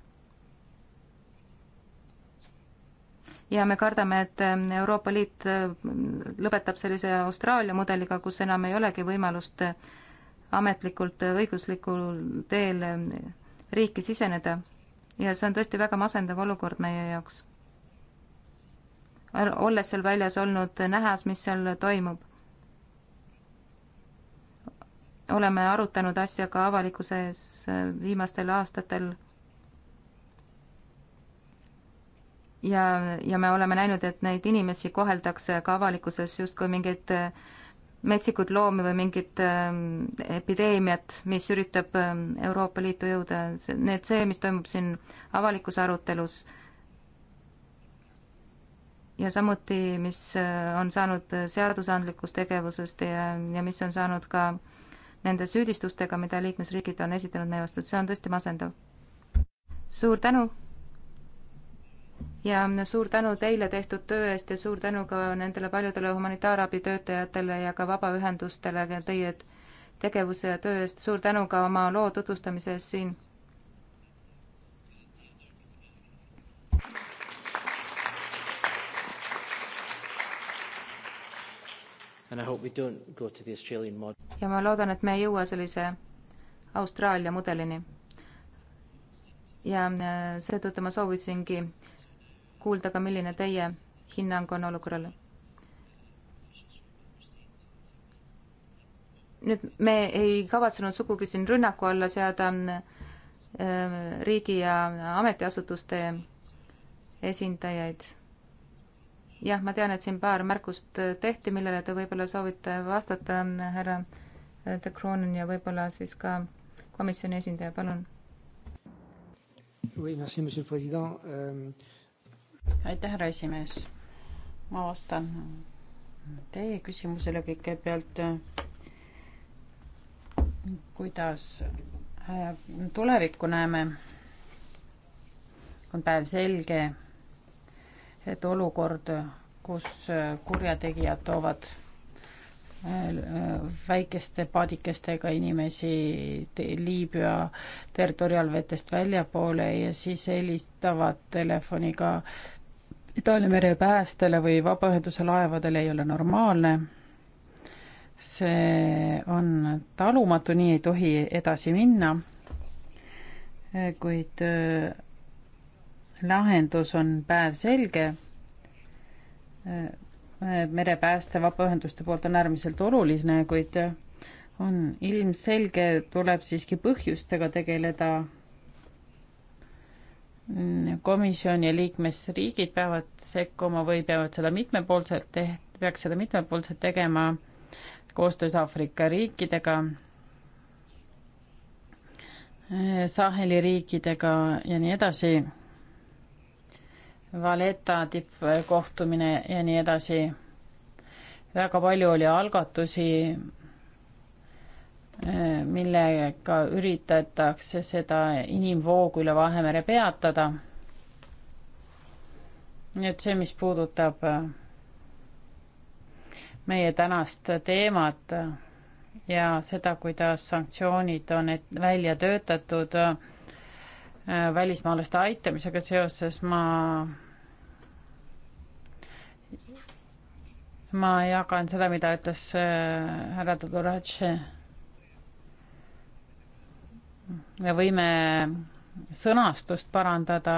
ja me kardame, et Euroopa Liit lõpetab sellise Austraalia mudeliga, kus enam ei olegi võimalust ametlikult õiguslikul teel riiki siseneda ja see on tõesti väga masendav olukord meie jaoks. olles seal väljas olnud, nähes, mis seal toimub oleme arutanud asja ka avalikkuse ees äh, viimastel aastatel. ja, ja me oleme näinud, et neid inimesi koheldakse ka avalikkuses justkui mingeid äh, metsikud loomi või mingit äh, epideemiat, mis üritab Euroopa Liitu jõuda, need, see, mis toimub siin avalikus arutelus ja samuti, mis on saanud seadusandlikust tegevusest ja, ja mis on saanud ka äh, nende süüdistustega, mida liikmesriigid on esitanud meie vastu, see on tõesti masendav. suur tänu! ja suur tänu teile tehtud töö eest ja suur tänu ka nendele paljudele humanitaarabitöötajatele ja ka vabaühendustele teie tegevuse ja töö eest, suur tänu ka oma loo tutvustamise eest siin ja ma loodan, et me ei jõua sellise Austraalia mudelini. ja äh, seetõttu ma soovisingi kuulda ka, milline teie hinnang on olukorrale. nüüd me ei kavatsenud sugugi siin rünnaku alla seada äh, riigi ja ametiasutuste esindajaid jah, ma tean, et siin paar märkust äh, tehti, millele te võib-olla soovite vastata, härra äh, De Kroonen ja võib-olla siis ka komisjoni esindaja, palun. Euh, aitäh, härra esimees. ma vastan teie küsimusele kõigepealt. Äh, kuidas tulevikku näeme? on päevselge et olukord, kus äh, kurjategijad toovad äh, väikeste paadikestega inimesi Liibüa territoriaalvetest väljapoole ja siis helistavad telefoniga Itaalia mere päästele või vabaühenduse laevadele, ei ole normaalne. see on talumatu, nii ei tohi edasi minna. Äh, kuid lahendus on päevselge. merepääste vabaühenduste poolt on äärmiselt oluline, kuid on ilmselge, tuleb siiski põhjustega tegeleda. komisjon ja liikmesriigid peavad sekkuma või peavad seda mitmepoolselt teht-, peaks seda mitmepoolselt tegema koostöös Aafrika riikidega Saheli riikidega ja nii edasi. Valeta tippkohtumine ja nii edasi. väga palju oli algatusi, millega üritatakse seda inimvoogu üle Vahemere peatada. nii et see, mis puudutab meie tänast teemat ja seda, kuidas sanktsioonid on välja töötatud välismaalaste aitamisega seoses, ma ma jagan seda, mida ütles äh, härra Todoratše. me võime sõnastust parandada.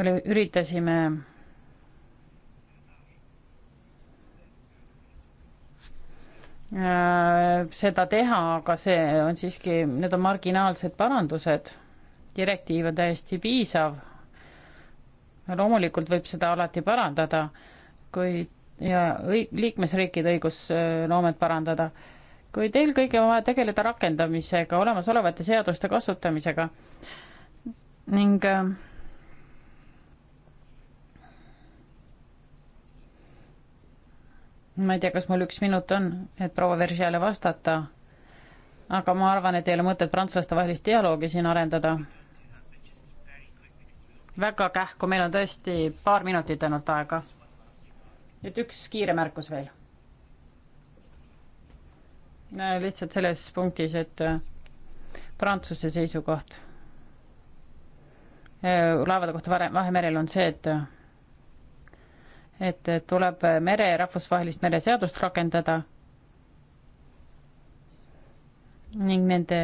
üritasime äh, seda teha, aga see on siiski, need on marginaalsed parandused. direktiiv on täiesti piisav loomulikult võib seda alati parandada, kuid ja õig-, liikmesriikide õigusloomet parandada, kuid eelkõige on vaja tegeleda rakendamisega, olemasolevate seaduste kasutamisega ning äh, ma ei tea, kas mul üks minut on, et proua Veržiale vastata, aga ma arvan, et ei ole mõtet prantslaste vahelist dialoogi siin arendada väga kähku, meil on tõesti paar minutit ainult aega. nüüd üks kiire märkus veel. Äh, lihtsalt selles punktis, et äh, Prantsuse seisukoht äh, laevade kohta varem, Vahemerel on see, et et tuleb mere, rahvusvahelist mereseadust rakendada ning nende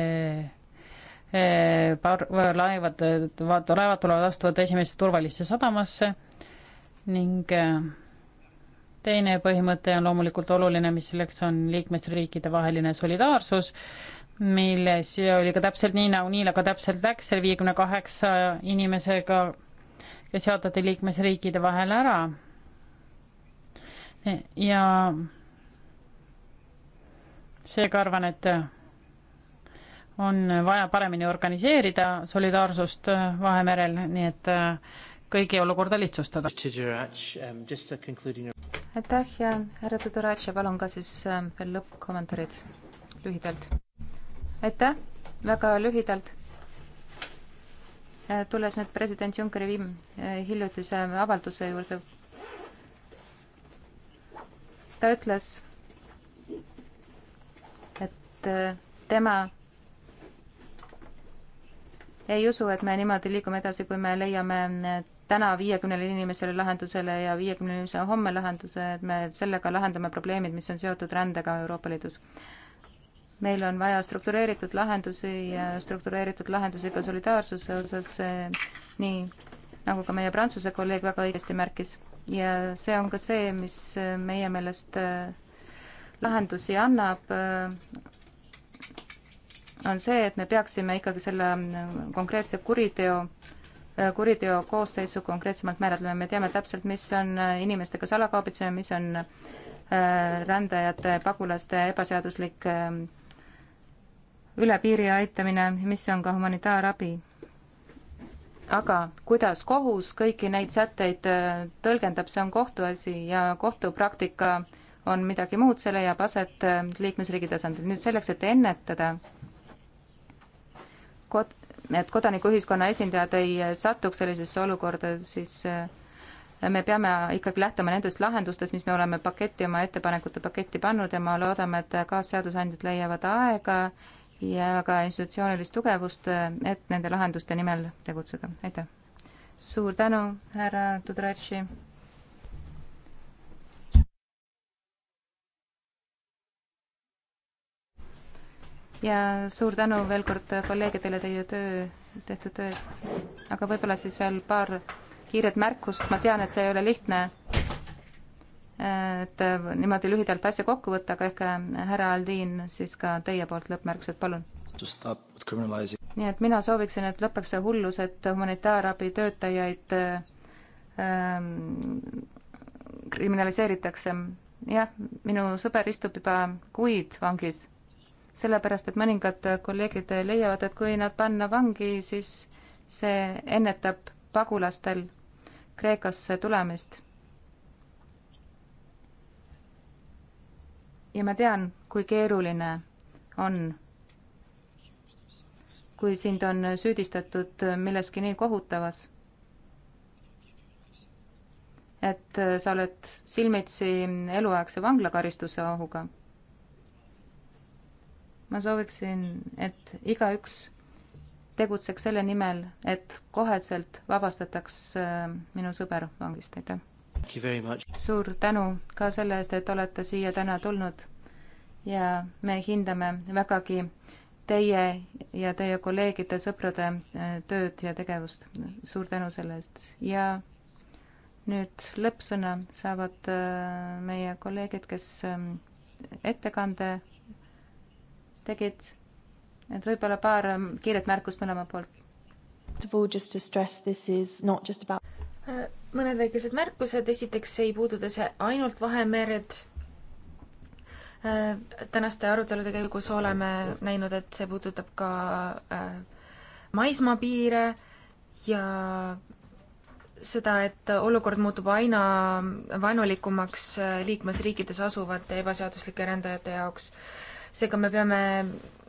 Eh, par-, laevad, vaata, laevad tulevad vastu võtta esimesse turvalisse sadamasse ning eh, teine põhimõte on loomulikult oluline, mis selleks on liikmesriikide vaheline solidaarsus, milles oli ka täpselt nii, nagu Niil aga täpselt läks, selle viiekümne kaheksa inimesega, kes jaotati liikmesriikide vahel ära. Eh, ja seega arvan, et on vaja paremini organiseerida solidaarsust äh, Vahemerel, nii et äh, kõigi olukorda lihtsustada. Um, aitäh ja härra Tudoratš ja palun ka siis äh, veel lõppkommentaarid lühidalt. aitäh, väga lühidalt. tulles nüüd president Junckeri viim-, hiljutise avalduse juurde. ta ütles, et tema ei usu, et me niimoodi liigume edasi, kui me leiame täna viiekümnele inimesele lahendusele ja viiekümne inimesele homme lahenduse, et me sellega lahendame probleemid, mis on seotud rändega Euroopa Liidus. meil on vaja struktureeritud lahendusi ja struktureeritud lahendusi ka solidaarsuse osas, eh, nii nagu ka meie Prantsuse kolleeg väga õigesti märkis. ja see on ka see, mis meie meelest eh, lahendusi annab, eh, on see, et me peaksime ikkagi selle mm, konkreetse kuriteo, äh, kuriteo koosseisu konkreetsemalt määratlema, me teame täpselt, mis on äh, inimestega salakaubitsemine, mis on äh, rändajate, pagulaste ebaseaduslik üle piiri aitamine, mis on ka humanitaarabi. aga kuidas kohus kõiki neid sätteid tõlgendab, see on kohtuasi ja kohtupraktika on midagi muud, see leiab aset liikmesriigi tasandil. nüüd selleks, et ennetada kod-, et kodanikuühiskonna esindajad ei satuks sellisesse olukorda, siis äh, me peame ikkagi lähtuma nendest lahendustest, mis me oleme paketti, oma ettepanekute paketti pannud ja ma loodame, et kaasseadusandjad leiavad aega ja ka institutsioonilist tugevust, et nende lahenduste nimel tegutseda. aitäh! suur tänu, härra Tudratši! ja suur tänu veel kord kolleegidele teie töö, tehtud töö eest. aga võib-olla siis veel paar kiiret märkust, ma tean, et see ei ole lihtne, et niimoodi lühidalt asja kokku võtta, aga ehk härra Aldin, siis ka teie poolt lõppmärkused, palun. nii et mina sooviksin, et lõpeks see hullus, et humanitaarabi töötajaid ähm, kriminaliseeritakse. jah, minu sõber istub juba kuid vangis sellepärast et mõningad kolleegid leiavad, et kui nad panna vangi, siis see ennetab pagulastel Kreekasse tulemist. ja ma tean, kui keeruline on, kui sind on süüdistatud milleski nii kohutavas et sa oled silmitsi eluaegse vanglakaristuse ohuga ma sooviksin, et igaüks tegutseks selle nimel, et koheselt vabastataks äh, minu sõber vangist, aitäh. suur tänu ka selle eest, et olete siia täna tulnud ja me hindame vägagi teie ja teie kolleegide, sõprade äh, tööd ja tegevust. suur tänu selle eest ja nüüd lõppsõna saavad äh, meie kolleegid, kes ähm, ettekande tegid. et võib-olla paar ähm, kiiret märkust mõlema poolt. Äh, mõned väikesed märkused, esiteks ei puuduta see ainult Vahemerd äh, tänaste arutelude käigus oleme näinud, et see puudutab ka äh, maismaapiire ja seda, et olukord muutub aina vaenulikumaks liikmesriikides asuvate ebaseaduslike rändajate jaoks seega me peame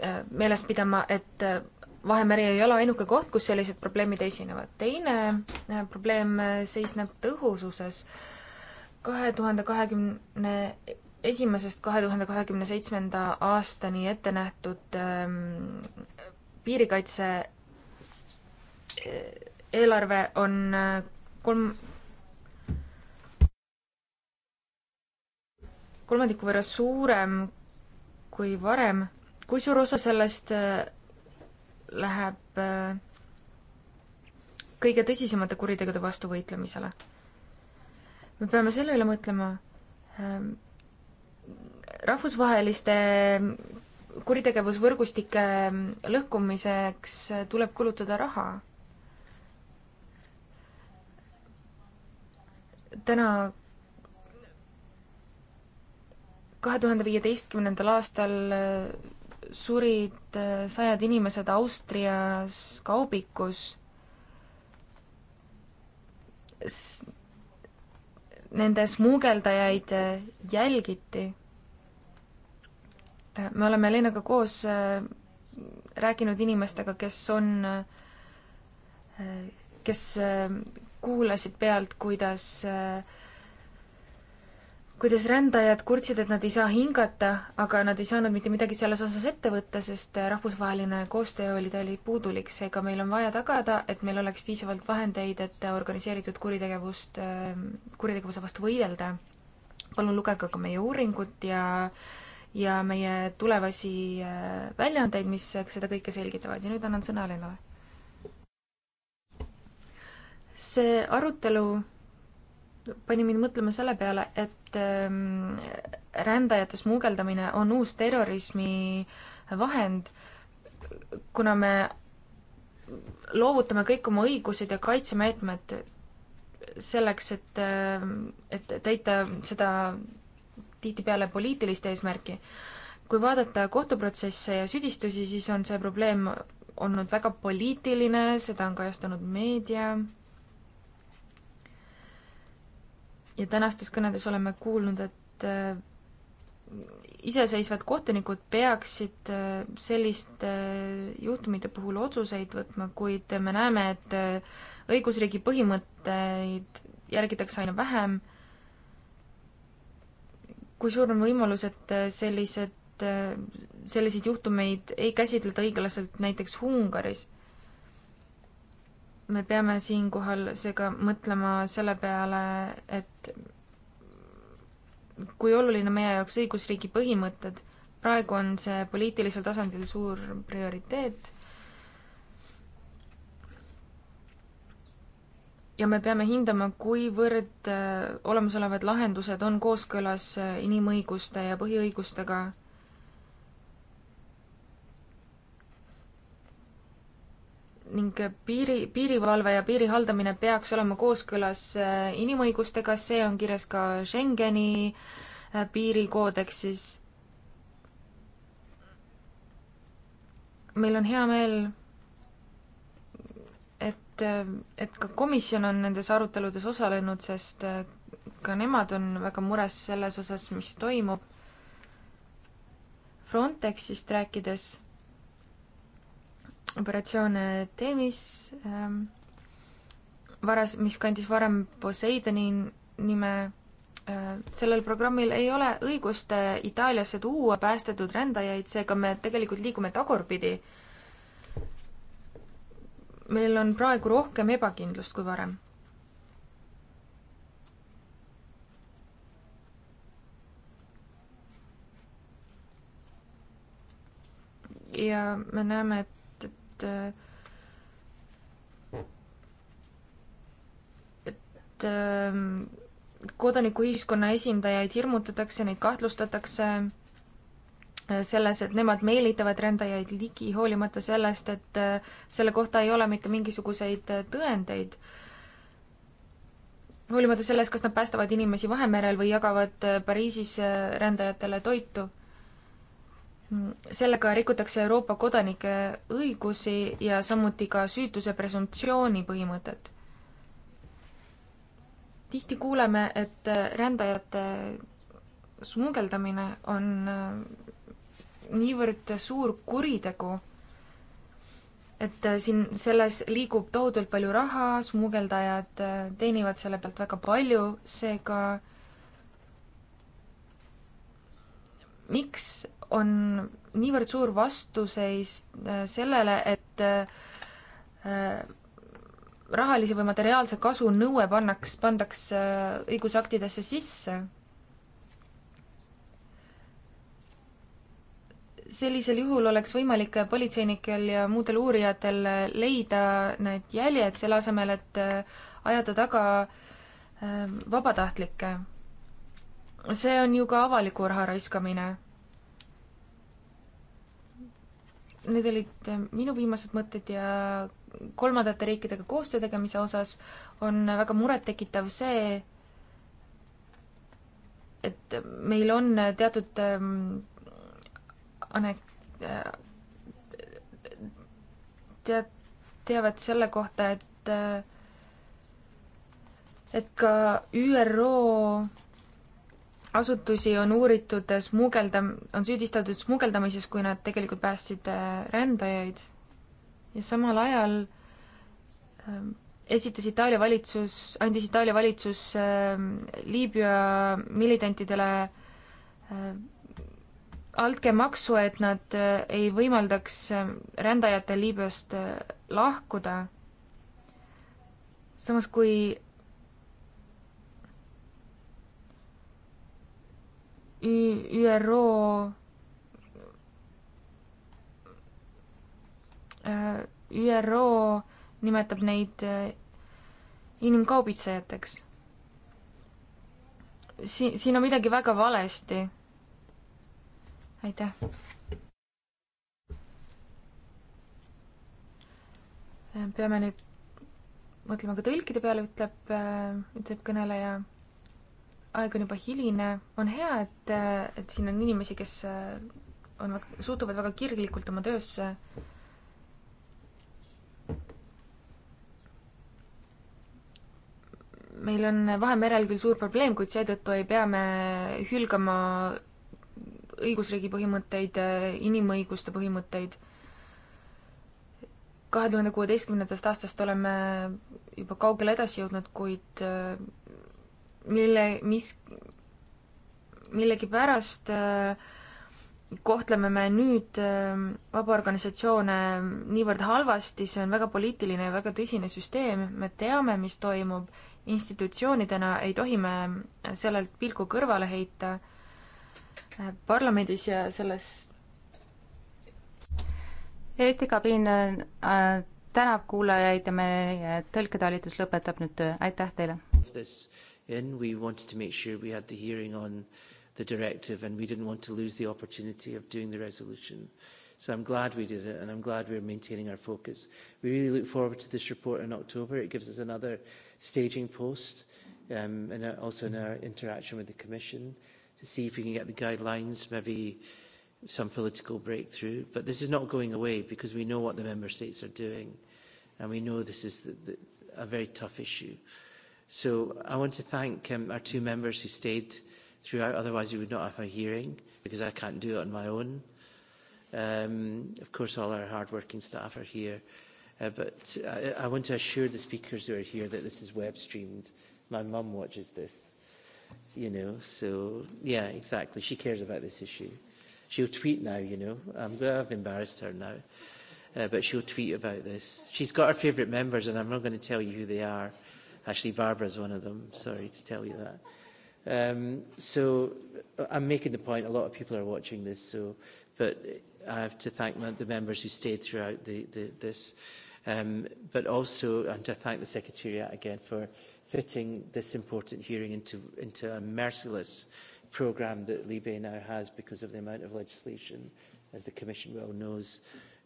äh, meeles pidama, et äh, Vahemeri ei ole ainuke koht, kus sellised probleemid esinevad. teine äh, probleem seisneb tõhususes. kahe tuhande kahekümne esimesest kahe tuhande kahekümne seitsmenda aastani ette nähtud ähm, piirikaitse eelarve on kolm, kolmandiku võrra suurem kui varem. kui suur osa sellest äh, läheb äh, kõige tõsisemate kuritegude vastu võitlemisele? me peame selle üle mõtlema. Ähm, rahvusvaheliste kuritegevusvõrgustike ähm, lõhkumiseks äh, tuleb kulutada raha. täna kahe tuhande viieteistkümnendal aastal äh, surid äh, sajad inimesed Austrias kaubikus. Nende smuugeldajaid äh, jälgiti. me oleme Lenaga koos rääkinud inimestega, kes on, kes kuulasid pealt, kuidas äh, kuidas rändajad kurtsid, et nad ei saa hingata, aga nad ei saanud mitte midagi selles osas ette võtta, sest rahvusvaheline koostöö oli, ta oli puudulik, seega meil on vaja tagada, et meil oleks piisavalt vahendeid, et organiseeritud kuritegevust, ähm, kuritegevuse vastu võidelda. palun lugege ka meie uuringut ja ja meie tulevasi äh, väljaandeid, mis seda kõike selgitavad ja nüüd annan sõna Lenole. see arutelu pani mind mõtlema selle peale, et ehm, rändajate smugeldamine on uus terrorismi vahend, kuna me loovutame kõik oma õigused ja kaitsemeetmed selleks, et, ehm, et täita seda tihtipeale poliitilist eesmärki. kui vaadata kohtuprotsesse ja süüdistusi, siis on see probleem olnud väga poliitiline, seda on kajastanud meedia ja tänastes kõnedes oleme kuulnud, et äh, iseseisvad kohtunikud peaksid äh, selliste äh, juhtumite puhul otsuseid võtma, kuid me näeme, et õigusriigi põhimõtteid järgitakse aina vähem. kui suur on võimalus, et sellised, selliseid juhtumeid ei käsitleta õiglaselt näiteks Ungaris me peame siinkohal seega mõtlema selle peale, et kui oluline meie jaoks õigusriigi põhimõtted, praegu on see poliitilisel tasandil suur prioriteet ja me peame hindama, kuivõrd äh, olemasolevad lahendused on kooskõlas äh, inimõiguste ja põhiõigustega ning piiri, piirivalve ja piiri haldamine peaks olema kooskõlas äh, inimõigustega, see on kirjas ka Schengeni äh, piirikoodeksis. meil on hea meel, et, äh, et ka komisjon on nendes aruteludes osalenud, sest ka nemad on väga mures selles osas, mis toimub. Frontexist rääkides operatsioon Themis ähm,, varas, mis kandis varem Poseidoni nime äh,, sellel programmil ei ole õigust äh, Itaaliasse tuua päästetud rändajaid, seega me tegelikult liigume tagurpidi. meil on praegu rohkem ebakindlust kui varem ja me näeme, et et et ähm, kodanikuühiskonna esindajaid hirmutatakse, neid kahtlustatakse äh, selles, et nemad meelitavad rändajaid ligi, hoolimata sellest, et äh, selle kohta ei ole mitte mingisuguseid äh, tõendeid. hoolimata sellest, kas nad päästavad inimesi Vahemerel või jagavad Pariisis rändajatele toitu sellega rikutakse Euroopa kodanike õigusi ja samuti ka süütuse presumptsiooni põhimõtet. tihti kuuleme, et rändajate smugeldamine on äh, niivõrd suur kuritegu, et äh, siin selles liigub tohutult palju raha, smugeldajad äh, teenivad selle pealt väga palju, seega miks on niivõrd suur vastuseis äh, sellele, et äh, rahalise või materiaalse kasu nõue pannaks, pandakse äh, õigusaktidesse sisse. sellisel juhul oleks võimalik politseinikel ja muudel uurijatel leida need jäljed, selle asemel, et ajada taga vabatahtlikke. see on ju ka avaliku raha raiskamine Need olid äh, minu viimased mõtted ja kolmandate riikidega koostöö tegemise osas on väga murettekitav see, et meil on teatud ähm, anek-, äh, tead-, teavet selle kohta, et äh, et ka ÜRO asutusi on uuritud smugeldam-, on süüdistatud smugeldamises, kui nad tegelikult päästsid äh, rändajaid. ja samal ajal ähm, esitas Itaalia valitsus, andis Itaalia valitsus äh, Liibüa militantidele äh, altkäemaksu, et nad äh, ei võimaldaks äh, rändajatel Liibüast äh, lahkuda. samas, kui ÜRO äh, ÜRO nimetab neid äh, inimkaubitsejateks. siin, siin on midagi väga valesti. aitäh. peame nüüd mõtlema ka tõlkide peale, ütleb, äh, ütleb kõneleja aeg on juba hiline, on hea, et, et siin on inimesi, kes äh, on väga, suhtuvad väga kirglikult oma töösse. meil on Vahemerel küll suur probleem, kuid seetõttu ei pea me hülgama õigusriigi põhimõtteid, äh, inimõiguste põhimõtteid. kahe tuhande kuueteistkümnendast aastast oleme juba kaugele edasi jõudnud, kuid äh, mille, mis, millegipärast äh, kohtleme me nüüd äh, vabaorganisatsioone niivõrd halvasti, see on väga poliitiline ja väga tõsine süsteem, me teame, mis toimub, institutsioonidena ei tohi me sellelt pilgu kõrvale heita äh, parlamendis ja selles Eesti kabiin äh, tänab kuulajaid ja meie tõlketalitus lõpetab nüüd töö, aitäh teile! in. We wanted to make sure we had the hearing on the directive and we didn't want to lose the opportunity of doing the resolution. So I'm glad we did it and I'm glad we're maintaining our focus. We really look forward to this report in October. It gives us another staging post um, and uh, also in our interaction with the Commission to see if we can get the guidelines, maybe some political breakthrough. But this is not going away because we know what the Member States are doing and we know this is the, the, a very tough issue. Uh, So I want to thank um, our two members who stayed throughout, otherwise we would not have a hearing because I can't do it on my own. Um, of course, all our hard-working staff are here, uh, but I, I want to assure the speakers who are here that this is web-streamed. My mum watches this, you know, so yeah, exactly. She cares about this issue. She'll tweet now, you know. I'm, I've embarrassed her now, uh, but she'll tweet about this. She's got her favourite members, and I'm not going to tell you who they are Actually, Barbara's one of them. Sorry to tell you that. Um, so uh, I'm making the point, a lot of people are watching this, so, but I have to thank the members who stayed throughout the, the, this, um, but also, and to thank the Secretariat again for fitting this important hearing into, into a merciless programme that Libe now has because of the amount of legislation, as the Commission well knows,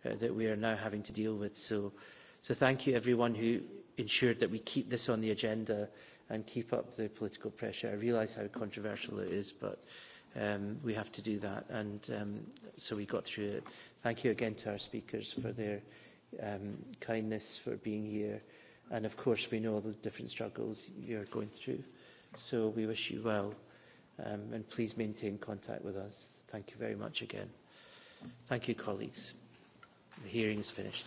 uh, that we are now having to deal with. So, so thank you everyone who ensured that we keep this on the agenda and keep up the political pressure. I realise how controversial it is, but um, we have to do that. And um, so we got through it. Thank you again to our speakers for their um, kindness, for being here. And of course, we know all the different struggles you're going through. So we wish you well. Um, and please maintain contact with us. Thank you very much again. Thank you, colleagues. The hearing is finished.